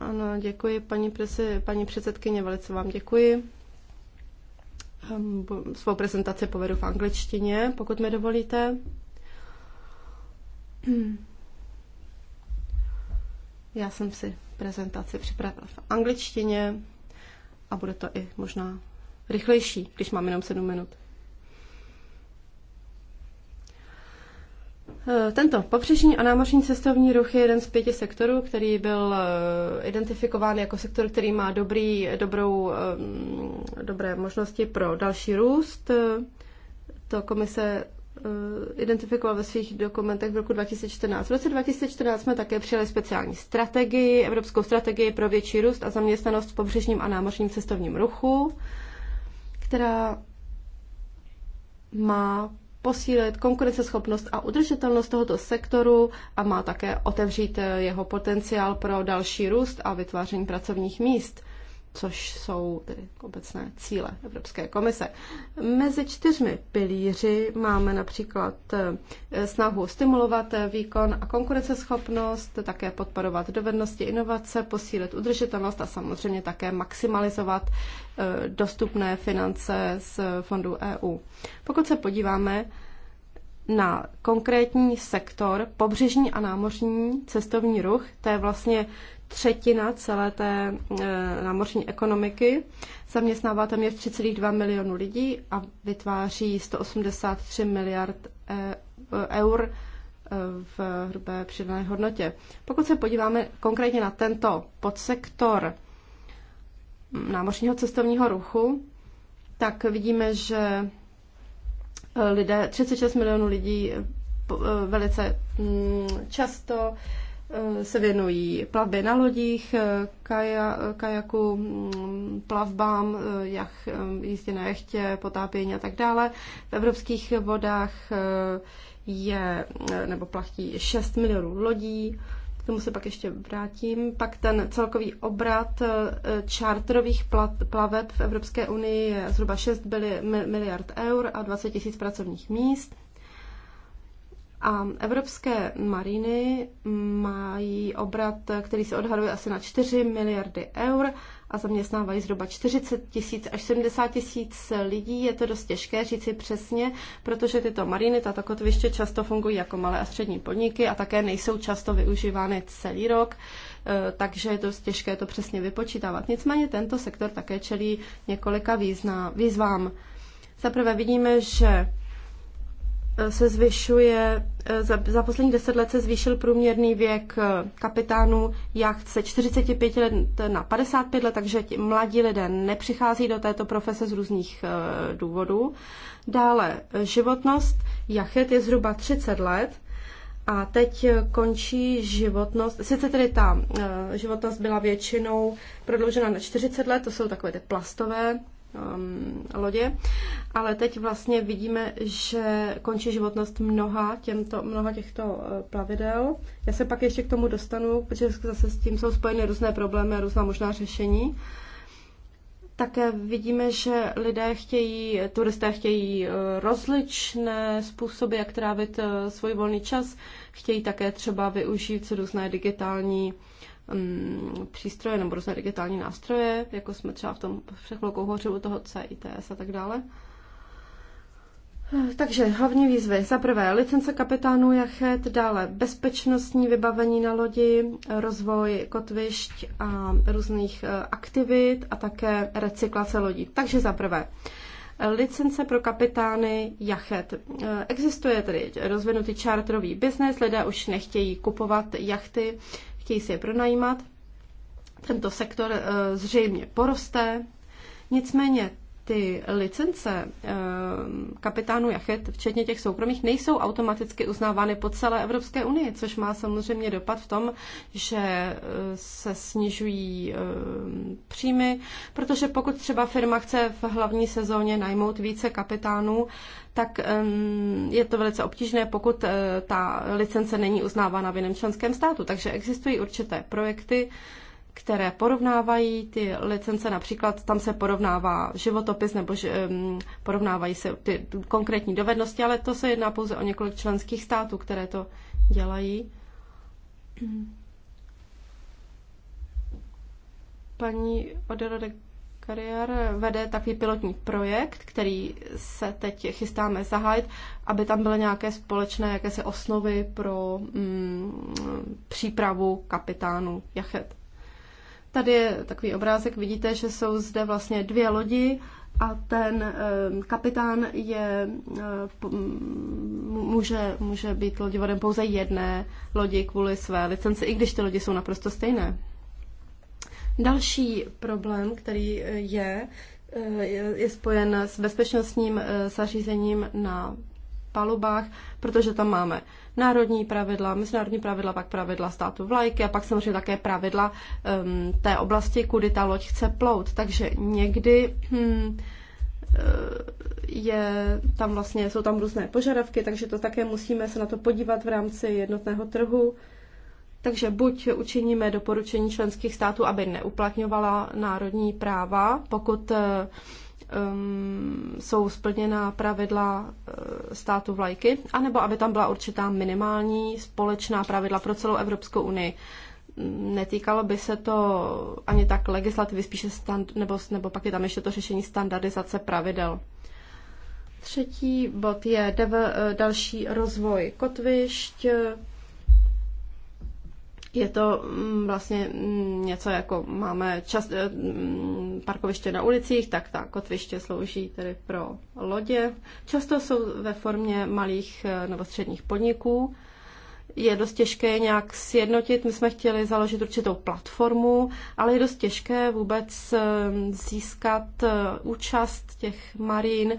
Ano, děkuji, paní, presi, paní předsedkyně, velice vám děkuji. Ehm, svou prezentaci povedu v angličtině, pokud mi dovolíte. Já jsem si prezentaci připravila v angličtině a bude to i možná rychlejší, když mám jenom 7 minut. Eh, tento pobřežní a námořní cestovní ruch je jeden z pěti sektorů, který byl eh, identifikován jako sektor, který má dobrý, dobrou, eh, dobré možnosti pro další růst. To komise identifikoval ve svých dokumentech v roku 2014. V roce 2014 jsme také přijali speciální strategii, evropskou strategii pro větší růst a zaměstnanost v pobřežním a námořním cestovním ruchu která má posílit konkurenceschopnost a udržitelnost tohoto sektoru a má také otevřít jeho potenciál pro další růst a vytváření pracovních míst což jsou tedy obecné cíle Evropské komise. Mezi čtyřmi pilíři máme například eh, snahu stimulovat eh, výkon a konkurenceschopnost, také podporovat dovednosti inovace, posílit udržitelnost a samozřejmě také maximalizovat eh, dostupné finance z fondů EU. Pokud se podíváme na konkrétní sektor pobřežní a námořní cestovní ruch, to je vlastně třetina celé té e, námořní ekonomiky, zaměstnává je 3,2 milionu lidí a vytváří 183 miliard e, eur e, v hrubé přidané hodnotě. Pokud se podíváme konkrétně na tento podsektor námořního cestovního ruchu, tak vidíme, že lidé, 36 milionů lidí velice často Eh, se věnují plavbě na lodích, eh, kaja, kajaku, mm, plavbám, eh, jach, jízdě na jachtě, potápění a tak dále. V evropských vodách je, nebo plachtí 6 milionů lodí, k tomu se pak ještě vrátím. Pak ten celkový obrat čárterových plaveb v Evropské unii je zhruba 6 miliard eur a 20 tisíc pracovních míst. A evropské mariny mají obrat, který se odhaduje asi na 4 miliardy eur a zaměstnávají zhruba 40 tisíc až 70 tisíc lidí. Je to dost těžké říci přesně, protože tyto mariny, tato kotviště často fungují jako malé a střední podniky a také nejsou často využívány celý rok, eh, takže je dost těžké to přesně vypočítávat. Nicméně tento sektor také čelí několika význam výzvám. Zaprvé vidíme, že Eh, se zvyšuje, eh, za, za poslední deset let se zvýšil průměrný věk eh, kapitánů jacht se 45 let na 55 let, takže ti mladí lidé nepřichází do této profese z různých uh, důvodů. Dále životnost jachet je zhruba 30 let a teď končí životnost, sice tedy ta uh, životnost byla většinou prodloužena na 40 let, to jsou takové ty plastové um, lodě. Ale teď vlastně vidíme, že končí životnost mnoha, těmto, mnoha těchto uh, plavidel. Já se pak ještě k tomu dostanu, protože zase s tím jsou spojeny různé problémy a různá možná řešení. Také vidíme, že lidé chtějí, turisté chtějí uh, rozličné způsoby, jak trávit uh, svůj volný čas. Chtějí také třeba využít různé digitální um, přístroje nebo různé digitální nástroje, jako jsme třeba v tom před chvilkou hovořili u toho CITS a tak dále. Eh, takže hlavní výzvy. Za prvé licence kapitánů jachet, dále bezpečnostní vybavení na lodi, rozvoj kotvišť a různých eh, aktivit a také recyklace lodí. Takže za prvé licence pro kapitány jachet. Eh, existuje tedy rozvinutý čártrový biznes, lidé už nechtějí kupovat jachty, chtějí si je pronajímat. Tento sektor eh, zřejmě poroste. Nicméně ty licence ehm, kapitánů jachet, včetně těch soukromých, nejsou automaticky uznávány po celé Evropské unii, což má samozřejmě dopad v tom, že eh, se snižují ehm, příjmy, protože pokud třeba firma chce v hlavní sezóně najmout více kapitánů, tak ehm, je to velice obtížné, pokud eh, ta licence není uznávána v jiném členském státu. Takže existují určité projekty, které porovnávají ty licence, například tam se porovnává životopis nebo že, um, porovnávají se ty konkrétní dovednosti, ale to se jedná pouze o několik členských států, které to dělají. Paní Odorode Kariér vede takový pilotní projekt, který se teď chystáme zahájit, aby tam byly nějaké společné jakési osnovy pro mm, přípravu kapitánů jachet. Tady je takový obrázek, vidíte, že jsou zde vlastně dvě lodi a ten eh, kapitán je, eh, může, může být lodivodem pouze jedné lodi kvůli své licenci, i když ty lodi jsou naprosto stejné. Další problém, který eh, je, je spojen s bezpečnostním zařízením na palubách, protože tam máme národní pravidla, mezinárodní pravidla, pak pravidla státu vlajky a pak samozřejmě také pravidla um, té oblasti, kudy ta loď chce plout. Takže někdy hmm, je tam vlastně, jsou tam různé požadavky, takže to také musíme se na to podívat v rámci jednotného trhu. Takže buď učiníme doporučení členských států, aby neuplatňovala národní práva, pokud eh, um, jsou splněná pravidla eh, státu vlajky, anebo aby tam byla určitá minimální společná pravidla pro celou Evropskou unii. Netýkalo by se to ani tak legislativy, spíše stand, nebo, nebo pak je tam ještě to řešení standardizace pravidel. Třetí bod je dev, eh, další rozvoj kotvišť, je to mm, vlastně mm, něco jako máme čas, eh, mm, parkoviště na ulicích, tak ta kotviště slouží tedy pro lodě. Často jsou ve formě malých eh, nebo středních podniků. Je dost těžké nějak sjednotit. My jsme chtěli založit určitou platformu, ale je dost těžké vůbec eh, získat účast těch marín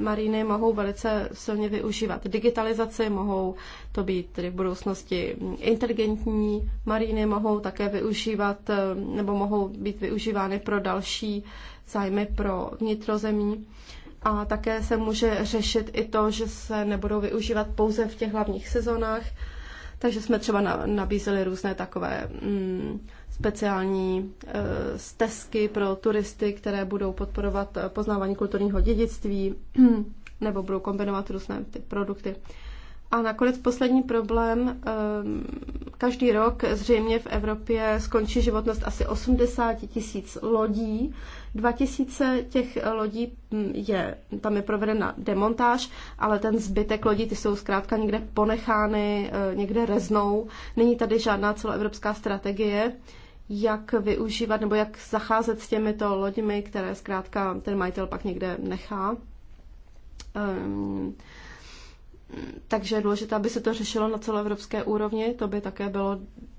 maríny mohou velice silně využívat digitalizaci, mohou to být tedy v budoucnosti inteligentní maríny, mohou také využívat eh, nebo mohou být využívány pro další zájmy pro vnitrozemí. A také se může řešit i to, že se nebudou využívat pouze v těch hlavních sezónách, takže jsme třeba nabízeli různé takové mm, speciální eh, stezky pro turisty, které budou podporovat eh, poznávání kulturního dědictví nebo budou kombinovat různé ty produkty. A nakonec poslední problém. Eh, každý rok zřejmě v Evropě skončí životnost asi 80 tisíc lodí. 2000 těch lodí hm, je, tam je provedena demontáž, ale ten zbytek lodí, ty jsou zkrátka někde ponechány, někde reznou. Není tady žádná celoevropská strategie jak využívat nebo jak zacházet s těmito loďmi, které zkrátka ten majitel pak někde nechá. Ehm, takže je důležité, aby se to řešilo na celoevropské úrovni, to by také bylo,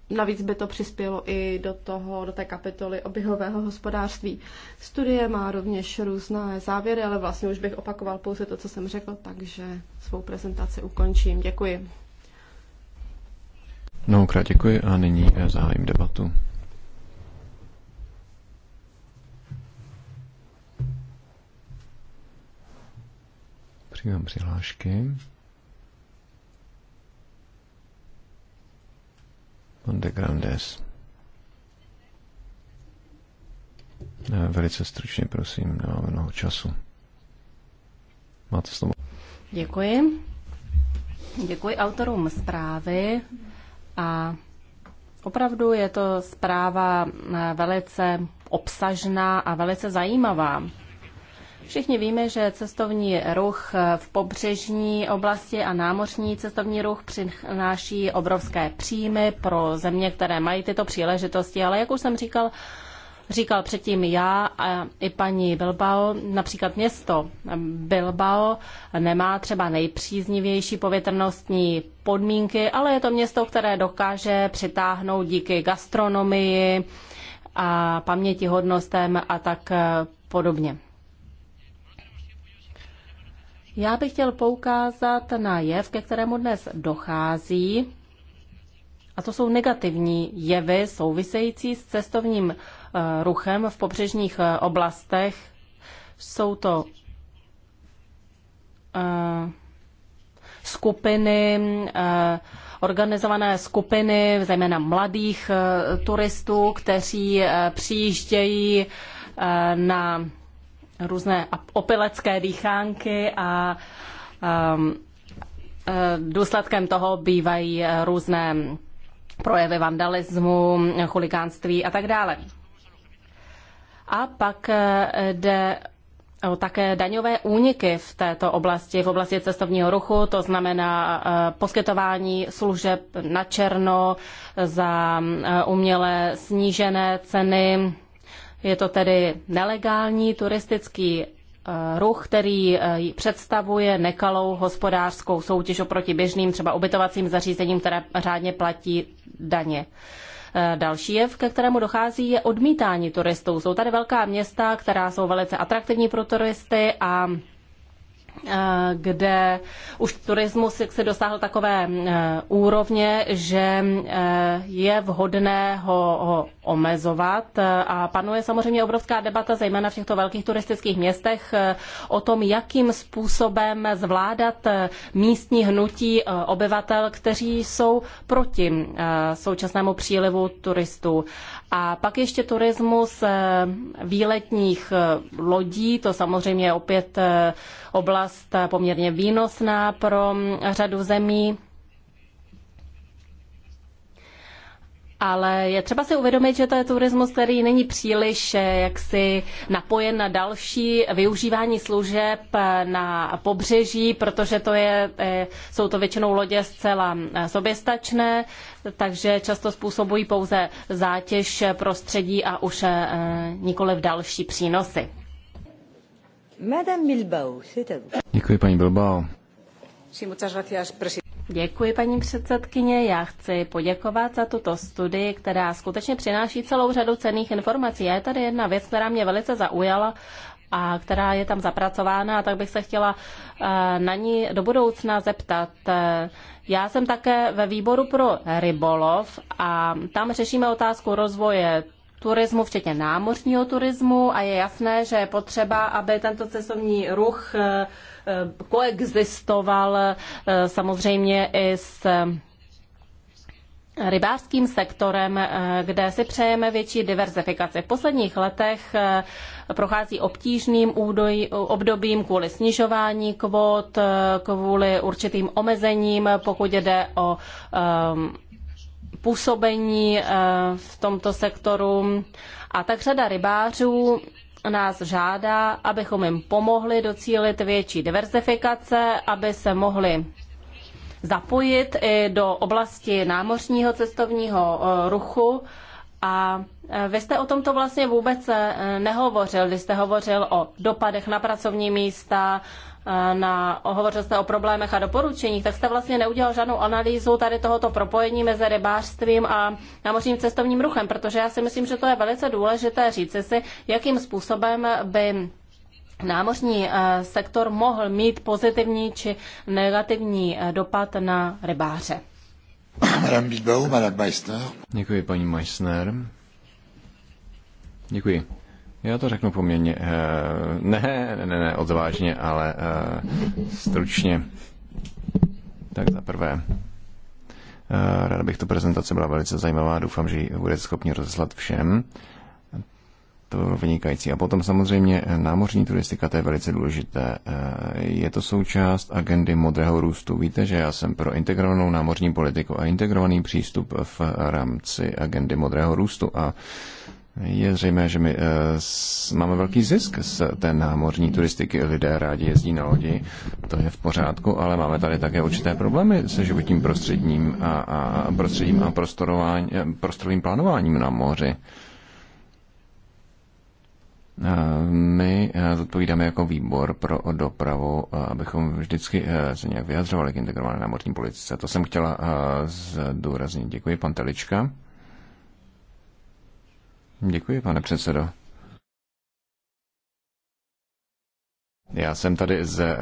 navíc by to přispělo i do toho, do té kapitoly oběhového hospodářství. Studie má rovněž různé závěry, ale vlastně už bych opakoval pouze to, co jsem řekl, takže svou prezentaci ukončím. Děkuji. Mnohokrát děkuji a nyní zahájím debatu. Mám přihlášky. Monte Grandes. Eh, velice stručně, prosím, nemáme mnoho času. Máte slovo. Děkuji. Děkuji autorům zprávy a opravdu je to zpráva eh, velice obsažná a velice zajímavá. Všichni víme, že cestovní ruch v pobřežní oblasti a námořní cestovní ruch přináší obrovské příjmy pro země, které mají tyto příležitosti, ale jak už jsem říkal, říkal předtím já a i paní Bilbao, například město Bilbao nemá třeba nejpříznivější povětrnostní podmínky, ale je to město, které dokáže přitáhnout díky gastronomii a pamětihodnostem a tak podobně. Já bych chtěl poukázat na jev, ke kterému dnes dochází, a to jsou negativní jevy související s cestovním eh, ruchem v pobřežních eh, oblastech. Jsou to eh, skupiny, organizované skupiny, zejména mladých turistů, kteří přijíždějí na různé opilecké dýchánky a um, eh, důsledkem toho bývají různé projevy vandalismu, chuligánství a tak dále. A pak eh, jde o také daňové úniky v této oblasti, v oblasti cestovního ruchu, to znamená eh, poskytování služeb na černo za uměle snížené ceny je to tedy nelegální turistický eh, ruch, který eh, představuje nekalou hospodářskou soutěž oproti běžným třeba ubytovacím zařízením, které řádně platí daně. Eh, další jev, ke kterému dochází, je odmítání turistů. Jsou tady velká města, která jsou velice atraktivní pro turisty a Eh, kde už turismus se dosáhl takové eh, úrovně, že eh, je vhodné ho, ho omezovat. A panuje samozřejmě obrovská debata, zejména v těchto velkých turistických městech, o tom, jakým způsobem zvládat místní hnutí obyvatel, kteří jsou proti současnému přílivu turistů. A pak ještě turismus eh, výletních eh, lodí, to samozřejmě je opět eh, oblast poměrně výnosná pro mm, řadu zemí. Ale je třeba si uvědomit, že to je turismus, který není příliš eh, jaksi napojen na další využívání služeb eh, na pobřeží, protože to je, eh, jsou to většinou lodě zcela soběstačné, takže často způsobují pouze zátěž prostředí a už nikoli v další přínosy. Madame Děkuji, paní Bilbao. Děkuji, paní předsedkyně. Já chci poděkovat za tuto studii, která skutečně přináší celou řadu cených informací. je tady jedna věc, která mě velice zaujala a která je tam zapracována, a tak bych se chtěla eh, na ní do budoucna zeptat. Eh, já jsem také ve výboru pro rybolov a tam řešíme otázku rozvoje turismu, včetně námořního turismu a je jasné, že je potřeba, aby tento cestovní ruch eh, Eh, koexistoval eh, samozřejmě i s eh, rybářským sektorem, kde si přejeme větší diverzifikaci. V posledních letech prochází obtížným obdobím kvůli snižování kvót, kvůli určitým omezením, pokud jde o působení v tomto sektoru. A tak řada rybářů nás žádá, abychom jim pomohli docílit větší diverzifikace, aby se mohli zapojit i do oblasti námořního cestovního eh, ruchu. A eh, vy jste o tomto vlastně vůbec eh, nehovořil, vy jste hovořil o dopadech na pracovní místa, na, hovořil jste o problémech a doporučeních, tak jste vlastně neudělal žádnou analýzu tady tohoto propojení mezi rybářstvím a námořním cestovním ruchem, protože já si myslím, že to je velice důležité říci si, jakým způsobem by námořní eh, sektor mohl mít pozitivní či negativní eh, dopad na rybáře. Madame Bilbao, Madame Meissner. Děkuji, paní Meissner. Děkuji. Já to řeknu poměrně, eh, ne, ne, ne, ne, odvážně, ale eh, stručně. Tak za prvé, eh, ráda bych tu prezentace byla velice zajímavá, doufám, že ji bude schopni rozeslat všem. To bylo vynikající. A potom samozřejmě námořní turistika, to je velice důležité. Je to součást agendy modrého růstu. Víte, že já jsem pro integrovanou námořní politiku a integrovaný přístup v rámci agendy modrého růstu. A je zřejmé, že my eh, máme velký zisk z té námořní turistiky. Lidé rádi jezdí na lodi, to je v pořádku, ale máme tady také určité problémy se životním prostředím a, a prostředím a eh, prostorovým plánováním na moři. Eh, my zodpovídáme jako výbor pro dopravu, abychom vždycky se nějak vyjadřovali k integrované námořní politice. To jsem chtěla zdůraznit. Děkuji, pan Telička. Děkuji, pane předsedo. Já jsem tady z eh,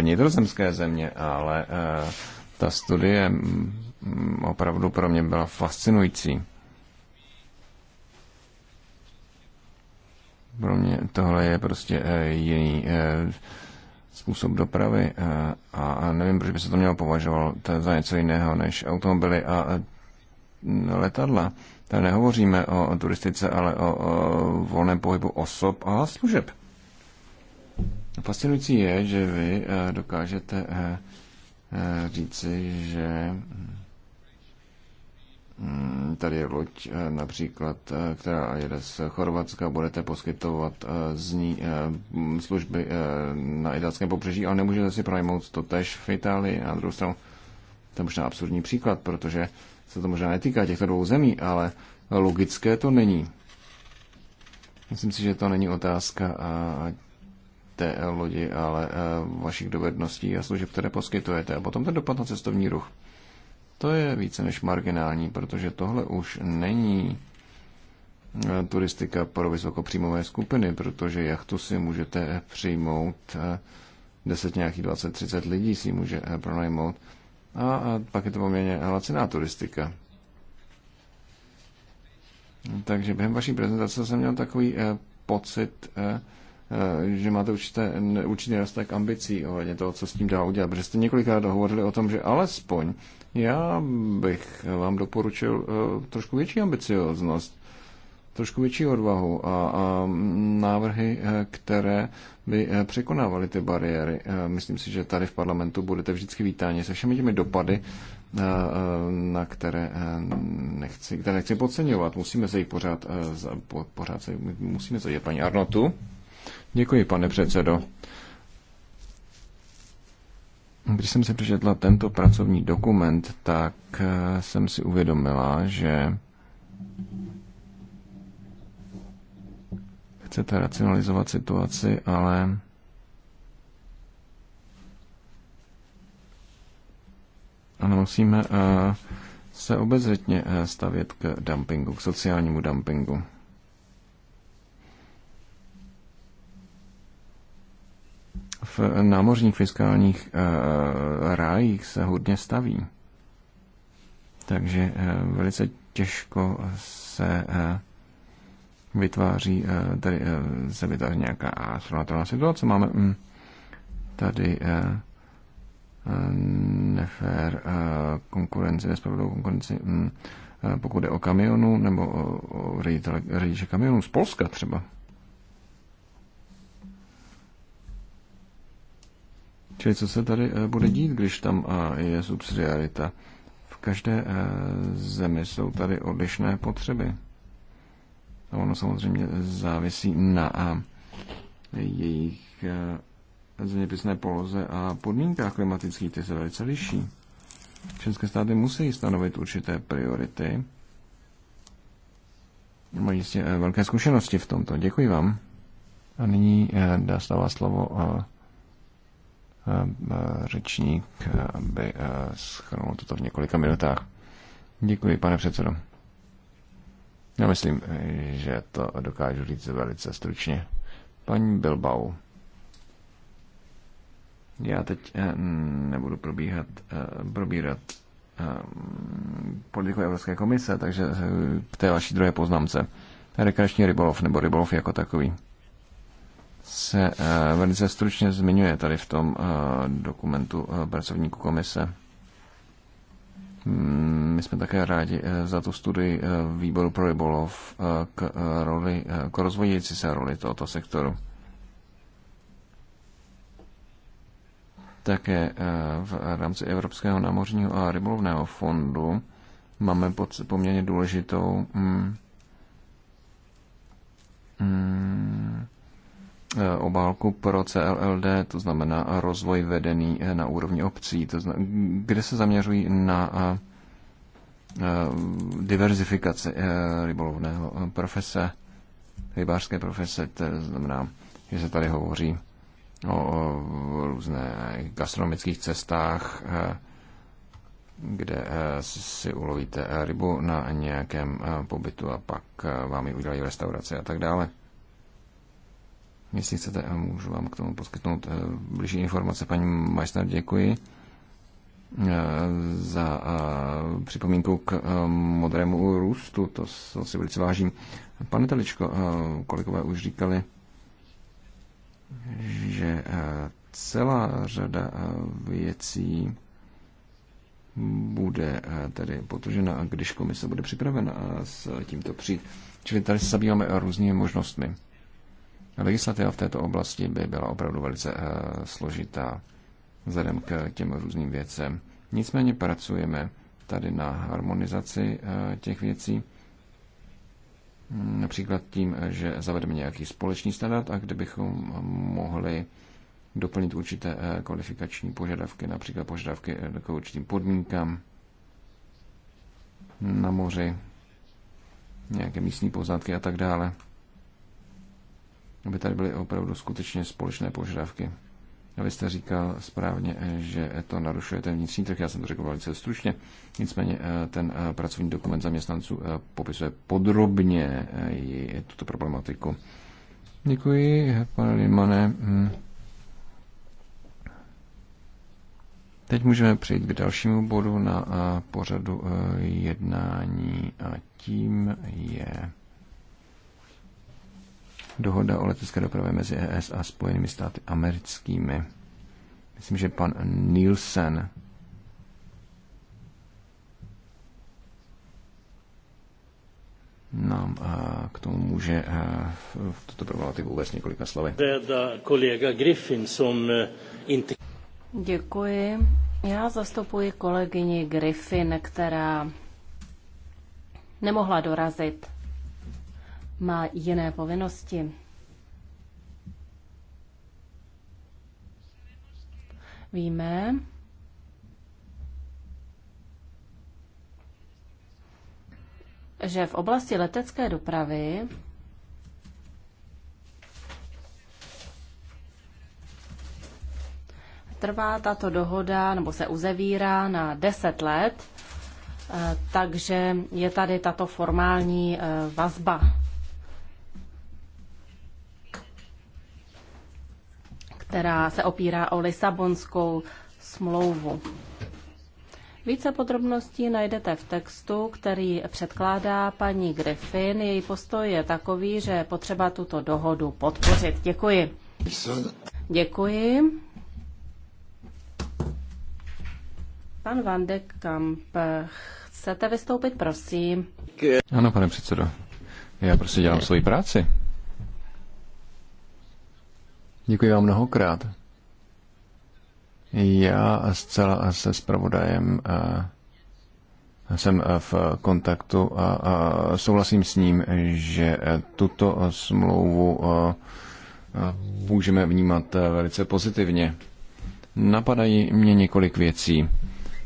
vnitrozemské země, ale eh, ta studie mm, mm, opravdu pro mě byla fascinující. Pro mě tohle je prostě eh, jiný způsob dopravy a nevím, proč by se to mělo považovat za něco jiného než automobily a letadla. Tady nehovoříme o turistice, ale o, o volném pohybu osob a služeb. Fascinující je, že vy eh, dokážete eh, eh, říci, že mm, tady je loď například, která jede z Chorvatska, budete poskytovat z ní služby na italském pobřeží, ale nemůžete si pronajmout to tež v Itálii. Na druhou stranu, to je možná absurdní příklad, protože se to možná netýká těchto dvou zemí, ale logické to není. Myslím si, že to není otázka té lodi, ale vašich dovedností a služeb, které poskytujete. A potom ten dopad na cestovní ruch. To je více než marginální, protože tohle už není turistika pro vysokopříjmové skupiny, protože jachtu si můžete přijmout 10, nějakých 20, 30 lidí si může pronajmout a, a pak je to poměrně laciná turistika. Takže během vaší prezentace jsem měl takový eh, pocit, eh, eh že máte určité, určitý rastek ambicí ohledně toho, co s tím dá udělat. Protože jste několikrát hovorili o tom, že alespoň já bych vám doporučil eh, trošku větší ambicioznost trošku větší odvahu a, a návrhy, eh, které by eh, překonávaly ty bariéry. Eh, myslím si, že tady v parlamentu budete vždycky vítáni se všemi těmi dopady, na které nechci, které nechci podceňovat. Musíme se jí pořád, pořád se, musíme se jí, paní Arnotu. Děkuji, pane předsedo. Když jsem si přečetla tento pracovní dokument, tak jsem si uvědomila, že chcete racionalizovat situaci, ale ano, musíme eh, se obezřetně eh, stavět k dumpingu, k sociálnímu dumpingu. v námořních fiskálních uh, rájích se hodně staví. Takže uh, velice těžko se uh, vytváří, eh, tady eh, se vytváří nějaká srovnatelná situace. Máme mm, tady eh, nefér konkurenci, nespravedlivou konkurenci, mm, pokud jde o kamionu nebo o ředitele, řidiče kamionů z Polska třeba. Čili co se tady bude dít, když tam je subsidiarita? V každé zemi jsou tady odlišné potřeby. A Ono samozřejmě závisí na jejich zeměpisné poloze a podmínkách klimatických, ty se velice liší. České státy musí stanovit určité priority. Mají jistě e, velké zkušenosti v tomto. Děkuji vám. A nyní e, dostává slovo e, řečník, aby schrnul toto v několika minutách. Děkuji, pane předsedo. Já myslím, že to dokážu říct velice stručně. Paní Bilbao, já teď eh, nebudu probíhat, eh, probírat eh, politiku Evropské komise, takže k té vaší druhé poznámce. Rekreační rybolov nebo rybolov jako takový se velice stručně zmiňuje tady v tom dokumentu pracovníku komise. My jsme také rádi eh, za tu studii eh, výboru pro rybolov eh, k, roli, k rozvojící se roli tohoto sektoru. Také v rámci Evropského námořního a rybolovného fondu máme pod poměrně důležitou mm, mm, Eh, obálku pro CLLD, to znamená rozvoj vedený eh, na úrovni obcí, to znamená, kde se zaměřují na eh, diverzifikaci rybolovného profese, rybářské profese, to znamená, že se tady hovoří o různých gastronomických cestách, kde si ulovíte rybu na nějakém pobytu a pak vám ji udělají restaurace a tak dále. Jestli chcete, můžu vám k tomu poskytnout eh, blížší informace. Paní Majsner, děkuji eh, za eh, připomínku k modrému růstu. To si velice vážím. Pane Teličko, kolegové už říkali, že celá řada věcí bude tedy potržena, když komise bude připravena s tímto přijít. Čili tady se zabýváme různými možnostmi. Legislativa v této oblasti by byla opravdu velice eh, složitá vzhledem k eh, těm různým věcem. Nicméně pracujeme tady na harmonizaci eh, těch věcí, mm, například tím, že zavedeme nějaký společný standard a kdybychom mohli doplnit určité kvalifikační požadavky, například požadavky k určitým podmínkám na moři, nějaké místní poznatky a tak dále aby tady byly opravdu skutečně společné požadavky. A vy jste říkal správně, že to narušuje ten vnitřní trh, já jsem to řekl velice stručně. Nicméně eh, ten eh, pracovní dokument zaměstnanců eh, popisuje podrobně tuto problematiku. Děkuji, pane Limane. Hmm. Teď můžeme přejít k dalšímu bodu na pořadu jednání a tím je dohoda o letecké dopravě mezi ES a Spojenými státy americkými. Myslím, že pan Nielsen nám eh, k tomu může eh, v tuto problematiku uvést několika slovy. Eh, Děkuji. Já zastupuji kolegyni Griffin, která nemohla dorazit má jiné povinnosti. Víme, že v oblasti letecké dopravy trvá tato dohoda nebo se uzevírá na 10 let, eh, takže je tady tato formální eh, vazba která se opírá o Lisabonskou smlouvu. Více podrobností najdete v textu, který předkládá paní Griffin. Její postoj je takový, že je potřeba tuto dohodu podpořit. Děkuji. Děkuji. Pan Van de Kamp, chcete vystoupit, prosím? Ano, pane předsedo. Já prostě dělám svoji práci. Děkuji vám mnohokrát. Já zcela se zpravodajem eh, jsem eh, v kontaktu a souhlasím s ním, že eh, tuto smlouvu můžeme vnímat velice pozitivně. Napadají mě několik věcí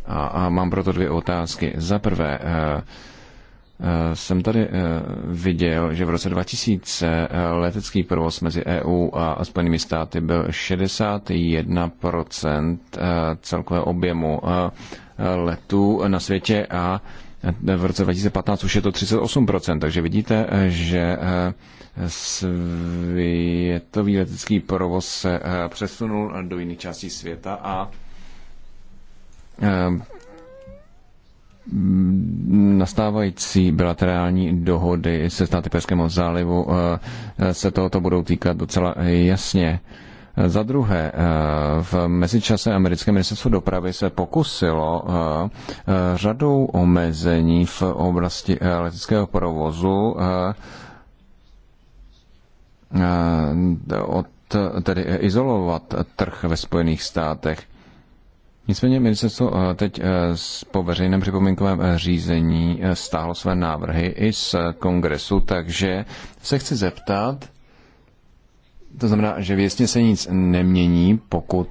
a mám proto dvě otázky. Za prvé, Eh, jsem tady eh, viděl, že v roce 2000 eh, letecký provoz mezi EU a Spojenými státy byl 61% celkového objemu letů na světě a v roce 2015 už je to 38%, takže vidíte, že světový letecký provoz se přesunul do jiných částí světa a Mm, nastávající bilaterální dohody se státy Perského zálivu eh, se tohoto budou týkat docela jasně. Eh, za druhé, eh, v mezičase americké ministerstvo dopravy se pokusilo řadou omezení v oblasti leteckého provozu od, tedy izolovat trh ve Spojených státech. Nicméně ministerstvo eh, teď eh, po veřejném připomínkovém eh, řízení stáhlo své návrhy i z kongresu, takže se chci zeptat, to znamená, že věcně se nic nemění, pokud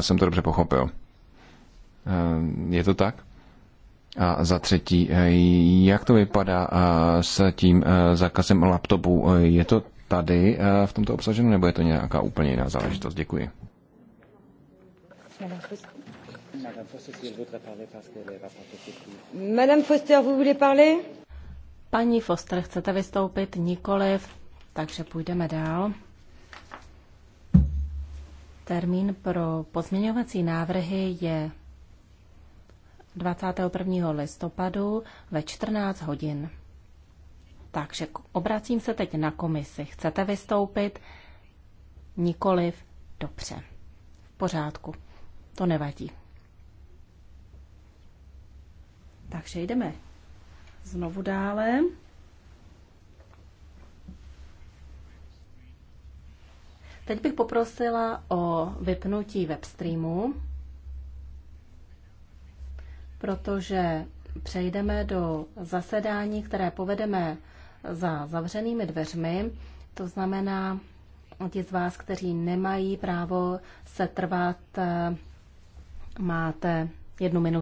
jsem to dobře pochopil. Je to tak? A za třetí, jak to vypadá s tím zákazem laptopů? Je to tady v tomto obsaženo, nebo je to nějaká úplně jiná záležitost? Děkuji. Madame Foster, vous voulez parler? Paní Foster, chcete vystoupit? Nikoliv, takže půjdeme dál. Termín pro pozměňovací návrhy je 21. listopadu ve 14 hodin. Takže obracím se teď na komisi. Chcete vystoupit? Nikoliv? Dobře. V pořádku. To nevadí. Takže jdeme znovu dále. Teď bych poprosila o vypnutí webstreamu, protože přejdeme do zasedání, které povedeme za zavřenými dveřmi. To znamená, ti z vás, kteří nemají právo se trvat, máte jednu minutu.